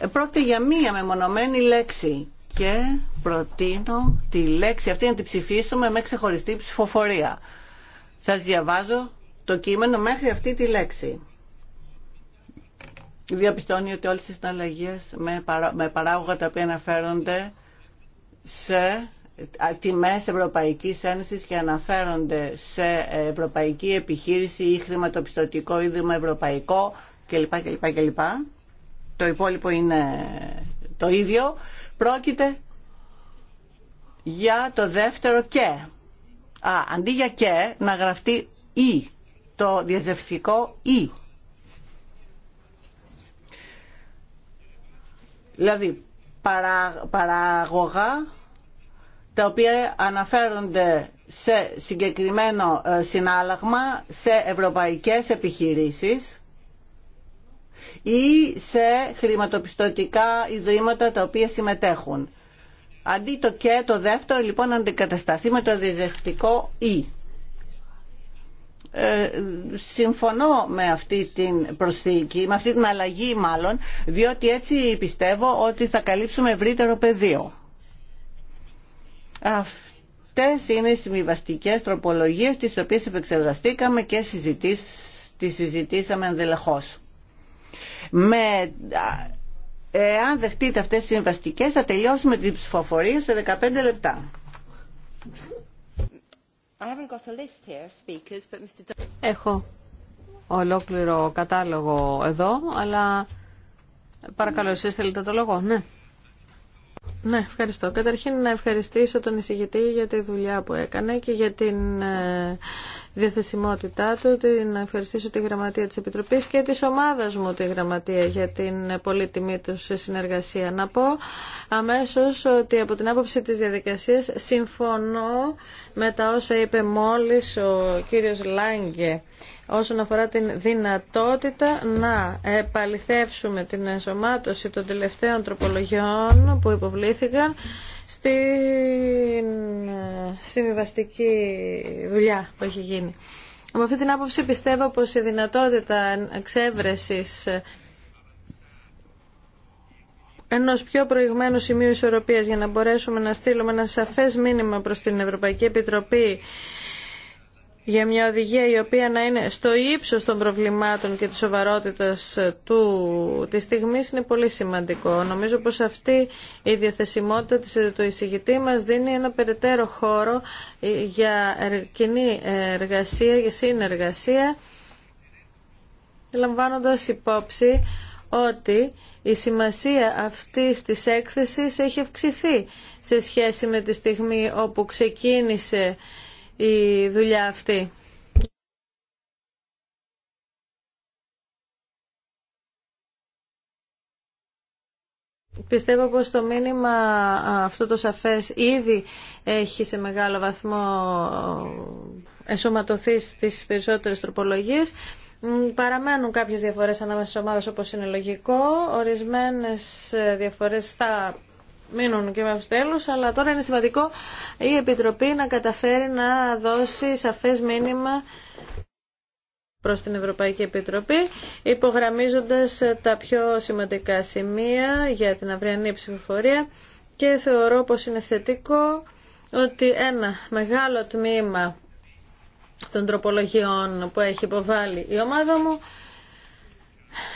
[SPEAKER 3] ε, πρόκειται για μία μεμονωμένη λέξη και προτείνω τη λέξη αυτή να την ψηφίσουμε με ξεχωριστή ψηφοφορία σας διαβάζω το κείμενο μέχρι αυτή τη λέξη διαπιστώνει ότι όλες τις συναλλαγές με παράγωγα τα οποία αναφέρονται σε τιμές Ευρωπαϊκής Ένωσης και αναφέρονται σε ευρωπαϊκή επιχείρηση ή χρηματοπιστωτικό ίδρυμα ευρωπαϊκό κλπ. κλπ, κλπ. Το υπόλοιπο είναι το ίδιο. Πρόκειται για το δεύτερο και. Α, αντί για και να γραφτεί ή, το διαζευτικό ή. Δηλαδή, παραγωγά τα οποία αναφέρονται σε συγκεκριμένο ε, συνάλλαγμα σε ευρωπαϊκές επιχειρήσεις ή σε χρηματοπιστωτικά ιδρύματα τα οποία συμμετέχουν. Αντί το και το δεύτερο λοιπόν αντικατασταθεί με το διδευτικό ή. Ε, συμφωνώ με αυτή την προσθήκη, με αυτή την αλλαγή μάλλον, διότι έτσι πιστεύω ότι θα καλύψουμε ευρύτερο πεδίο. Αυτές είναι οι συμβιβαστικέ τροπολογίες τις οποίες επεξεργαστήκαμε και τι τις συζητήσαμε ενδελεχώς. Με, εάν δεχτείτε αυτές τις συμβαστικές θα τελειώσουμε την ψηφοφορία σε 15 λεπτά.
[SPEAKER 2] Έχω ολόκληρο κατάλογο εδώ, αλλά
[SPEAKER 1] παρακαλώ εσείς θέλετε το λόγο, ναι. Ναι, ευχαριστώ. Καταρχήν να ευχαριστήσω τον εισηγητή για τη δουλειά που έκανε και για την ε, διαθεσιμότητά του, την ευχαριστήσω τη Γραμματεία της Επιτροπής και της ομάδας μου τη Γραμματεία για την πολύτιμή τους συνεργασία. Να πω αμέσως ότι από την άποψη της διαδικασίας συμφωνώ με τα όσα είπε μόλις ο κύριος Λάγκε όσον αφορά την δυνατότητα να επαληθεύσουμε την ενσωμάτωση των τελευταίων τροπολογιών που υποβλήθηκαν στην ε, συμβιβαστική δουλειά που έχει γίνει. Με αυτή την άποψη πιστεύω πως η δυνατότητα εξέβρεσης ε, ενό πιο προηγμένου σημείου ισορροπίας για να μπορέσουμε να στείλουμε ένα σαφές μήνυμα προς την Ευρωπαϊκή Επιτροπή για μια οδηγία η οποία να είναι στο ύψος των προβλημάτων και της σοβαρότητας του, της στιγμής είναι πολύ σημαντικό. Νομίζω πως αυτή η διαθεσιμότητα της, του εισηγητή μας δίνει ένα περαιτέρω χώρο ε, για κοινή εργασία, για συνεργασία, λαμβάνοντας υπόψη ότι η σημασία αυτής της έκθεσης έχει αυξηθεί σε σχέση με τη στιγμή όπου ξεκίνησε η δουλειά αυτή. Πιστεύω πως το μήνυμα αυτό το σαφές ήδη έχει σε μεγάλο βαθμό εσωματωθεί στις περισσότερες τροπολογίες. Παραμένουν κάποιες διαφορές ανάμεσα στις ομάδες όπως είναι λογικό. Ορισμένες ε, διαφορές στα μείνουν και μέχρι τέλους, αλλά τώρα είναι σημαντικό η Επιτροπή να καταφέρει να δώσει σαφές μήνυμα προς την Ευρωπαϊκή Επιτροπή, υπογραμμίζοντας τα πιο σημαντικά σημεία για την αυριανή ψηφοφορία και θεωρώ πως είναι θετικό ότι ένα μεγάλο τμήμα των τροπολογιών που έχει υποβάλει η ομάδα μου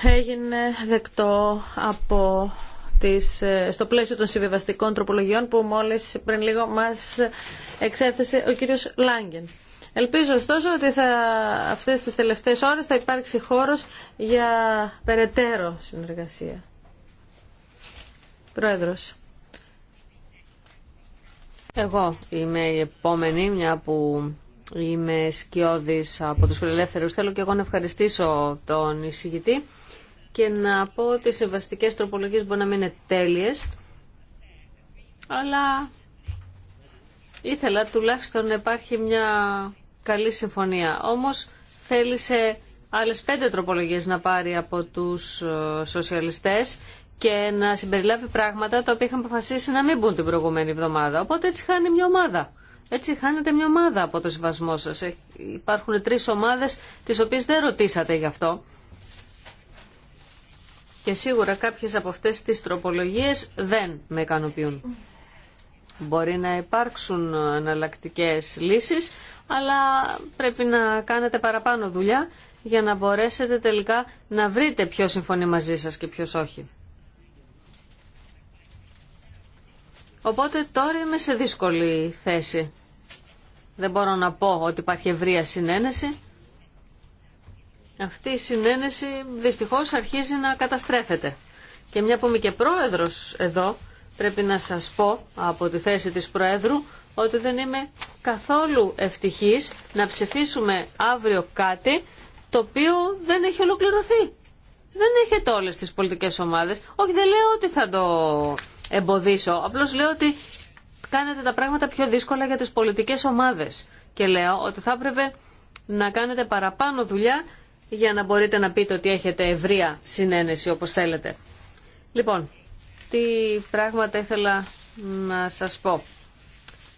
[SPEAKER 1] έγινε δεκτό από της, ε, στο πλαίσιο των συμβιβαστικών τροπολογιών που μόλις πριν λίγο μας εξέθεσε ο κύριος Λάγκεν. Ελπίζω ωστόσο ότι θα, αυτές τις τελευταίες ώρες θα υπάρξει χώρος για περαιτέρω συνεργασία. Πρόεδρος.
[SPEAKER 2] Εγώ είμαι η επόμενη, μια που είμαι σκιώδης από τους φιλελεύθερους. Θέλω και εγώ να ευχαριστήσω τον εισηγητή και να πω ότι οι σεβαστικές τροπολογίες μπορεί να μην είναι τέλειες, αλλά ήθελα τουλάχιστον να υπάρχει μια καλή συμφωνία. Όμως θέλησε άλλες πέντε τροπολογίες να πάρει από τους ε, σοσιαλιστές και να συμπεριλάβει πράγματα τα οποία είχαν αποφασίσει να μην μπουν την προηγούμενη εβδομάδα. Οπότε έτσι χάνει μια ομάδα. Έτσι χάνεται μια ομάδα από το συμβασμό σας. Ε, υπάρχουν τρεις ομάδες τις οποίες δεν ρωτήσατε γι' αυτό. Και σίγουρα κάποιες από αυτές τις τροπολογίες δεν με ικανοποιούν. Μπορεί να υπάρξουν εναλλακτικέ λύσεις, αλλά πρέπει να κάνετε παραπάνω δουλειά για να μπορέσετε τελικά να βρείτε ποιο συμφωνεί μαζί σας και ποιος όχι. Οπότε τώρα είμαι σε δύσκολη θέση. Δεν μπορώ να πω ότι υπάρχει ευρεία συνένεση. Αυτή η συνένεση δυστυχώς αρχίζει να καταστρέφεται. Και μια που είμαι και πρόεδρος εδώ, πρέπει να σας πω από τη θέση της Προέδρου ότι δεν είμαι καθόλου ευτυχής να ψηφίσουμε αύριο κάτι το οποίο δεν έχει ολοκληρωθεί. Δεν έχετε όλες τις πολιτικές ομάδες. Όχι, δεν λέω ότι θα το εμποδίσω. Απλώς λέω ότι κάνετε τα πράγματα πιο δύσκολα για τις πολιτικές ομάδες. Και λέω ότι θα έπρεπε να κάνετε παραπάνω δουλειά για να μπορείτε να πείτε ότι έχετε ευρεία συνένεση όπως θέλετε. Λοιπόν, τι πράγματα ήθελα να σας πω.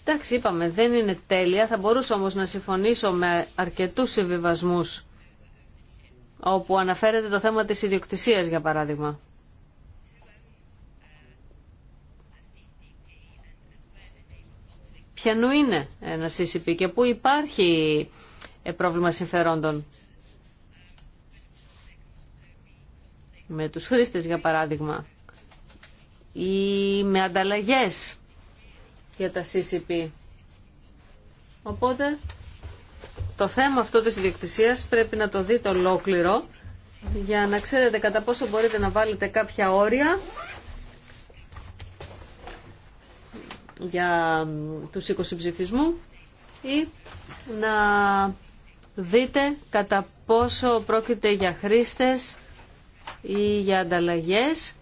[SPEAKER 2] Εντάξει, είπαμε, δεν είναι τέλεια, θα μπορούσα όμως να συμφωνήσω με αρκετούς συμβιβασμούς όπου αναφέρεται το θέμα της ιδιοκτησίας, για παράδειγμα. Ποιανού είναι ένα CCP και πού υπάρχει πρόβλημα συμφερόντων. με τους χρήστες για παράδειγμα ή με ανταλλαγές για τα CCP. Οπότε το θέμα αυτό της ιδιοκτησίας πρέπει να το δείτε ολόκληρο για να ξέρετε κατά πόσο μπορείτε να βάλετε κάποια όρια για τους 20 ψηφισμού ή να δείτε κατά πόσο πρόκειται για χρήστες ή για ανταλλαγές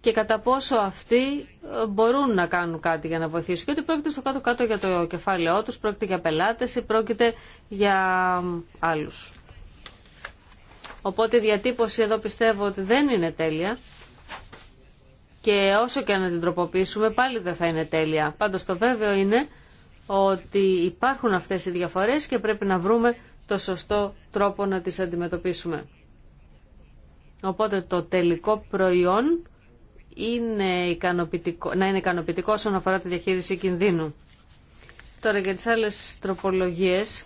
[SPEAKER 2] και κατά πόσο αυτοί ε, μπορούν να κάνουν κάτι για να βοηθήσουν. Και ότι πρόκειται στο κάτω-κάτω για το κεφάλαιό τους, πρόκειται για πελάτες ή πρόκειται για άλλους. Οπότε η διατύπωση εδώ πιστεύω ότι δεν είναι τέλεια και όσο και να την τροποποιήσουμε πάλι δεν θα είναι τέλεια. Πάντως το βέβαιο είναι ότι υπάρχουν αυτές οι διαφορές και πρέπει να βρούμε το σωστό τρόπο να τις αντιμετωπίσουμε. Οπότε το τελικό προϊόν είναι ικανοποιητικό, να είναι ικανοποιητικό όσον αφορά τη διαχείριση κινδύνου. Τώρα για τις άλλες τροπολογίες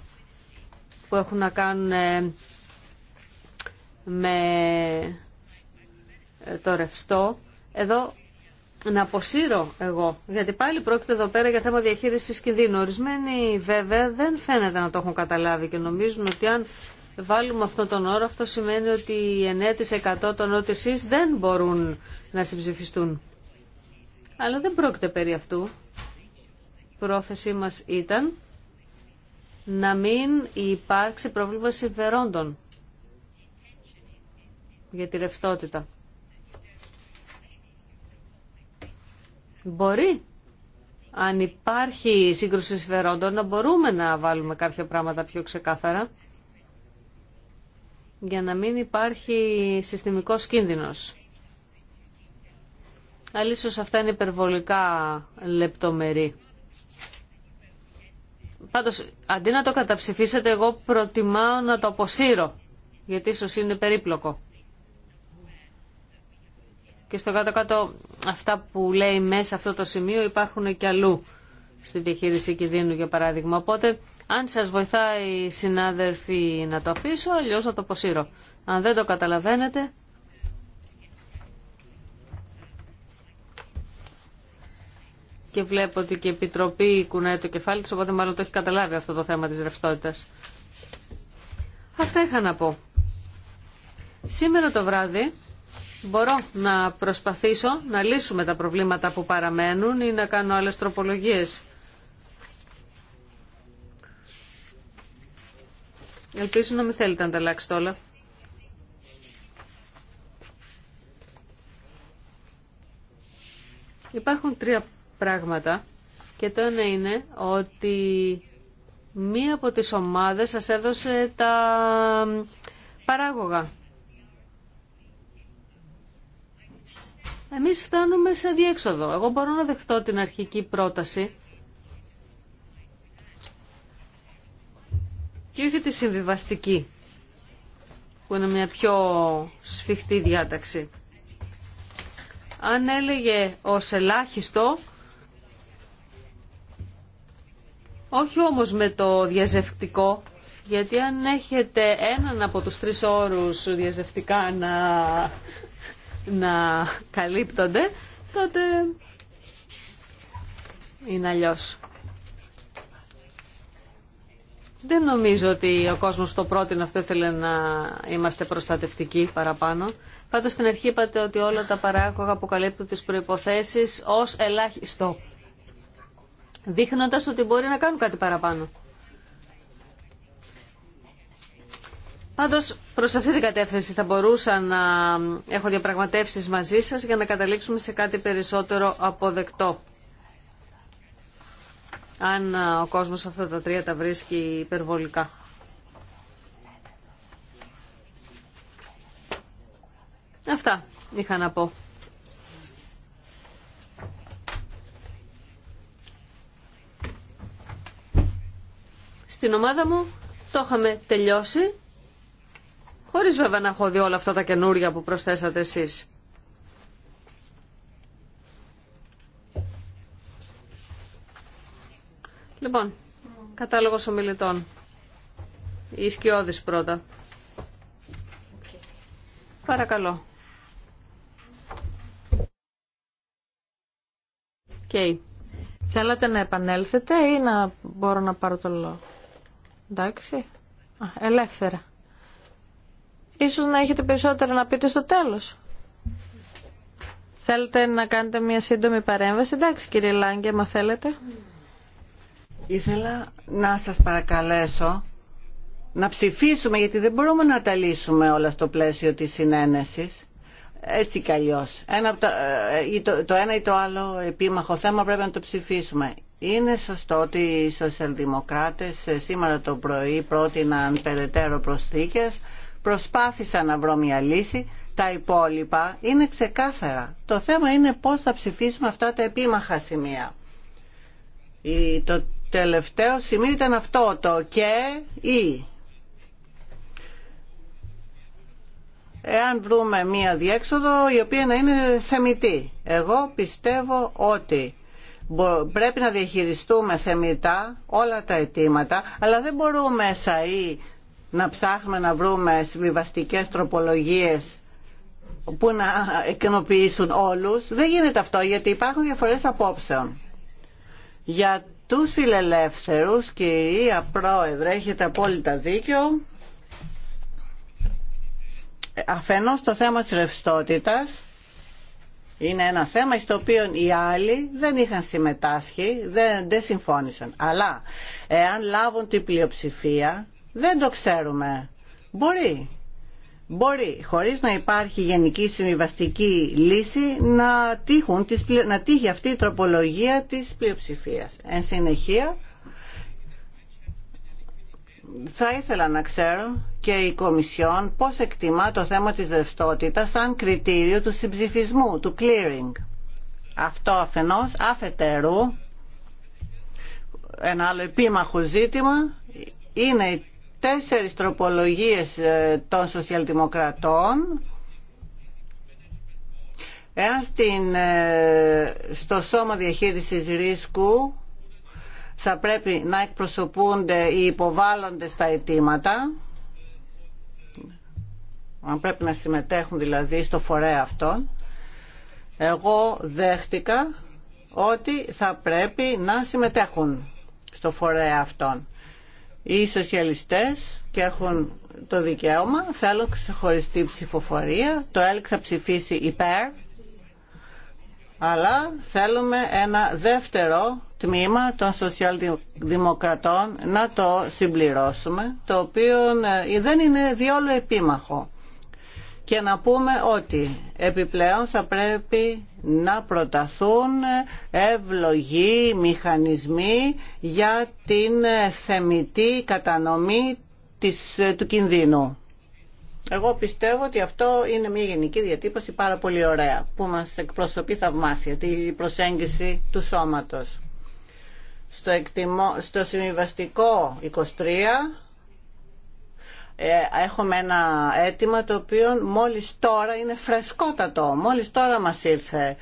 [SPEAKER 2] που έχουν να κάνουν ε, με ε, το ρευστό, εδώ να αποσύρω εγώ, γιατί πάλι πρόκειται εδώ πέρα για θέμα διαχείρισης κινδύνου. Ορισμένοι βέβαια δεν φαίνεται να το έχουν καταλάβει και νομίζουν ότι αν βάλουμε αυτόν τον όρο, αυτό σημαίνει ότι 9% των νότησης δεν μπορούν να συμψηφιστούν. Αλλά δεν πρόκειται περί αυτού. Πρόθεσή μας ήταν να μην υπάρξει πρόβλημα συμφερόντων για τη ρευστότητα. Μπορεί, αν υπάρχει σύγκρουση συμφερόντων, να μπορούμε να βάλουμε κάποια πράγματα πιο ξεκάθαρα για να μην υπάρχει συστημικός κίνδυνος. Αλλά ίσως αυτά είναι υπερβολικά λεπτομερή. Πάντως, αντί να το καταψηφίσετε, εγώ προτιμάω να το αποσύρω, γιατί ίσως είναι περίπλοκο. Και στο κάτω-κάτω αυτά που λέει μέσα αυτό το σημείο υπάρχουν και αλλού στη διαχείριση κινδύνου για παράδειγμα. Οπότε αν σας βοηθάει οι συνάδελφοι να το αφήσω, αλλιώς θα το αποσύρω. Αν δεν το καταλαβαίνετε... Και βλέπω ότι και η Επιτροπή κουνάει το κεφάλι της, οπότε μάλλον το έχει καταλάβει αυτό το θέμα της ρευστότητα. Αυτά είχα να πω. Σήμερα το βράδυ μπορώ να προσπαθήσω να λύσουμε τα προβλήματα που παραμένουν ή να κάνω άλλες τροπολογίες. Ελπίζω να μην θέλετε να τα αλλάξετε όλα. Υπάρχουν τρία πράγματα και το ένα είναι ότι μία από τις ομάδες σας έδωσε τα παράγωγα. Εμείς φτάνουμε σε διέξοδο. Εγώ μπορώ να δεχτώ την αρχική πρόταση και όχι τη συμβιβαστική που είναι μια πιο σφιχτή διάταξη. Αν έλεγε ως ελάχιστο, όχι όμως με το διαζευτικό, γιατί αν έχετε έναν από τους τρεις όρους διαζευτικά να, να καλύπτονται, τότε είναι αλλιώς. Δεν νομίζω ότι ο κόσμος το πρότεινε αυτό ήθελε να είμαστε προστατευτικοί παραπάνω. Πάντως στην αρχή είπατε ότι όλα τα παράγωγα αποκαλύπτουν τι προϋποθέσεις ως ελάχιστο. Δείχνοντα ότι μπορεί να κάνουν κάτι παραπάνω. Πάντως προς αυτή την κατεύθυνση θα μπορούσα να έχω διαπραγματεύσεις μαζί σας για να καταλήξουμε σε κάτι περισσότερο αποδεκτό αν ο κόσμος αυτά τα τρία τα βρίσκει υπερβολικά. Αυτά είχα να πω. Στην ομάδα μου το είχαμε τελειώσει, χωρίς βέβαια να έχω δει όλα αυτά τα καινούρια που προσθέσατε εσείς. Λοιπόν, κατάλογος ομιλητών. Η Σκιώδης πρώτα. Παρακαλώ.
[SPEAKER 1] Okay. Θέλατε να επανέλθετε ή να μπορώ να πάρω το λόγο. Εντάξει. Α, ελεύθερα. Ίσως να έχετε περισσότερα να πείτε στο τέλος. Θέλετε να κάνετε μια σύντομη παρέμβαση. Εντάξει κύριε Λάγκε, μα θέλετε.
[SPEAKER 3] Ήθελα να σας παρακαλέσω να ψηφίσουμε γιατί δεν μπορούμε να τα λύσουμε όλα στο πλαίσιο της συνένεσης. Έτσι κι αλλιώς. Ένα, ε, το, το, ένα ή το άλλο επίμαχο θέμα πρέπει να το ψηφίσουμε. Είναι σωστό ότι οι σοσιαλδημοκράτες ε, σήμερα το πρωί πρότειναν περαιτέρω προσθήκες, προσπάθησαν να βρω μια λύση, τα υπόλοιπα είναι ξεκάθαρα. Το θέμα είναι πώς θα ψηφίσουμε αυτά τα επίμαχα σημεία. Η, το τελευταίο σημείο ήταν αυτό το και ή. Εάν βρούμε μία διέξοδο η οποία να είναι σεμιτή. Εγώ πιστεύω ότι πρέπει να διαχειριστούμε θεμητά όλα τα αιτήματα, αλλά δεν μπορούμε ή να ψάχνουμε να βρούμε συμβιβαστικές τροπολογίες που να εκνοποιήσουν όλους. Δεν γίνεται αυτό γιατί υπάρχουν διαφορές απόψεων για τους φιλελεύθερους, κυρία Πρόεδρε, έχετε απόλυτα δίκιο. Αφενός το θέμα της ρευστότητας είναι ένα θέμα στο οποίο οι άλλοι δεν είχαν συμμετάσχει, δεν, δεν συμφώνησαν. Αλλά εάν λάβουν την πλειοψηφία δεν το ξέρουμε. Μπορεί μπορεί χωρίς να υπάρχει γενική συμβιβαστική λύση να, τύχουν, να τύχει αυτή η τροπολογία της πλειοψηφίας. Εν συνεχεία, θα ήθελα να ξέρω και η Κομισιόν πώς εκτιμά το θέμα της δευστότητας σαν κριτήριο του συμψηφισμού, του clearing. Αυτό αφενός, αφετερού, ένα άλλο επίμαχο ζήτημα, είναι τέσσερις τροπολογίες ε, των σοσιαλδημοκρατών εάν στην, ε, στο σώμα διαχείρισης ρίσκου θα πρέπει να εκπροσωπούνται ή υποβάλλοντες τα αιτήματα αν πρέπει να συμμετέχουν δηλαδή στο φορέα αυτόν εγώ δέχτηκα ότι θα πρέπει να συμμετέχουν στο φορέα αυτόν οι σοσιαλιστές και έχουν το δικαίωμα θέλω ξεχωριστή ψηφοφορία το ΕΛΚ θα ψηφίσει υπέρ αλλά θέλουμε ένα δεύτερο τμήμα των σοσιαλδημοκρατών να το συμπληρώσουμε το οποίο ε, δεν είναι διόλου επίμαχο και να πούμε ότι επιπλέον θα πρέπει να προταθούν ευλογοί μηχανισμοί για την θεμητή κατανομή της, του κινδύνου. Εγώ πιστεύω ότι αυτό είναι μια γενική διατύπωση πάρα πολύ ωραία που μας εκπροσωπεί θαυμάσια τη προσέγγιση του σώματος. Στο, εκτιμό, στο συμβιβαστικό 23 ε, έχουμε ένα αίτημα το οποίο μόλις τώρα είναι φρεσκότατο, μόλις τώρα μας ήρθε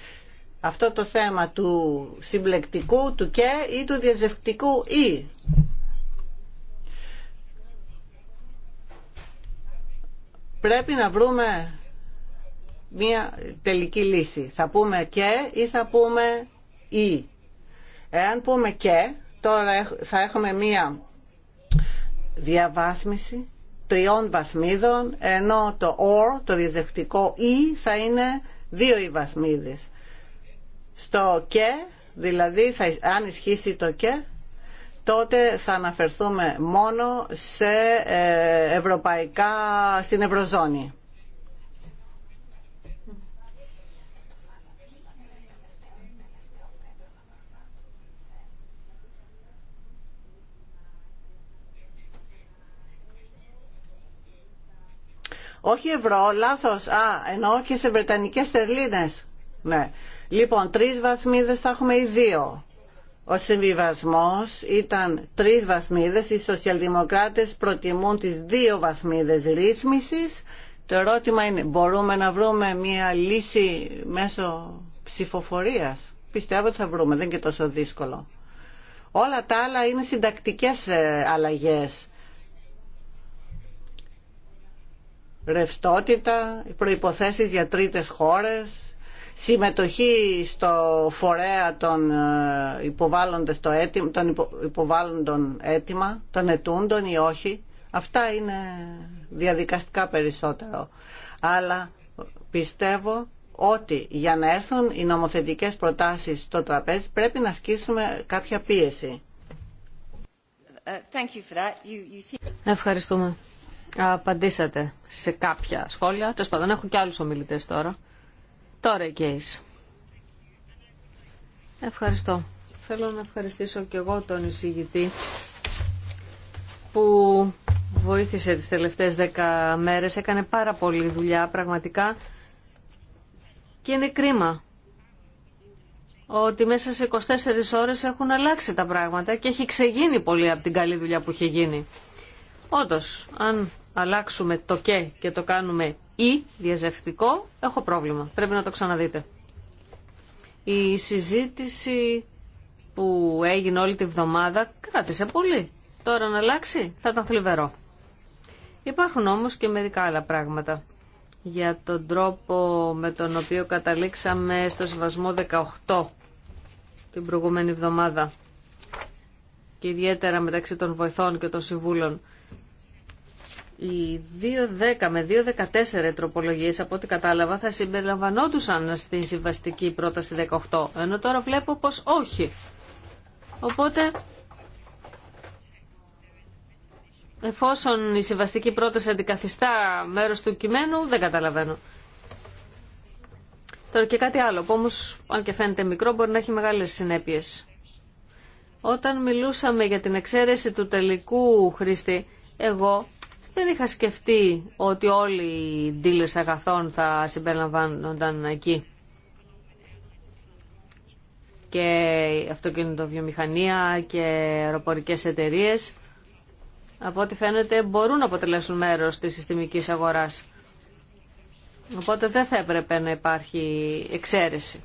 [SPEAKER 3] αυτό το θέμα του συμπλεκτικού, του και ή του διαζευκτικού ή. Πρέπει να βρούμε μία τελική λύση. Θα πούμε και ή θα πούμε ή. Εάν πούμε και, τώρα θα έχουμε μία διαβάσμιση τριών βασμίδων, ενώ το or, το διεδεκτικό e, θα είναι δύο οι Στο και, δηλαδή αν ισχύσει το και, τότε θα αναφερθούμε μόνο σε ε, ευρωπαϊκά, στην Ευρωζώνη. Όχι ευρώ, λάθος. Α, εννοώ και σε βρετανικές Τερλίνες. Ναι. Λοιπόν, τρεις βασμίδες θα έχουμε ή δύο. Ο συμβιβασμός ήταν τρεις βασμίδες. Οι σοσιαλδημοκράτες προτιμούν τις δύο βασμίδες ρύθμισης. Το ερώτημα είναι, μπορούμε να βρούμε μια λύση μέσω ψηφοφορίας. Πιστεύω ότι θα βρούμε, δεν είναι και τόσο δύσκολο. Όλα τα άλλα είναι συντακτικές ε, αλλαγές ρευστότητα, προϋποθέσεις για τρίτες χώρες, συμμετοχή στο φορέα των ε, υποβάλλοντες το αίτημα, των υποβάλλοντων αίτημα, των ετούντων ή όχι. Αυτά είναι διαδικαστικά περισσότερο. Αλλά πιστεύω ότι για να έρθουν οι νομοθετικές προτάσεις στο τραπέζι πρέπει να ασκήσουμε κάποια πίεση. Ε, Ευχαριστούμε.
[SPEAKER 2] Απαντήσατε σε κάποια σχόλια. Τέλο πάντων, έχω και άλλου ομιλητέ τώρα. Τώρα Κέι. Ευχαριστώ. Θέλω να ευχαριστήσω και εγώ τον εισηγητή που βοήθησε τις τελευταίες δέκα μέρες. Έκανε πάρα πολλή δουλειά πραγματικά και είναι κρίμα ότι μέσα σε 24 ώρες έχουν αλλάξει τα πράγματα και έχει ξεγίνει πολύ από την καλή δουλειά που είχε γίνει. Όντως, αν αλλάξουμε το και και το κάνουμε ή διαζευτικό, έχω πρόβλημα. Πρέπει να το ξαναδείτε. Η συζήτηση που έγινε όλη τη βδομάδα κράτησε πολύ. Τώρα να αλλάξει θα ήταν θλιβερό. Υπάρχουν όμως και μερικά άλλα πράγματα για τον τρόπο με τον οποίο καταλήξαμε στο συμβασμό 18 την προηγούμενη εβδομάδα και ιδιαίτερα μεταξύ των βοηθών και των συμβούλων οι 2.10 με 2.14 τροπολογίες από ό,τι κατάλαβα θα συμπεριλαμβανόντουσαν στην συμβαστική πρόταση 18 ενώ τώρα βλέπω πω όχι οπότε εφόσον η συμβαστική πρόταση αντικαθιστά μέρος του κειμένου δεν καταλαβαίνω τώρα και κάτι άλλο που όμως αν και φαίνεται μικρό μπορεί να έχει μεγάλες συνέπειες όταν μιλούσαμε για την εξαίρεση του τελικού χρήστη εγώ δεν είχα σκεφτεί ότι όλοι οι dealers αγαθών θα συμπεριλαμβάνονταν εκεί. Και αυτοκινητοβιομηχανία και αεροπορικές εταιρείες από ό,τι φαίνεται μπορούν να αποτελέσουν μέρος της συστημικής αγοράς. Οπότε δεν θα έπρεπε να υπάρχει εξαίρεση.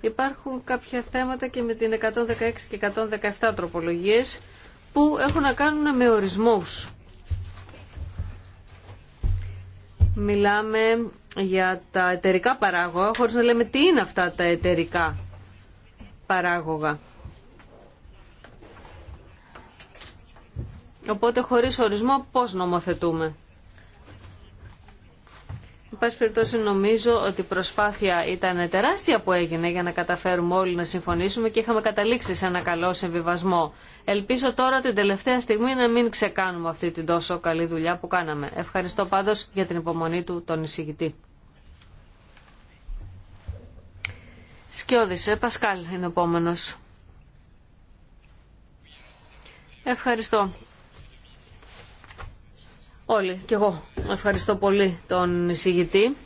[SPEAKER 2] Υπάρχουν κάποια θέματα και με την 116 και 117 τροπολογίες που έχουν να κάνουν με ορισμούς. μιλάμε για τα εταιρικά παράγωγα, χωρίς να λέμε τι είναι αυτά τα εταιρικά παράγωγα. Οπότε χωρίς ορισμό πώς νομοθετούμε πάση περιπτώσει νομίζω ότι η προσπάθεια ήταν τεράστια που έγινε για να καταφέρουμε όλοι να συμφωνήσουμε και είχαμε καταλήξει σε ένα καλό συμβιβασμό. Ελπίζω τώρα την τελευταία στιγμή να μην ξεκάνουμε αυτή την τόσο καλή δουλειά που κάναμε. Ευχαριστώ πάντως για την υπομονή του τον εισηγητή. Σκιώδησε, Πασκάλ είναι ο Ευχαριστώ. Όλοι και εγώ ευχαριστώ πολύ τον εισηγητή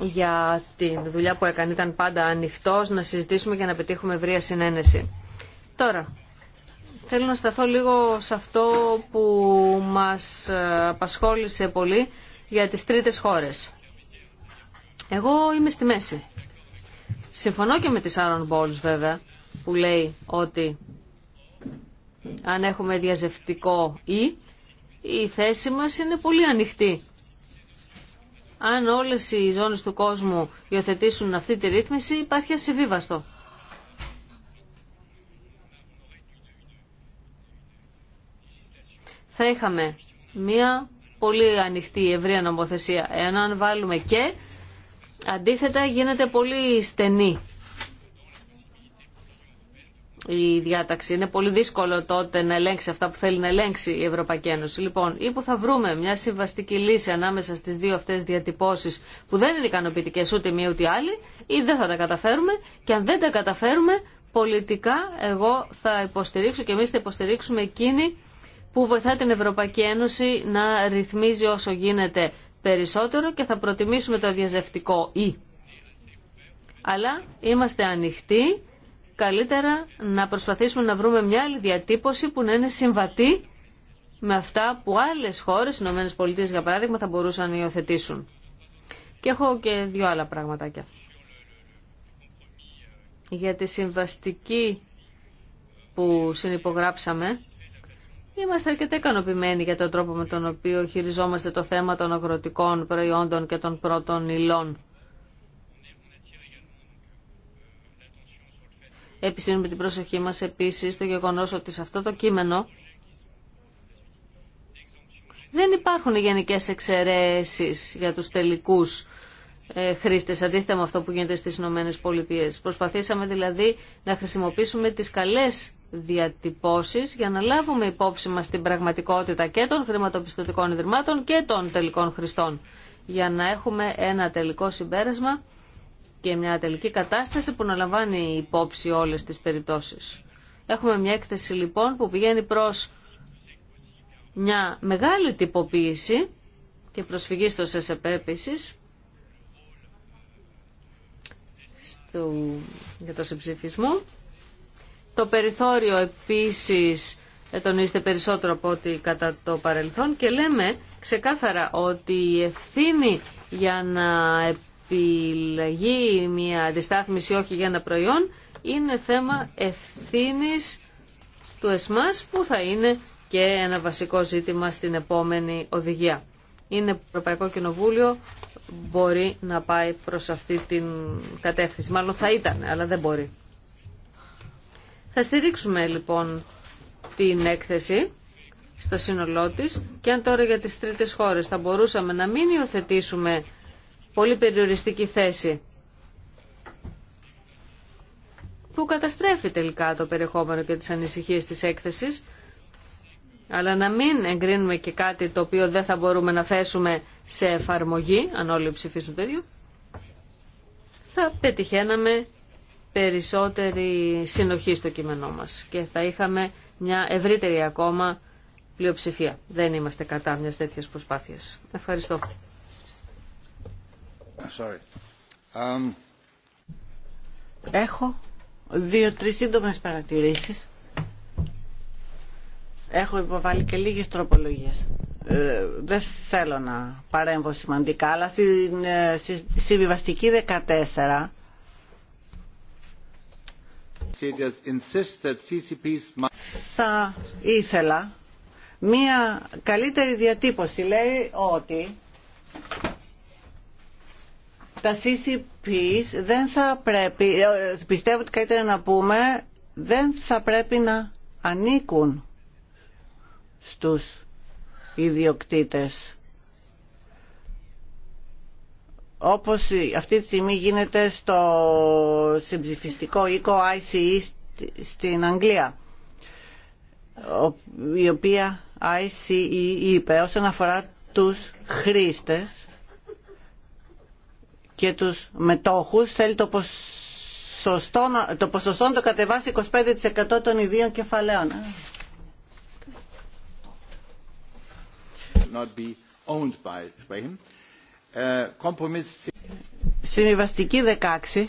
[SPEAKER 2] για τη δουλειά που έκανε. Ήταν πάντα ανοιχτό να συζητήσουμε και να πετύχουμε ευρεία συνένεση. Τώρα, θέλω να σταθώ λίγο σε αυτό που μας ε, απασχόλησε πολύ για τις τρίτες χώρες. Εγώ είμαι στη μέση. Συμφωνώ και με τις Σάρων Μπόλς βέβαια που λέει ότι αν έχουμε διαζευτικό ή η θέση μας είναι πολύ ανοιχτή. Αν όλες οι ζώνες του κόσμου υιοθετήσουν αυτή τη ρύθμιση υπάρχει ασυμβίβαστο. Θα είχαμε μία πολύ ανοιχτή ευρεία νομοθεσία. Εάν βάλουμε και, αντίθετα γίνεται πολύ στενή η διάταξη. Είναι πολύ δύσκολο τότε να ελέγξει αυτά που θέλει να ελέγξει η Ευρωπαϊκή Ένωση. Λοιπόν, ή που θα βρούμε μια συμβαστική λύση ανάμεσα στι δύο αυτέ διατυπώσει που δεν είναι ικανοποιητικέ ούτε μία ούτε άλλη ή δεν θα τα καταφέρουμε και αν δεν τα καταφέρουμε πολιτικά εγώ θα υποστηρίξω και εμεί θα υποστηρίξουμε εκείνη που βοηθά την Ευρωπαϊκή Ένωση να ρυθμίζει όσο γίνεται περισσότερο και θα προτιμήσουμε το διαζευτικό ή. Αλλά είμαστε ανοιχτοί καλύτερα να προσπαθήσουμε να βρούμε μια άλλη διατύπωση που να είναι συμβατή με αυτά που άλλε χώρες, οι ΗΠΑ για παράδειγμα, θα μπορούσαν να υιοθετήσουν. Και έχω και δύο άλλα πραγματάκια. Για τη συμβαστική που συνυπογράψαμε, είμαστε αρκετά ικανοποιημένοι για τον τρόπο με τον οποίο χειριζόμαστε το θέμα των αγροτικών προϊόντων και των πρώτων υλών. Επιστήνουμε την προσοχή μας επίσης στο γεγονός ότι σε αυτό το κείμενο δεν υπάρχουν γενικές εξαιρέσεις για τους τελικούς ε, χρήστες, αντίθετα με αυτό που γίνεται στις Ηνωμένες Πολιτείες. Προσπαθήσαμε δηλαδή να χρησιμοποιήσουμε τις καλές διατυπώσεις για να λάβουμε υπόψη μας την πραγματικότητα και των χρηματοπιστωτικών ιδρυμάτων και των τελικών χρηστών για να έχουμε ένα τελικό συμπέρασμα και μια τελική κατάσταση που να λαμβάνει υπόψη όλες τις περιπτώσεις. Έχουμε μια έκθεση λοιπόν που πηγαίνει προς μια μεγάλη τυποποίηση και προσφυγή στο ΣΕΣΕΠ στο... για το συμψηφισμό. Το περιθώριο επίσης ε, τονίζεται περισσότερο από ό,τι κατά το παρελθόν και λέμε ξεκάθαρα ότι η ευθύνη για να επιλεγεί μια αντιστάθμιση όχι για ένα προϊόν είναι θέμα ευθύνης του ΕΣΜΑΣ που θα είναι και ένα βασικό ζήτημα στην επόμενη οδηγία. Είναι το Ευρωπαϊκό Κοινοβούλιο μπορεί να πάει προς αυτή την κατεύθυνση. Μάλλον θα ήταν, αλλά δεν μπορεί. Θα στηρίξουμε λοιπόν την έκθεση στο σύνολό της και αν τώρα για τις τρίτες χώρες θα μπορούσαμε να μην υιοθετήσουμε πολύ περιοριστική θέση που καταστρέφει τελικά το περιεχόμενο και τις ανησυχίες της έκθεσης αλλά να μην εγκρίνουμε και κάτι το οποίο δεν θα μπορούμε να θέσουμε σε εφαρμογή, αν όλοι ψηφίσουν τέτοιο, θα πετυχαίναμε περισσότερη συνοχή στο κείμενό μας και θα είχαμε μια ευρύτερη ακόμα πλειοψηφία. Δεν είμαστε κατά μιας τέτοιας προσπάθειας.
[SPEAKER 3] Ευχαριστώ. Έχω δύο-τρεις σύντομες παρατηρήσεις. Έχω υποβάλει και λίγες τροπολογίες. Ε, δεν θέλω να παρέμβω σημαντικά, αλλά στην ε, συμβιβαστική 14 θα ήθελα μία καλύτερη διατύπωση. Λέει ότι τα CCPs δεν θα πρέπει, ε, πιστεύω ότι καλύτερα να πούμε, δεν θα πρέπει να ανήκουν στους ιδιοκτήτες. Όπως αυτή τη στιγμή γίνεται στο συμψηφιστικό οίκο ICE στην Αγγλία, η οποία ICE είπε όσον αφορά τους χρήστες, και τους μετόχους θέλει το ποσοστό, το ποσοστό να το κατεβάσει 25% των ιδίων κεφαλαίων.
[SPEAKER 4] Not be ε,
[SPEAKER 3] Συμβιβαστική 16,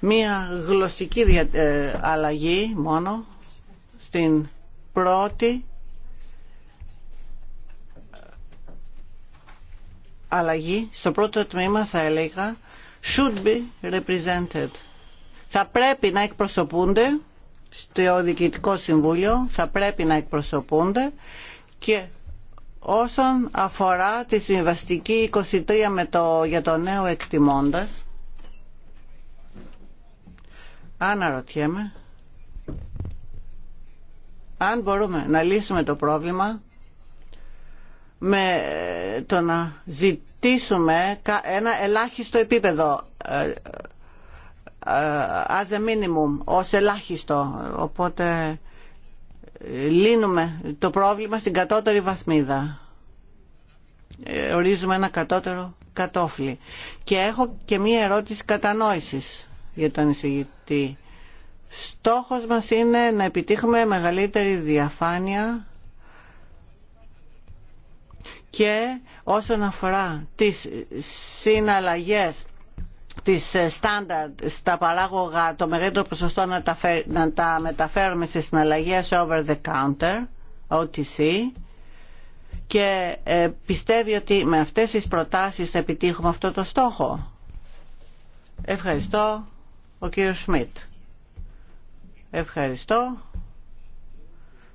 [SPEAKER 3] μία γλωσσική ε, αλλαγή μόνο στην πρώτη αλλαγή στο πρώτο τμήμα θα έλεγα should be represented. Θα πρέπει να εκπροσωπούνται στο Διοικητικό Συμβούλιο, θα πρέπει να εκπροσωπούνται και όσον αφορά τη συμβαστική 23 με το, για το νέο εκτιμώντας, αναρωτιέμαι αν μπορούμε να λύσουμε το πρόβλημα με το να ζητήσουμε ένα ελάχιστο επίπεδο ε, ε, as a minimum, ως ελάχιστο. Οπότε ε, λύνουμε το πρόβλημα στην κατώτερη βαθμίδα. Ορίζουμε ένα κατώτερο κατόφλι. Και έχω και μία ερώτηση κατανόησης για τον εισηγητή. Στόχος μας είναι να επιτύχουμε μεγαλύτερη διαφάνεια και όσον αφορά τις συναλλαγές τις ε, standard στα παράγωγα το μεγαλύτερο ποσοστό να τα, να τα μεταφέρουμε στις συναλλαγές over the counter, OTC και ε, πιστεύει ότι με αυτές τις προτάσεις θα επιτύχουμε αυτό το στόχο. Ευχαριστώ ο κύριος Σμιτ. Ευχαριστώ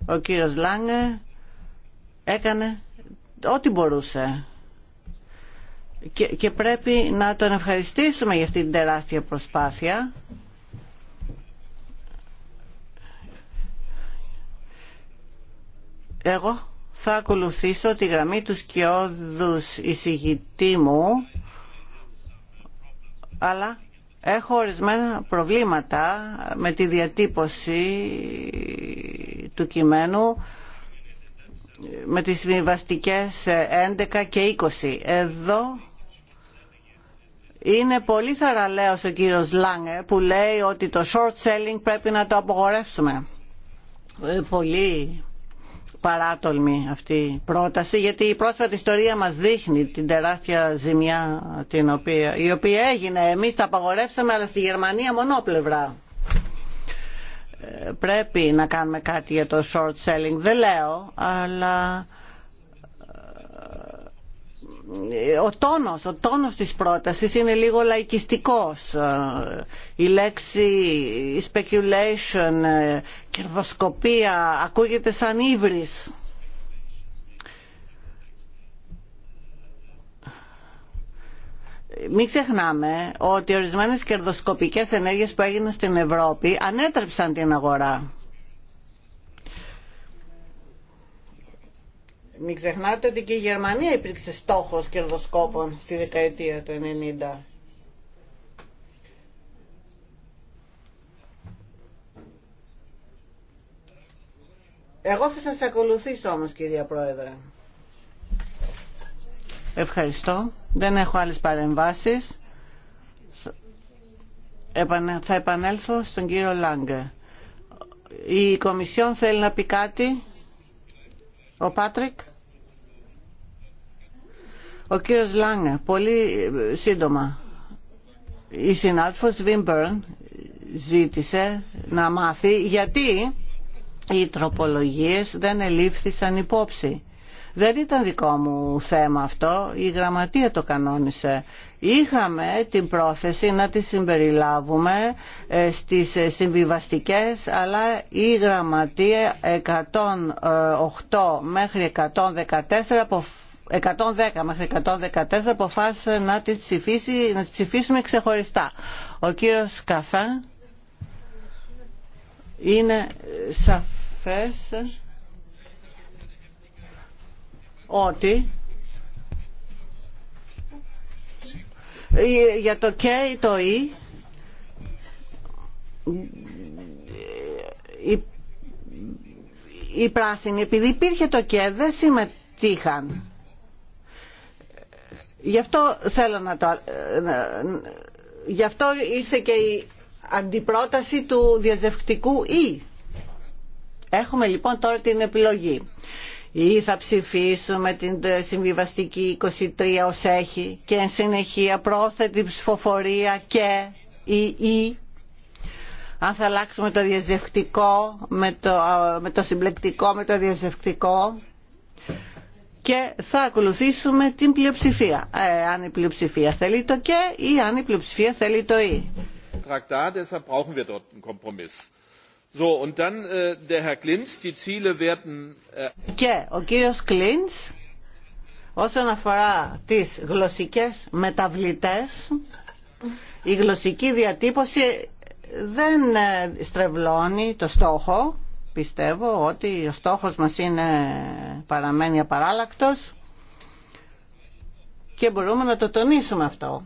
[SPEAKER 3] ο κύριος Λάγκε έκανε ό,τι μπορούσε. Και, πρέπει να τον ευχαριστήσουμε για αυτή την τεράστια προσπάθεια. Εγώ θα ακολουθήσω τη γραμμή του σκιώδους εισηγητή μου, αλλά έχω ορισμένα προβλήματα με τη διατύπωση του κειμένου με τις συμβαστικές 11 και 20. Εδώ είναι πολύ θαραλέος ο κύριος Λάγκε που λέει ότι το short selling πρέπει να το απογορεύσουμε. Ε, πολύ παράτολμη αυτή η πρόταση γιατί η πρόσφατη ιστορία μας δείχνει την τεράστια ζημιά την οποία, η οποία έγινε. Εμείς τα απαγορεύσαμε αλλά στη Γερμανία μονόπλευρα πρέπει να κάνουμε κάτι για το short selling. Δεν λέω, αλλά ε, ο τόνος, ο τόνος της πρότασης είναι λίγο λαϊκιστικός. Ε, η λέξη speculation, ε, κερδοσκοπία ακούγεται σαν ύβρις. μην ξεχνάμε ότι ορισμένες κερδοσκοπικές ενέργειες που έγιναν στην Ευρώπη ανέτρεψαν την αγορά. Μην ξεχνάτε ότι και η Γερμανία υπήρξε στόχος κερδοσκόπων στη δεκαετία του 90. Εγώ θα σας ακολουθήσω όμως κυρία Πρόεδρε. Ευχαριστώ. Δεν έχω άλλες παρεμβάσεις. Θα επανέλθω στον κύριο Λάγκε. Η Κομισιόν θέλει να πει κάτι. Ο Πάτρικ. Ο κύριος Λάγκε. Πολύ ε, σύντομα. Η συνάδελφος Βίμπερν ζήτησε να μάθει γιατί οι τροπολογίες δεν ελήφθησαν υπόψη δεν ήταν δικό μου θέμα αυτό, η γραμματεία το κανόνισε. Είχαμε την πρόθεση να τη συμπεριλάβουμε ε, στις συμβιβαστικές, αλλά η γραμματεία 108 μέχρι 114 110 μέχρι 114 αποφάσισε να τις, ψηφίσει, να τις ψηφίσουμε ξεχωριστά. Ο κύριος Καφέ είναι σαφές ότι για το και ή το ή οι πράσινοι επειδή υπήρχε το και δεν συμμετείχαν. Γι' αυτό θέλω να το... Γι' αυτό ήρθε και η αντιπρόταση του διαζευκτικού ή. E. Έχουμε λοιπόν τώρα την επιλογή ή θα ψηφίσουμε την συμβιβαστική 23 ως έχει και εν συνεχεία πρόσθετη ψηφοφορία και ή, ή αν θα αλλάξουμε το διαζευκτικό με το, με συμπλεκτικό με το διαζευκτικό και θα ακολουθήσουμε την πλειοψηφία. Ε, αν η πλειοψηφία θέλει το και ή αν η πλειοψηφία θέλει το ή. Και ο κύριος Κλίντς όσον αφορά τις γλωσσικές μεταβλητές η γλωσσική διατύπωση δεν ε, στρεβλώνει το στόχο πιστεύω ότι ο στόχος μας είναι παραμένει απαράλλακτος και μπορούμε να το τονίσουμε αυτό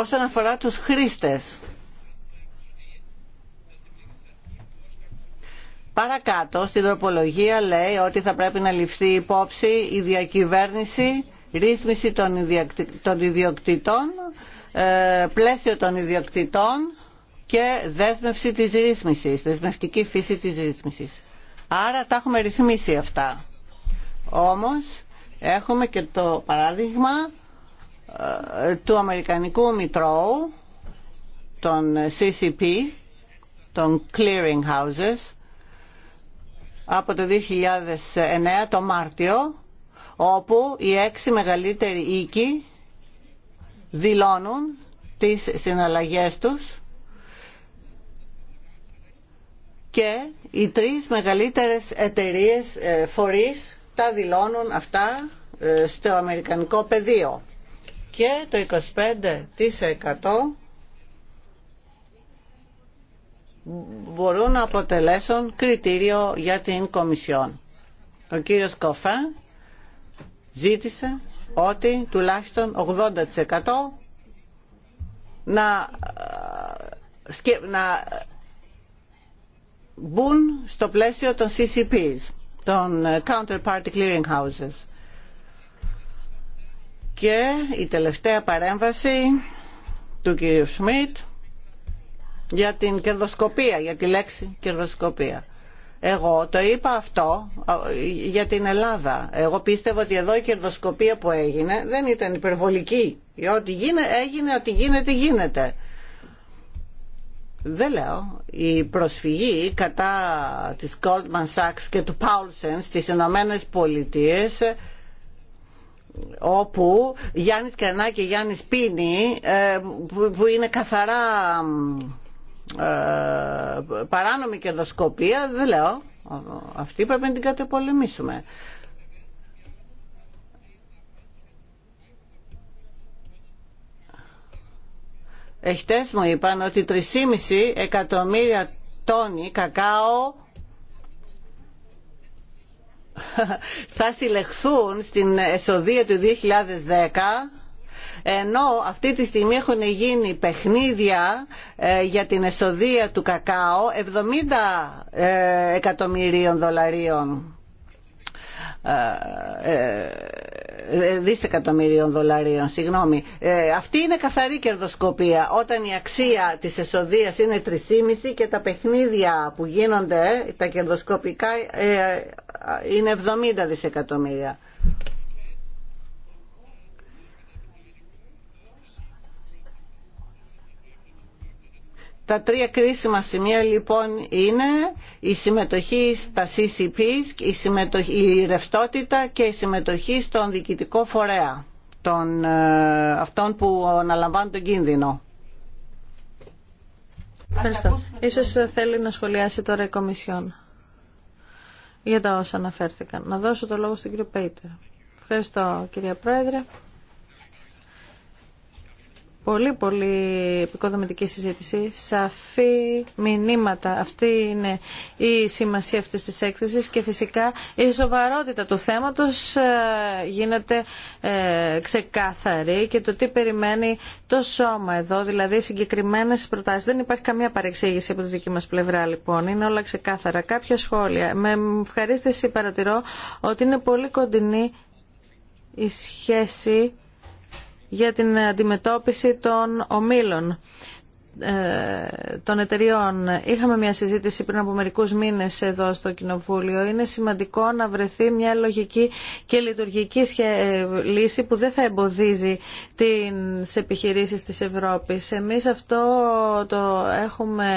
[SPEAKER 3] όσον αφορά τους χρήστες. Παρακάτω, στην τροπολογία λέει ότι θα πρέπει να ληφθεί υπόψη η διακυβέρνηση, ρύθμιση των ιδιοκτητών, ε, πλαίσιο των ιδιοκτητών και δέσμευση της ρύθμισης, δεσμευτική φύση της ρύθμισης. Άρα τα έχουμε ρυθμίσει αυτά. Όμως έχουμε και το παράδειγμα του Αμερικανικού Μητρώου, των CCP, των Clearing Houses, από το 2009 το Μάρτιο, όπου οι έξι μεγαλύτεροι οίκοι δηλώνουν τις συναλλαγές τους και οι τρεις μεγαλύτερες εταιρείες ε, φορείς τα δηλώνουν αυτά ε, στο αμερικανικό πεδίο και το 25% μπορούν να αποτελέσουν κριτήριο για την Κομισιόν. Ο κύριος Κοφέ ζήτησε ότι τουλάχιστον 80% να, ε, να μπουν στο πλαίσιο των CCPs, των Counterparty Clearing Houses. Και η τελευταία παρέμβαση του κυρίου Σμιτ για την κερδοσκοπία, για τη λέξη κερδοσκοπία. Εγώ το είπα αυτό για την Ελλάδα. Εγώ πίστευα ότι εδώ η κερδοσκοπία που έγινε δεν ήταν υπερβολική. Ό,τι γίνεται, έγινε, ό,τι γίνεται, γίνεται. Δεν λέω. Η προσφυγή κατά της Goldman Sachs και του Paulsen στις Ηνωμένε Πολιτείες όπου Γιάννης Κερνά και Γιάννης Πίνη ε, που είναι καθαρά ε, παράνομη κερδοσκοπία δεν λέω αυτή πρέπει να την κατεπολεμήσουμε Εχτες μου είπαν ότι 3,5 εκατομμύρια τόνοι κακάο θα συλλεχθούν στην εσοδεία του 2010 ενώ αυτή τη στιγμή έχουν γίνει παιχνίδια ε, για την εσοδεία του κακάο 70 ε, εκατομμυρίων δολαρίων ε, δισεκατομμυρίων δολαρίων. Συγγνώμη. Ε, αυτή είναι καθαρή κερδοσκοπία. Όταν η αξία της εσοδείας είναι 3,5 και τα παιχνίδια που γίνονται, τα κερδοσκοπικά, ε, ε, είναι 70 δισεκατομμύρια. Τα τρία κρίσιμα σημεία λοιπόν είναι η συμμετοχή στα CCP, η, συμμετοχή, η ρευστότητα και η συμμετοχή στον διοικητικό φορέα των, ε, αυτών που αναλαμβάνουν τον κίνδυνο.
[SPEAKER 1] Ευχαριστώ. Ίσως θέλει να σχολιάσει τώρα η Κομισιόν για τα όσα αναφέρθηκαν. Να δώσω το λόγο στον κύριο Πέιτερ. Ευχαριστώ κυρία Πρόεδρε πολύ πολύ επικοδομητική συζήτηση, σαφή μηνύματα. Αυτή είναι η σημασία αυτής της έκθεσης και φυσικά η σοβαρότητα του θέματος ε, γίνεται ε, ξεκάθαρη και το τι περιμένει το σώμα εδώ, δηλαδή συγκεκριμένες προτάσεις. Δεν υπάρχει καμία παρεξήγηση από τη δική μας πλευρά λοιπόν, είναι όλα ξεκάθαρα. Κάποια σχόλια. Με ευχαρίστηση παρατηρώ ότι είναι πολύ κοντινή η σχέση για την αντιμετώπιση των ομίλων. Ε, των εταιριών. Είχαμε μια συζήτηση πριν από μερικούς μήνες εδώ στο Κοινοβούλιο. Είναι σημαντικό να βρεθεί μια λογική και λειτουργική ε, λύση που δεν θα εμποδίζει τις επιχειρήσεις της Ευρώπης. Εμείς αυτό το έχουμε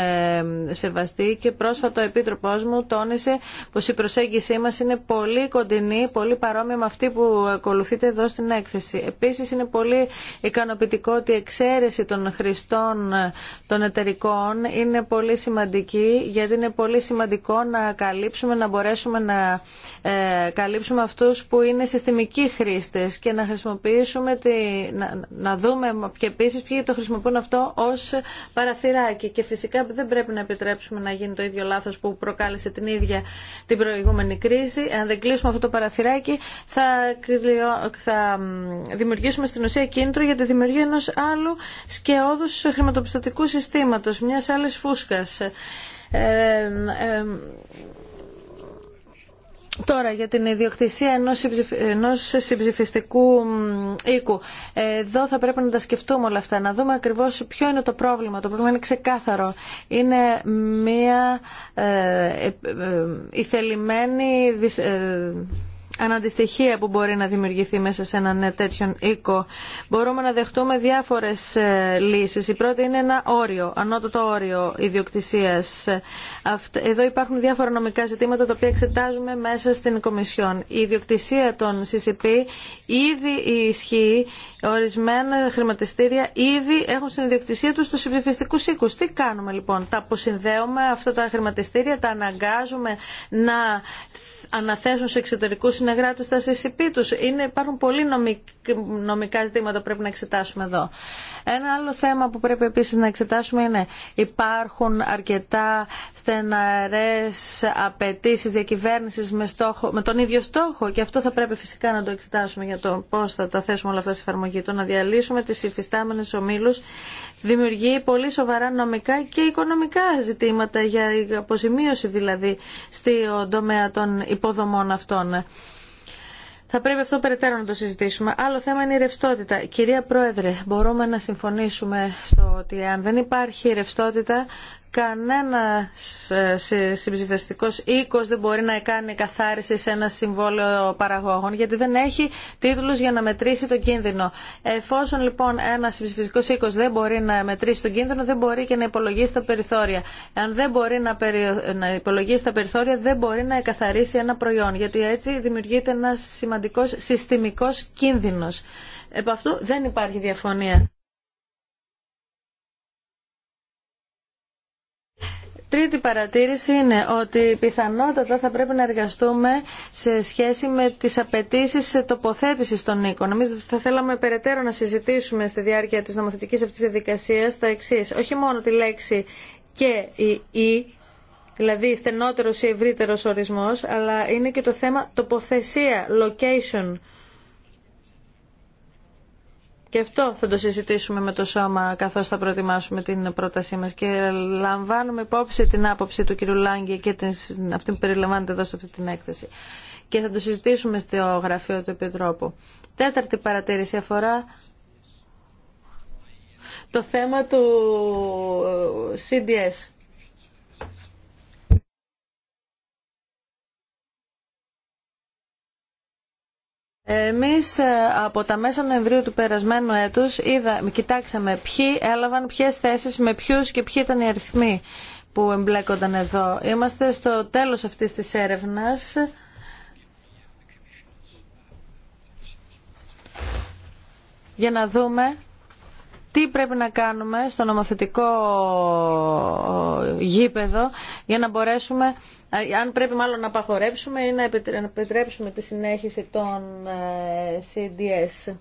[SPEAKER 1] σεβαστεί και πρόσφατο ο Επίτροπός μου τόνισε πως η προσέγγιση μας είναι πολύ κοντινή, πολύ παρόμοια με αυτή που ακολουθείτε εδώ στην έκθεση. Επίσης είναι πολύ ικανοποιητικό ότι η εξαίρεση των χρηστών των εταιρικών είναι πολύ σημαντική γιατί είναι πολύ σημαντικό να καλύψουμε, να μπορέσουμε να ε, καλύψουμε αυτούς που είναι συστημικοί χρήστες και να χρησιμοποιήσουμε, τη, να, δούμε και επίσης ποιοι το χρησιμοποιούν αυτό ως παραθυράκι και φυσικά δεν πρέπει να επιτρέψουμε να γίνει το ίδιο λάθος που προκάλεσε την ίδια την προηγούμενη κρίση. Αν δεν κλείσουμε αυτό το παραθυράκι θα, θα δημιουργήσουμε στην ουσία κίνητρο για τη δημιουργία ενός άλλου σκεώδους χρηματοπιστωτικού διαφορετικού συστήματος, μιας άλλης φούσκας. Ε, ε, Τώρα για την ιδιοκτησία ενός, ενός συμψηφιστικού οίκου. Εδώ θα πρέπει να τα σκεφτούμε όλα αυτά, να δούμε ακριβώς ποιο είναι το πρόβλημα. Το πρόβλημα είναι ξεκάθαρο. Είναι μια ε, ε, ηθελημένη αναντιστοιχεία που μπορεί να δημιουργηθεί μέσα σε έναν ε, τέτοιον οίκο. Μπορούμε να δεχτούμε διάφορες ε, λύσεις. Η πρώτη είναι ένα όριο, ανώτατο όριο ιδιοκτησίας. Εδώ υπάρχουν διάφορα νομικά ζητήματα τα οποία εξετάζουμε μέσα στην Κομισιόν. Η ιδιοκτησία των CCP ήδη ισχύει. Ορισμένα χρηματιστήρια ήδη έχουν στην ιδιοκτησία τους τους συμψηφιστικούς οίκους. Τι κάνουμε λοιπόν, τα αποσυνδέουμε αυτά τα χρηματιστήρια, τα αναγκάζουμε να αναθέσουν σε εξωτερικού συνεργάτε τα CCP τους. υπάρχουν πολλοί νομικά ζητήματα που πρέπει να εξετάσουμε εδώ. Ένα άλλο θέμα που πρέπει επίση να εξετάσουμε είναι υπάρχουν αρκετά στεναρέ απαιτήσει διακυβέρνηση με, με τον ίδιο στόχο και αυτό θα πρέπει φυσικά να το εξετάσουμε για το πώ θα τα θέσουμε όλα αυτά σε εφαρμογή. Το να διαλύσουμε τι υφιστάμενες ομίλου δημιουργεί πολύ σοβαρά νομικά και οικονομικά ζητήματα για αποζημίωση δηλαδή στον τομέα των υποδομών αυτών. Θα πρέπει αυτό περαιτέρω να το συζητήσουμε. Άλλο θέμα είναι η ρευστότητα. Κυρία Πρόεδρε, μπορούμε να συμφωνήσουμε στο ότι αν δεν υπάρχει ρευστότητα κανένα ε, συμψηφιστικό οίκο δεν μπορεί να κάνει καθάριση σε ένα συμβόλαιο παραγώγων γιατί δεν έχει τίτλου για να μετρήσει το κίνδυνο. Εφόσον λοιπόν ένα συμψηφιστικό οίκο δεν μπορεί να μετρήσει τον κίνδυνο, δεν μπορεί και να υπολογίσει τα περιθώρια. Αν δεν μπορεί να, να υπολογίσει τα περιθώρια, δεν μπορεί να εκαθαρίσει ένα προϊόν, γιατί έτσι δημιουργείται ένα σημαντικό συστημικό κίνδυνο. Επ' αυτού δεν υπάρχει διαφωνία. Τρίτη παρατήρηση είναι ότι πιθανότατα θα πρέπει να εργαστούμε σε σχέση με τις απαιτήσει τοποθέτηση των οίκων. Εμεί θα θέλαμε περαιτέρω να συζητήσουμε στη διάρκεια της νομοθετικής αυτής διαδικασία τα εξή. Όχι μόνο τη λέξη και η «ή», δηλαδή στενότερος ή ευρύτερος ορισμός, αλλά είναι και το θέμα τοποθεσία, location, και αυτό θα το συζητήσουμε με το σώμα καθώς θα προετοιμάσουμε την πρότασή μας και λαμβάνουμε υπόψη την άποψη του κ. Λάγκη και την, αυτή που περιλαμβάνεται εδώ σε αυτή την έκθεση. Και θα το συζητήσουμε στο γραφείο του Επιτρόπου. Τέταρτη παρατήρηση αφορά το θέμα του CDS. Εμείς ε, από τα μέσα Νοεμβρίου του περασμένου έτους είδα, κοιτάξαμε ποιοι έλαβαν ποιες θέσεις με ποιους και ποιοι ήταν οι αριθμοί που εμπλέκονταν εδώ. Είμαστε στο τέλος αυτής της έρευνας. για να δούμε τι πρέπει να κάνουμε στο νομοθετικό γήπεδο για να μπορέσουμε, αν πρέπει μάλλον να απαγορέψουμε ή να επιτρέψουμε τη συνέχιση των CDS.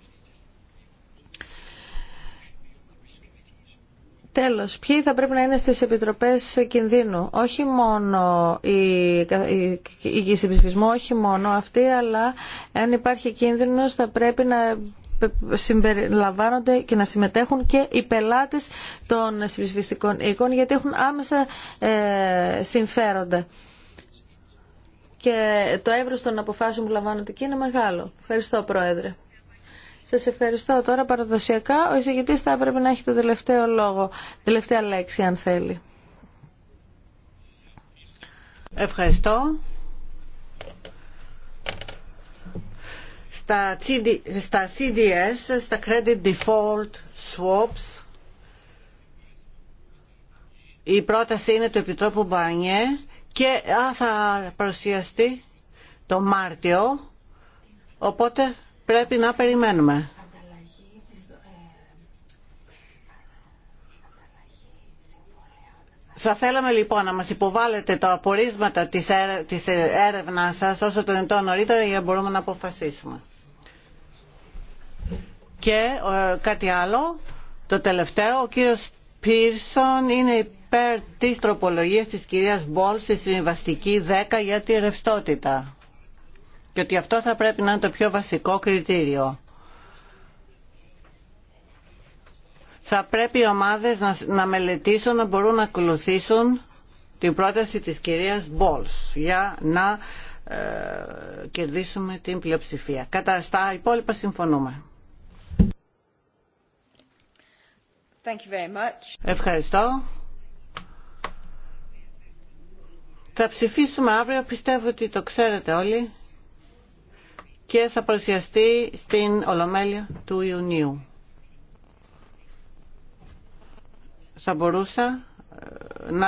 [SPEAKER 1] Τέλος, ποιοι θα πρέπει να είναι στις επιτροπές κινδύνου. Όχι μόνο η συμπισπισμό, όχι μόνο αυτή, αλλά αν υπάρχει κίνδυνος θα πρέπει να συμπεριλαμβάνονται και να συμμετέχουν και οι πελάτες των συμφιστικών οίκων γιατί έχουν άμεσα ε, συμφέροντα. Και το έβρος των αποφάσεων που λαμβάνονται εκεί είναι μεγάλο. Ευχαριστώ Πρόεδρε. Σας ευχαριστώ. Τώρα παραδοσιακά ο εισηγητής θα έπρεπε να έχει το τελευταίο λόγο, τελευταία λέξη αν θέλει.
[SPEAKER 3] Ευχαριστώ. στα, CDS, στα Credit Default Swaps. Η πρόταση είναι του Επιτρόπου Μπαρνιέ και θα παρουσιαστεί το Μάρτιο, οπότε πρέπει να περιμένουμε. Σα θέλαμε λοιπόν να μας υποβάλλετε τα απορίσματα της έρευνάς σας όσο το δυνατόν νωρίτερα για να μπορούμε να αποφασίσουμε. Και ε, κάτι άλλο, το τελευταίο, ο κύριος Πίρσον είναι υπέρ της τροπολογίας της κυρίας Μπολ στη συμβαστική 10 για τη ρευστότητα. Και ότι αυτό θα πρέπει να είναι το πιο βασικό κριτήριο. Θα πρέπει οι ομάδες να, μελετήσουν, να μπορούν να ακολουθήσουν την πρόταση της κυρίας Μπολς για να ε, κερδίσουμε την πλειοψηφία. Κατά στα υπόλοιπα συμφωνούμε. Ευχαριστώ. Θα ψηφίσουμε αύριο, πιστεύω ότι το ξέρετε όλοι και θα παρουσιαστεί στην Ολομέλεια του Ιουνίου. Θα μπορούσα ε, να